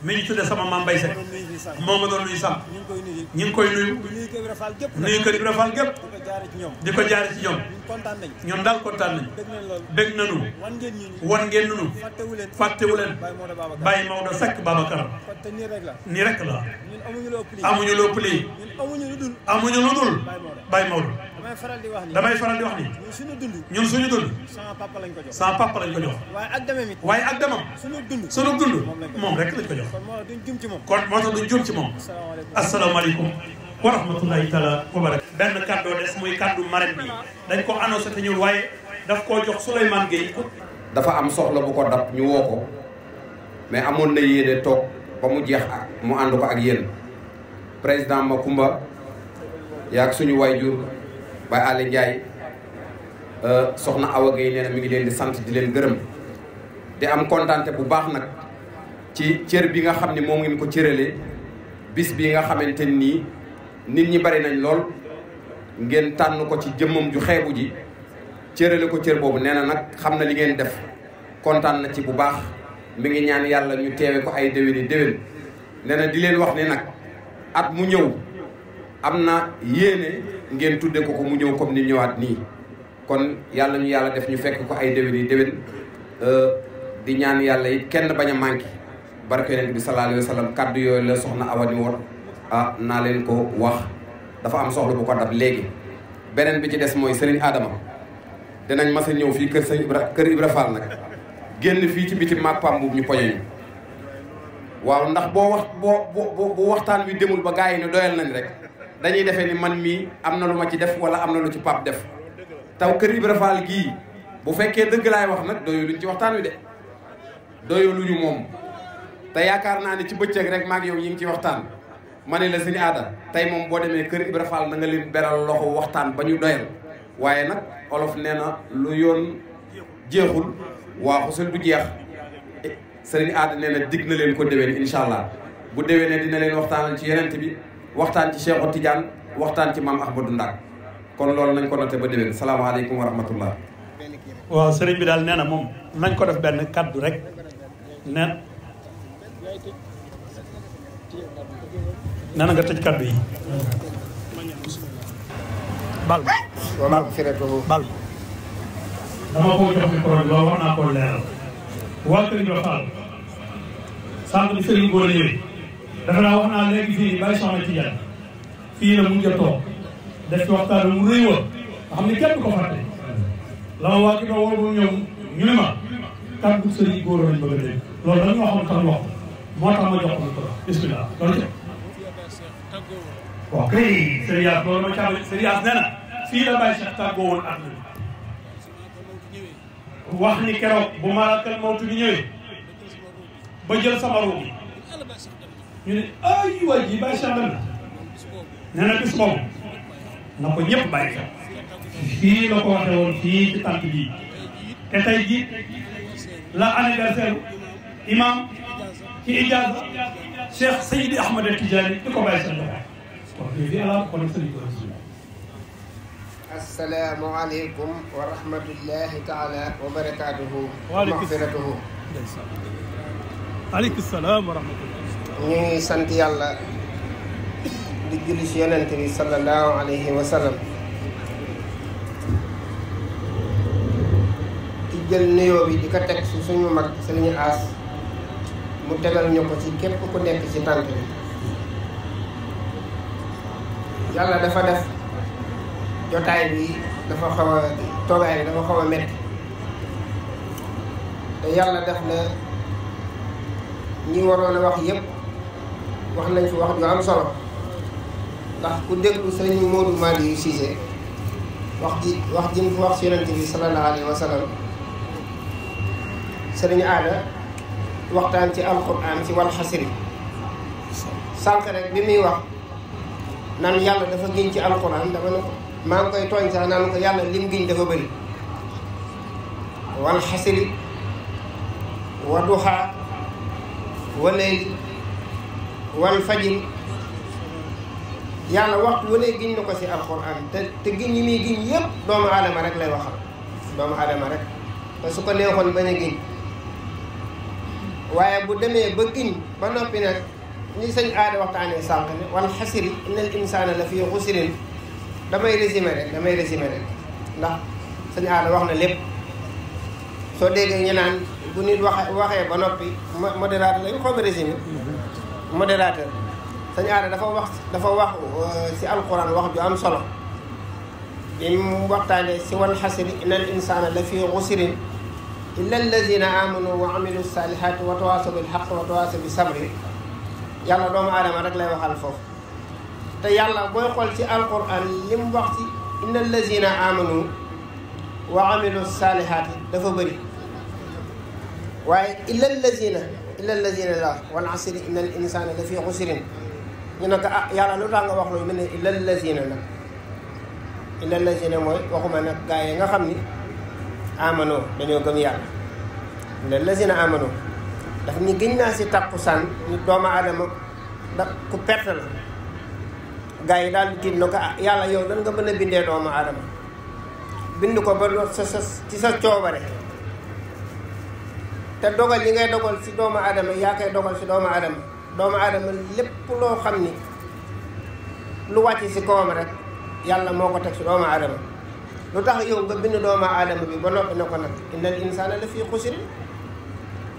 mi ñu tuddee sama mambay Seck moo ma doon nuyu sàmm ñu ngi koy nuyu nuyu kër Ibra Fall gépp di ko jaare ci ñoom ñun daal kontaan nañu bég nañu wan ngeen nunu fàttewu leen bàyyi Maodo Seck Babacar nii rek la amuñu loo pli amuñu lu dul bàyyi Maodo. damay faral di wax ni damay faral di wax ni ñun suñu dund ñun suñu dund sama papa lañ ko jox sama papa lañ ko jox waaye ak demam it waaye ak demam suñu dund suñu dund moom rek lañ ko jox kon duñ jum ci moom kon moo tax duñ jum ci moom asalaamaaleykum wa rahmatullahi taala wa barak benn kàddoo des muy kàddu marraine bi dañ ko annoncé te ñëw waaye daf koo jox Souleymane Gueye dafa am soxla bu ko dab ñu woo ko mais amoon na yéene toog ba mu jeex mu ànd ko ak yéen président Makumba Yak suñu waajur Baye Alé Ndiaye euh, soxna Awa Gueye nee na mi ngi leen di sant di leen gërëm di am kontaante bu baax nag ci cër bi nga xam ne moom ngeen ko cërale bis bi nga xamante nii nit ñi bari nañ lool ngeen tànn ko ci jëmmam ju xeebu ji cërale ko cër boobu nee na nag xam na li ngeen def kontaan na ci bu baax mu ngi ñaan yàlla ñu teewe ko ay déwéni déwén nee di leen wax ne nag at mu ñëw am na yéene ngeen tudde ko ko mu ñëw comme ni ñëwaat nii kon yàlla ñu yàlla def ñu fekk ko ay déwén yi déwén euh, di ñaan yàlla it kenn bañ a manqué barke yonent bi sallallahu alayhi wa kàddu yooyu la soxna awani war ah naa leen ko wax dafa am soxla bu ko dab léegi beneen bi ci des mooy Serigne Adama dinañ mas a ñëw fii kër sëñ Ibra kër Ibra Fall nag génn fii ci biti maag Pam Mbuub ñu poñe ñu waaw ndax boo wax boo boo waxtaan wi demul ba gars yi ne doyal nañ rek dañuy defee ni man mii am na lu ma ci def wala am na lu ci pap def taw kër Ibra Fall gii bu fekkee dëgg laay wax nag doyoo luñ ci waxtaan wi de doyoo luñu moom te yaakaar naa ne ci bëccëg rek maak yow ñi ngi ci waxtaan ma ne la suñu aada tey moom boo demee kër Ibra Fall na nga leen beral loxo waxtaan ba ñu doyal waaye nag olof nee na lu yoon jeexul waa xusul du jeex sëriñ aada nee na dig na leen ko déwén incha allah bu dewee déwénee dina leen waxtaanal ci yenent bi waxtaan ci Cheikh otidiane waxtaan ci mam Ahmadou Ndak kon lool nañ ko noté ba déwén alaykum wa rahmatullah wa serigne bi dal nee mom nañ ko def ben kaddu rek ne nana nga tej kaddu yi bal bal bal dama ko jox micro bi wax naa ko leral wa kër Ndiol Fall sànq bi sëriñ dafa naa wax naa léegi fii bàyyi soxna ci jàll fii la mujj a toog def ci waxtaan mu rëy wa nga xam ne kenn ko fàtte la ma waa ki doo woo ba ñoom ñu ne ma kàddu sëriñ góor lañ bëgg a dégg loolu dañ ma xam tax wax moo tax ma jox ko ko bismillah loolu ca waaw kay sëriñ As loolu ma caabi sëriñ As nee na fii la bàyyi Cheikh tàggoo woon ak wax ni keroog bu malakal mawtu bi ñëwee ba jël sama ruugi ñu ne ay waay ji bàyyi Cheikh Ndanda nee na bis boobu na ko ñëpp bàyyi fii la ko waxee woon fii ci tànt bii te tey jii la anniversaire imam ci ijaaza Cheikh Seydi Ahmed Tidiane di ko bàyyi Cheikh Ndanda wax dëgg yàlla kon sëriñ ko assalaamu aleykum wa rahmatullahi taala wa barakaatuhu. wa aleykum salaam wa rahmatulah. ñu ngi sant yàlla di julli ci yonent bi sallallahu alayhi wa sallam jël nuyoo bi di ko teg ci suñu mag ñu as mu tegal ñu ko ci képp ku nekk ci tànk bi yàlla dafa def jotaay bi dafa xaw a toogaay bi dafa xaw a metti te yàlla def na ñi waroon a wax yépp wax nañ fi wax ju am solo ndax ku déglu sëriñ Modou Mali yu Cissé wax ji wax ji mu fi wax si yonent bi sallallahu alayhi waxtaan ci alxuraan ci wal xasiri sànq rek bi muy wax naan yàlla dafa giñ ci alxuraan dama ne ko maa ngi koy tooñ sax naan ko yàlla lim giñ dafa bëri wal xasiri wa duxaa wa layli wal fajiri yàlla waxtu wu ne giñ na ko si alxuraan te te giñ yi muy giñ yëpp doomu aadama rek lay waxal doomu aadama rek te su ko neexoon bañ a giñ waaye bu demee ba giñ ba noppi nag ñi sëñ aada waxtaanee sànq ne wal xasiri inna al insaana la fi xusirin damay résumé rek damay résumé rek ndax sëñ aada wax na lépp soo déggee ñu naan bu nit waxe waxee ba noppi modérateur lañ xaw ma résumé modérateur sañ aada dafa wax dafa wax si alquran wax ju am solo bi mu waxtaanee si wan xasiri inna al insana la fi xusirin illa alladina amanu wa amilu salihaati wa tawaasaw bil xaq wa tawaasaw bi sabri yàlla doomu aadama rek lay waxal foofu te yàlla booy xool ci alquran li mu wax si inna alladina amanu wa amilu salihaati dafa bëri waaye illa alladina الا الذين لا والعصر ان الانسان لفي عسر انك يا لا لو داغا واخ لو من الا الذين لا الا الذين موي واخوما نا غاي nga xamni amano dañu gëm yalla الذين امنوا دا خني گن نا سي تاكوسان ني دوما ادم دا كو پيرتل غاي دال دي نوكا يالا يو دا nga بنا بيندي دوما ادم بيند كو بلو سس سس تي سس چوبره te dogal yi ngay dogal si doomu aadama yaa koy dogal si doomu aadama doomu lépp loo xam ni lu wàcc si kawam rek yàlla moo ko teg si doomu aadama lu tax yow nga bind doomu aadama bi ba noppi ne ko nag innal insaana la fii xusri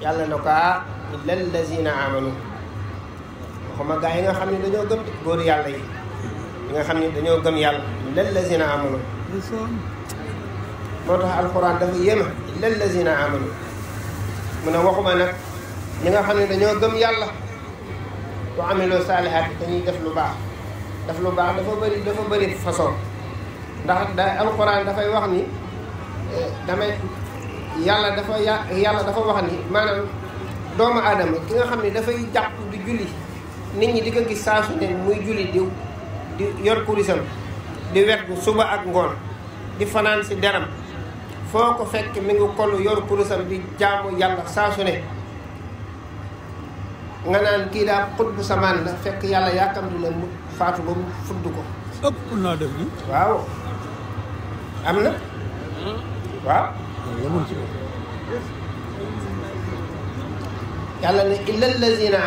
yàlla na ko ah illa yi nga xam ne dañoo gëm yàlla nga xam ne dañoo gëm yàlla illa allazina amanu moo tax alquran dafa yéema illa allazina amanu mu ne waxuma nag ñi nga xam ne dañoo gëm yàlla bu amiloo saalihaat dañuy def lu baax def lu baax dafa bëri dafa bëri façon ndax da alxuraan dafay wax ni eh, damay yàlla dafa yàlla dafa wax ni maanaam doomu aadama ki nga xam ne dafay jàpp di julli nit ñi di ko gis saa su ne muy julli di di di wet gu suba ak ngoon di fanaan si deram foo ko fekk mi ngi kolu yor kurusam bi jaamu yàlla saa su ne nga naan kii daa bu samaan la fekk yàlla yàkkamtu na mu faatu ba mu fudd ko ëpp naa def ni waaw am na waaw yàlla ne illa allazina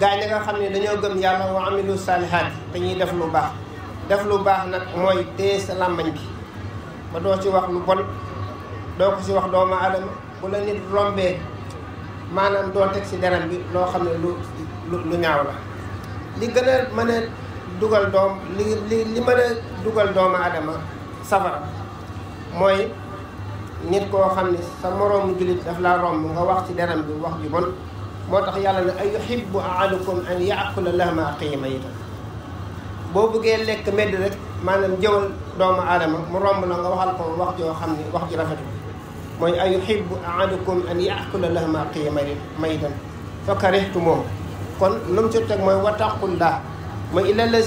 gaa ñi nga xam ne dañoo gëm yàlla wa amilu salihaat te ñuy def lu baax def lu baax nag mooy téye sa làmbañ bi ba doo ci wax lu bon doo ko ci wax doomu aadama bu la nit rombee maanaam doo teg ci deram bi loo xam ne lu lu ñaaw la li gën a mën a dugal doom li li li mën a dugal doomu aadama safara mooy nit koo xam ne sa moroomu jullit daf laa romb nga wax ci deram bi wax ju bon moo tax yàlla ne ay yuhibbu ahadukum an yaakula lahma qiima itam boo bëggee lekk medd rek maanaam jëwal doomu aadama mu romb la nga waxal ko wax joo xam ne wax ji rafetul mooy ay yuhibbu ahadukum an yaakula lahma qiya maytan fa kon lu mu ci teg mooy wattaqullah mooy illa nga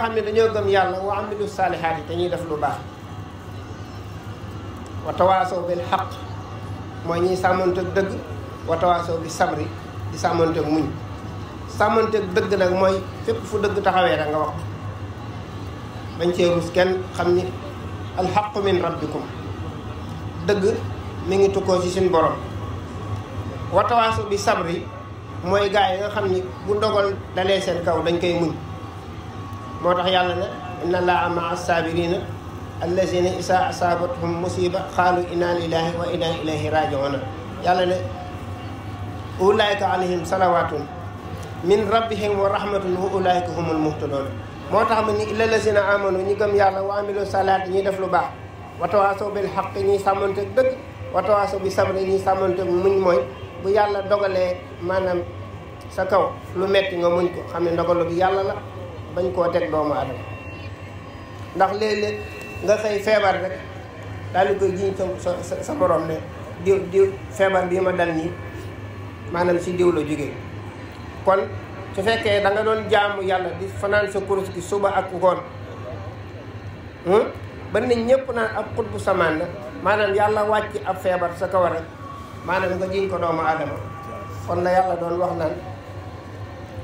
xam ne dañoo gëm yàlla wa amilu saalihaat yi dañuy def lu baax wa tawaasaw bil xaq mooy ñiy sàmmanteeg dëgg wa tawaasaw bi sabri di sàmmanteeg muñ sàmmanteeg dëgg nag mooy fépp fu dëgg taxawee da nga wax bañ cee rus kenn xam ni alxaqu min rabbikum dëgg mi ngi tukkoo ci suñ borom watawaasu bi sabri mooy gaa yi nga xam ni bu dogal dalee seen kaw dañ koy muñ moo tax yàlla ne inna allaha maa saabirina allazina isa asaabathum musiba xaalu inna lillahi wa inna ilayhi rajiuna yàlla ne ulaayka alayhim salawatun min rabbihim wa rahmatun wa ulaayka humul muhtadoon moo tax ma ni illa lazina amanu ñi gëm yàlla wa amilu salaat ñuy def lu baax wa tawaasaw bil xaq ñuy sàmmanteeg dëgg wa tawaasaw bi sabri ñuy sàmmanteeg muñ mooy bu yàlla dogalee maanaam sa kaw lu metti nga muñ ko xam ne ndogalu bi yàlla la bañ koo teg doomu aadama ndax léeg-léeg nga xëy feebar rek daal di koy jiñ sa sa sa borom ne diw diw feebar bii ma dal nii maanaam si diw la jógee kon su fekke da nga don jaamu yalla di fanaan sa kurus ki suba ak ngoon hmm? ba nit ñëpp naan ab xut bu samaan la manam yalla wacc ab febar sa kaw rek nga jiñ ko doomu adam kon la yalla don wax nan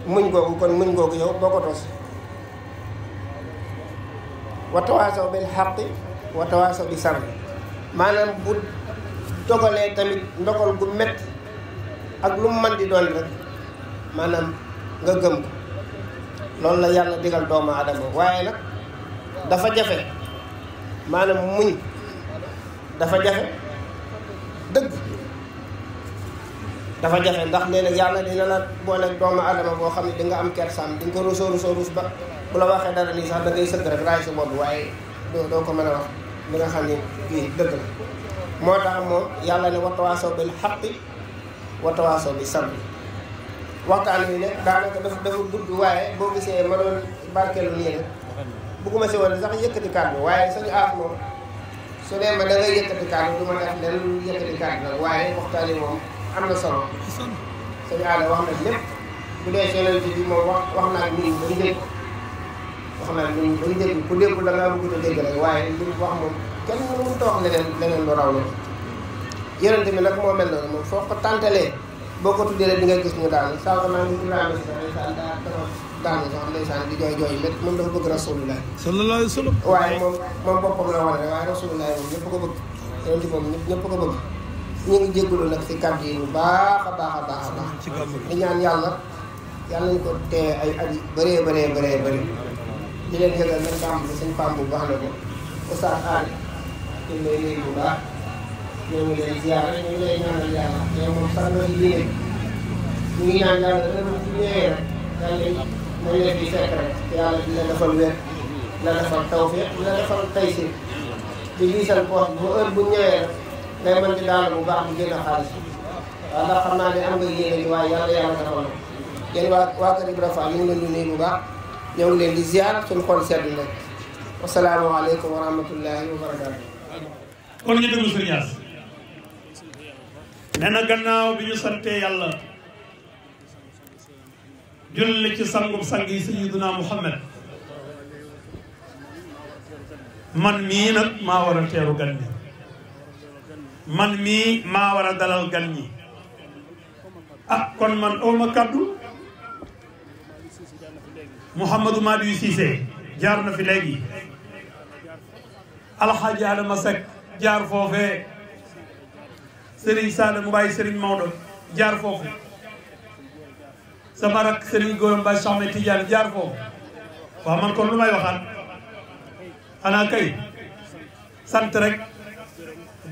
muñ gogu kon muñ gogu yow boko tos wa tawasaw bil haqq wa tawasaw bi sabr manam bu dogalee tamit ndokol gu met ak lu di doon rek manam nga gëm ko loolu la yàlla digal doomu aadama waaye nag dafa jafe maanaam muñ dafa jafe dëgg dafa jafe ndax nee na yàlla dina la booleeg doomu aadama boo xam ne di nga am kersaam di nga ko rusoo rusoo rus ba bu la waxee dara nii sax da ngay sëkk rek raay sa bopp waaye doo doo ko mën a wax li nga xam ne kii dëgg la moo tax moom yàlla ne watawaaso bil xaqi watawaaso bi sabr waxtaan wi nag daanaka dafa dafa gudd waaye boo gisee ma doon barkeelu nii rek bëgguma si woon sax yëkkati kàddu waaye sañu aaf moom su dee ma da yëkkati kàddu du ma def lenn yëkkati kàddu nag waaye na solo sañu aada wax na moom wax wax naa ak wax a dégg a wax leneen leneen lu raw la yonente bi nag moo mel noonu moom foo ko tàntalee boo ko tuddee rek di nga gis mu daanu saako naa ngi Ibrahima si ndeysaan daa keroog daanu sax ndeysaan di jooy jooy métti moom dafa bëgg rasulullah sallallahu alayhi wa sallam waaye moom moom boppam la wane waaye rasulullah moom ñëpp ko bëgg yonent moom ñëpp ñëpp ko bëgg ñu ngi jégalu nag si kàddu yi bu baax a baax a baax a baax di ñaan yàlla yàlla nañu ko tee ay at yu bëree bëree bëree bëri di leen pam bu baax la ko ustaas baax ñoo ngi leen ziar rek ñu ngi lay ñaanal yàlla yow moom sax nga di yéene ñu ngi ñaan yàlla heure bu ñëwee rek yàlla nañ la fi fekk rek yàlla dina defal wér la defal tawfeex la defal taysir di liisal ko wax bu heure bu ñëwee rek day mën di daal bu baax mu génn xaalis waaw ndax xam naa ne am nga yéene bi waaye yàlla yàlla defal na yéen waa waa kër Ibra Fall ñu ngi leen di nuyu bu baax ñoo ngi leen di ziar suñu xol sedd na wasalaamaaleykum wa rahmatullahi wa barakatu kon ñu déglu Sëriñ Yaas nee na gannaaw bi ñu santee yàlla julli ci sangub sang yi sayyiduna Muhammad man mii nag maa war a teeru gan ñi man mii maa war a dalal gan ñi ah kon man awma kàddu Mouhamadou ma Cissé jaar na fi léegi alxaaji Adama Seck jaar foofee Serigne Sada mu bàyyi Serigne Maodo jaar foofu sama rak Serigne Gorom Ba Cheikh Ahmed Tidiane jaar foofu waaw man kon lu may waxaat xanaa kay sant rek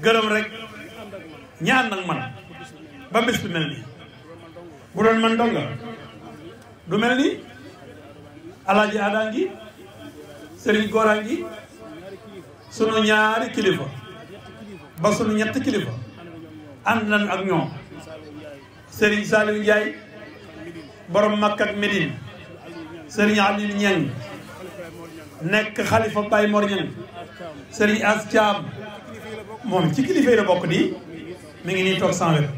gërëm rek ñaan nag man ba bés bi mel nii bu doon man donga du mel nii alaaji adaa ngi Serigne Gora ngi sunu ñaari kilifa ba sunu ñetti kilifa ànd nañu ak ñoom Serigne Saliou Ndiaye borom Makka ak Médine Serigne Aliou Niang nekk xalifa Baye Mor Niang As Thiam moom ci kilifa la bokk di mi ngi nii toog sans wet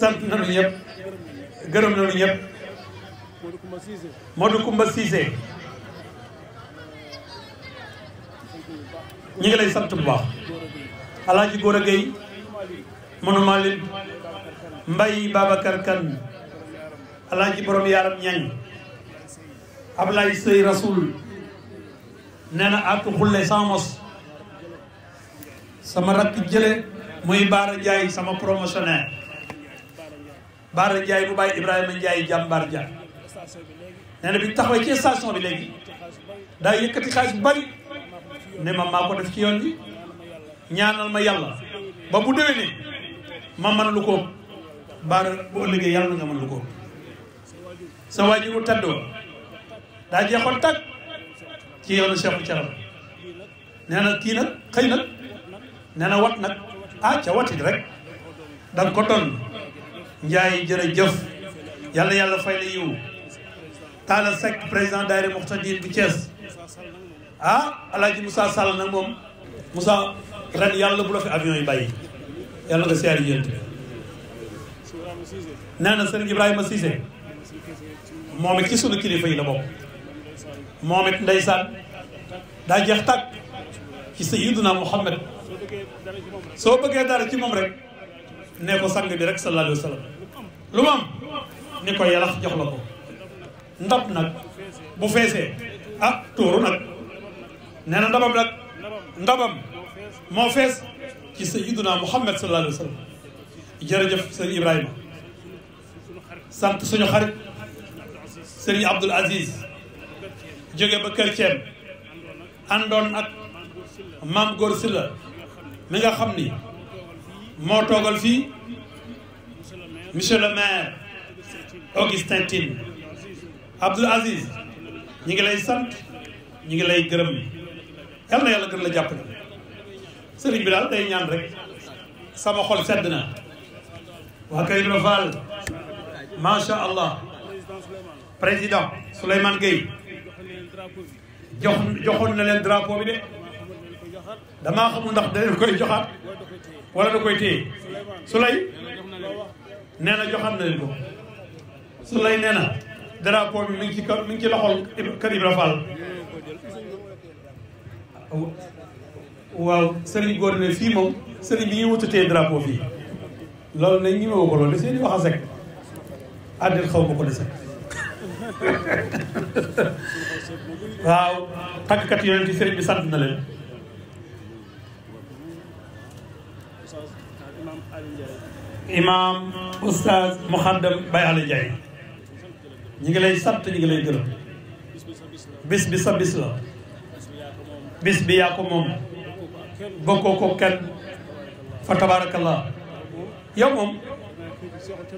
sant nañu ñëpp gërëm nañu ñëpp Modou Koumba Cissé ñi ngi lay sant bu baax Alaaji Góora Gueye mënuma lim mbay Babacar Kane ci borom yaaram ñañ Ablaye Sey Rasoul nee na atu xulle samos sama rakk jële muy Baara sama promotionnaire Baara Ndiaye bu bàyyi Ibrahima Ndiaye jàmbaar ja nee na bi taxawee ci station bi léegi daa yëkkati xaalis bu bari ne ma maa ko def ci yoon bi ñaanal ma yàlla ba bu déwénee ma man lu ko baara boo liggéey yàlla nga man lu ko sa waajur wu taddoo daa jeexoon tag ci yoonu Cheikh Thialam nee na kii nag xëy nag nee na wat nag ah ca watit rek danga ko doon njaay jërëjëf yàlla yàlla fay la yiw Talla Seck président daayira Muxtadin bu Thiès ah alaaji Moussa Sall nag moom Moussa ren yàlla bu la fi avion yi bàyyi yàlla nga siyaar yi yéen nee na sëriñ Ibrahima Cissé moom it ci sunu kilifa yi la bokk moom it ndeysaan daa jeex tàkk ci sayyiduna Muhammad soo bëggee dara ci moom rek ne ko sang bi rek sallallahu alayhi wa sallam lu mu am ni ko yalax jox la ko ndab nag bu feesee ah tuuru nag nee na ndabam nag ndabam moo fees ci sayyiduna Muhammad sallallahu alayhi wa sallam jërëjëf sëriñ Ibrahima sant suñu xarit sëriñ Abdul Aziz jóge ba kër Thiel àndoon ak maam Góor Silla mi nga xam ni moo toogal fii monsieur le maire Augustin Tine Abdul Aziz ngi lay sant ñi ngi lay gërëm yal na la jàppale sëriñ bi daal day rek sama xol sedd na waa kay Ibra Fall macha allah président Souleymane Gueye jox joxoon na leen drapeau bi de damaa xamul ndax da leen koy wala na ko Souley nee na drapeau bi mi ngi ci kër Fall waaw sëriñ góor ne fii moom sëriñ bi ñuy wutatee drapeau fii loolu na ñi ma ko loolu seen i wax a sec addil xaw ko dese <laughs> waaw tàggkat yonent yi sëriñ bi sant na leen imaam oustaz muhaddam bay ali Ndiaye ngi lay sant ñi ngi lay gërëm bis bi sa bis la bis bi yaa moom bokkoo ko kenn fa tabarakallah yow moom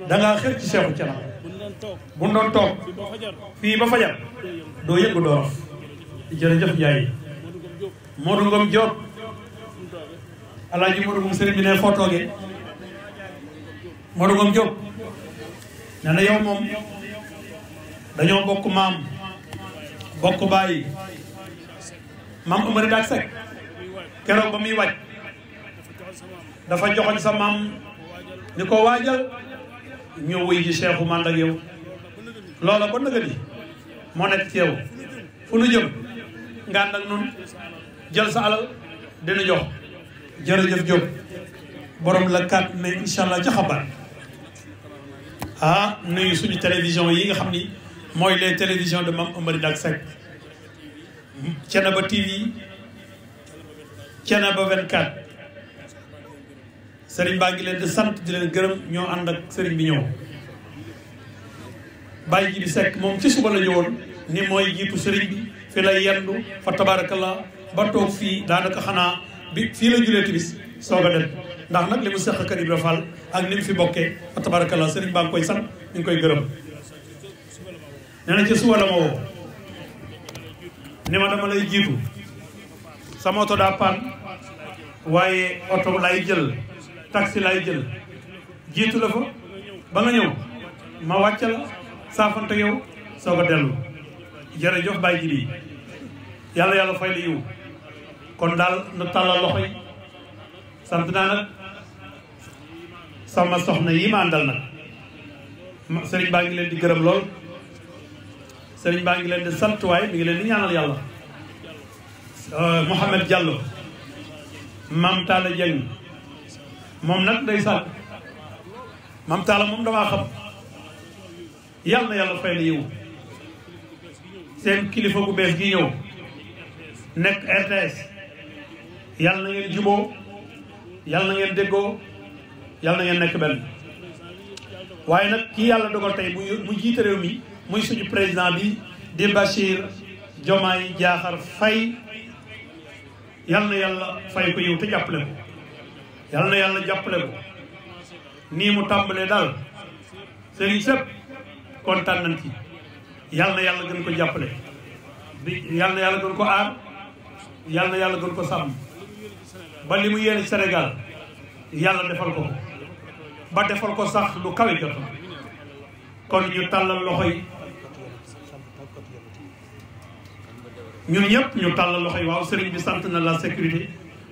da ngaa xër ci Seexu Canaba bu ñu toog fii ba fajar doo yëngu doo raf jërëjëf Njaay Modou Ngom Diop alaaji Modou Ngom sëriñ bi ne foo toogee Modou Ngom Diop nee na yow moom dañoo bokk maam bokk bàyyi maam Amari Daak Seck keroog ba muy wàcc dafa joxoñ sa maam ni ko waajal ñëw wuy ji Cheikh Oumar ak yow ba nëgë moo nekk ci fu nu jëm nga nun jël sa alal dina jox jërëjëf Diop borom la kat mais incha allah ca xabaar ah nuyu suñu télévision yi nga xam ni mooy les télévisions de Mame Omar Ndak Seck Thiénaba TV Thiénaba 24 sëriñ baa ngi leen di sant di leen gërëm ñoo ànd ak sëriñ bi ñëw bàyyi ji bi sekk moom ci suba la ñëwoon ni mooy jiitu sëriñ bi fi lay yendu fa tabarakallah ba toog fii daanaka xanaa bi fii la julee timis soog a dem ndax nag li mu seq kër Ibra Fall ak ni mu fi bokkee fa tabarakallah sëriñ baa ngi koy sant ñu ngi koy gërëm nee na ci suba la ma woo ni ma dama lay jiitu sama auto daa paan waaye oto lay jël taxi lay jël jitu la fa ba nga ñew ma wàcc la saafante yow soo ko jere jox bay ji bi yalla fay li yu kon dal nu talal loxoy sant na nak sama soxna yi ma nak, nag sëriñ di gërem lol serigne ngi di sant way mi ngi len di ñaanal yalla Euh, Mouhamed Diallo Mame Talla Dieng moom nag day sàll Mame Talla moom damaa xam yàlla na yàlla fay la yow seen kilifa gu bees gi ñëw nekk RTS yàlla na ngeen juboo yàlla na ngeen déggoo nekk benn waaye nag kii yàlla dogal tey mu mu réew mi muy suñu président bi di Bachir Diomaye Diakhar Faye yal na yàlla fay ko yow te jàppale ko yal na yàlla jàppale ko nii mu tàmbalee daal sëriñ sëpp kontaan nañ ci yal na yàlla gën ko jàppale di yal na yàlla gën ko aar yal na yàlla gën ko sàmm ba li mu yéene Sénégal yàlla defal ko ba defal ko sax lu kawe jotam kon ñu tàllal loxo yi ñun ñëpp ñu tàllal loxoy waaw sëriñ bi sant na la sécurité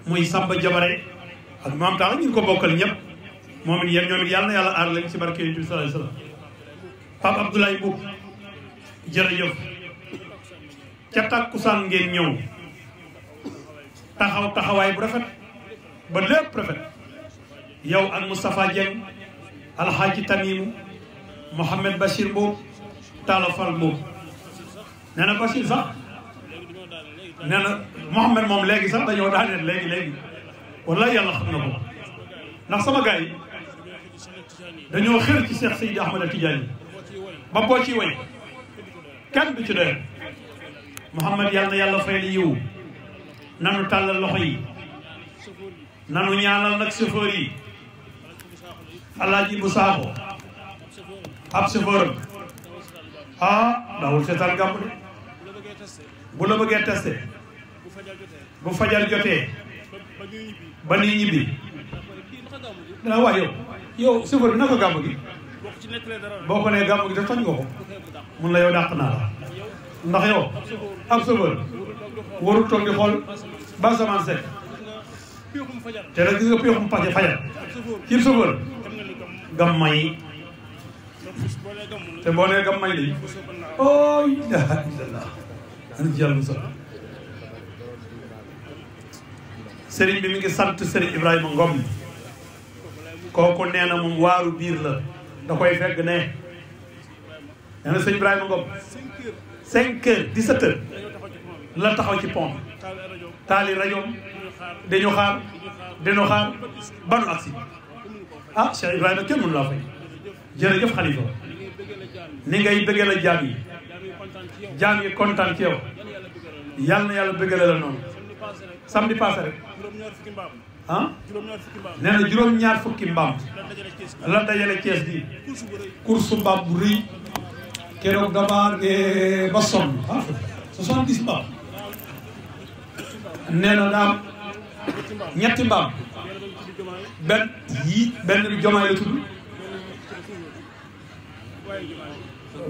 muy Samba Jabare ak maam taala ñu ko bokkal ñëpp moom it yéen ñoom it yàlla na yàlla aar leen ci barke yi bi sallallahu alayhi wa sallam Pape Abdoulaye Boub jërëjëf ca tàkkusaan ngeen ñëw taxaw taxawaay bu rafet ba lépp rafet yow ak Moustapha Dieng alxaaji Tamimu Mouhamed Bachir Mbow Talla Fall Mbow nee na Bachir sax نانا محمد مام لاجي سا دا يو دانيل لاجي لاجي والله يلا خنا بو ناخ سما جاي دا نيو خير تي شيخ سيدي احمد التجاني با بوتي وي كان بي تي محمد يالنا يالا فايل يو نانو تالا لوخي نانو نيالال نك سفوري الله جي مصابو اب سفور ها آه، داول شيطان كامل bu la bëggee testé bu fajar jotee ba nii ñibbi dana wax yow yow chauffeur bi naka gàmm gi boo ko ne gàmm gi daf toj nga ko mun la yow dàq naa la ndax yow ab chauffeur warul toog di xool ba samaan set te nag gis nga péexum fajar ci chauffeur gam may te boo nee gam may li oh nañ sëriñ bi mi ngi sant sëriñ Ibrahima Ngom kooku nee na moom waaru biir la da koy fekk ne nee na sëriñ Ngom 5 heures 17 la taxaw ci pont taali rajo dañu xaar dañu xaar banu aksi ah Cheikh Ibrahima kenn mënu laa fay jërëjëf xalifa ni ngay bëggee la jaam yi jaam yi kontaan ci yow yal na yàlla bëggale la noonu samedi passé rek ah nee na juróom-ñaar fukki mbaam la dajale Cees gi course mbaam bu rëy keroog damaa ne ba sonn ah soixante-dix mbaam nee na daam ñetti mbaam benn yii benn bi jomaay la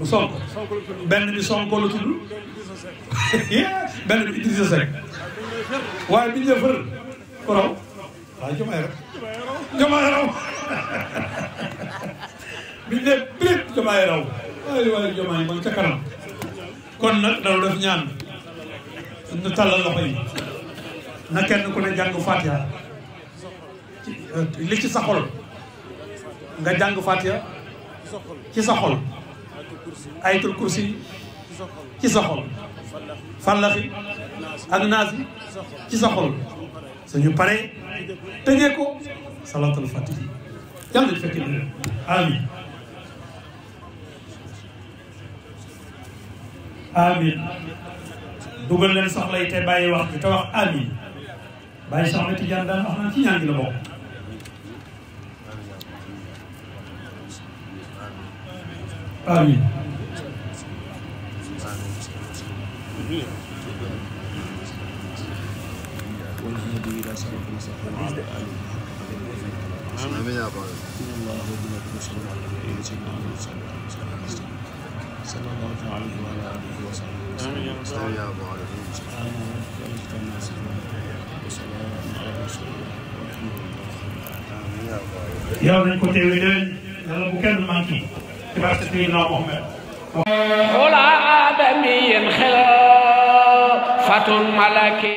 bu sonk benn bi sonko la tudd <laughs> benn bi Idrissa Seck waaye biñ la fër ko raw waaye jomaay raw jomaay <laughs> raw biñ ne birit jomaay raw waaye waaye jomaay man ca kanam kon nag dana def ñaan nu tàllal loxo yi na kenn ku ne jàng Fatiha li ci sa nga jàng Fatiha ci sa xol ayatul kursi ci sa fallaxi ak naas yi ci sa xol suñu paree tëjee ko salatul fatihi yàlla nañu fekk ni amin amin dugal leen soxla yi te bàyyi wax bi te wax amin bàyyi soxla Tijaan daan wax naan ci ñaan la bokk amin والهادي إلى صراط المستقيم آمين يا رب الله وبنا وسلم على نبينا سيدنا محمد صلى الله عليه وسلم صلى الله تعالى عليه وعلى آله وصحبه وسلم آمين يا رب العالمين سبحان ربك رب الناس وسلام على رسول الله والحمد لله آمين يا رب يا رب كنت يريدون هذا مكان مانكي تبعت سيدنا محمد خلا آدمي خلافة ملكي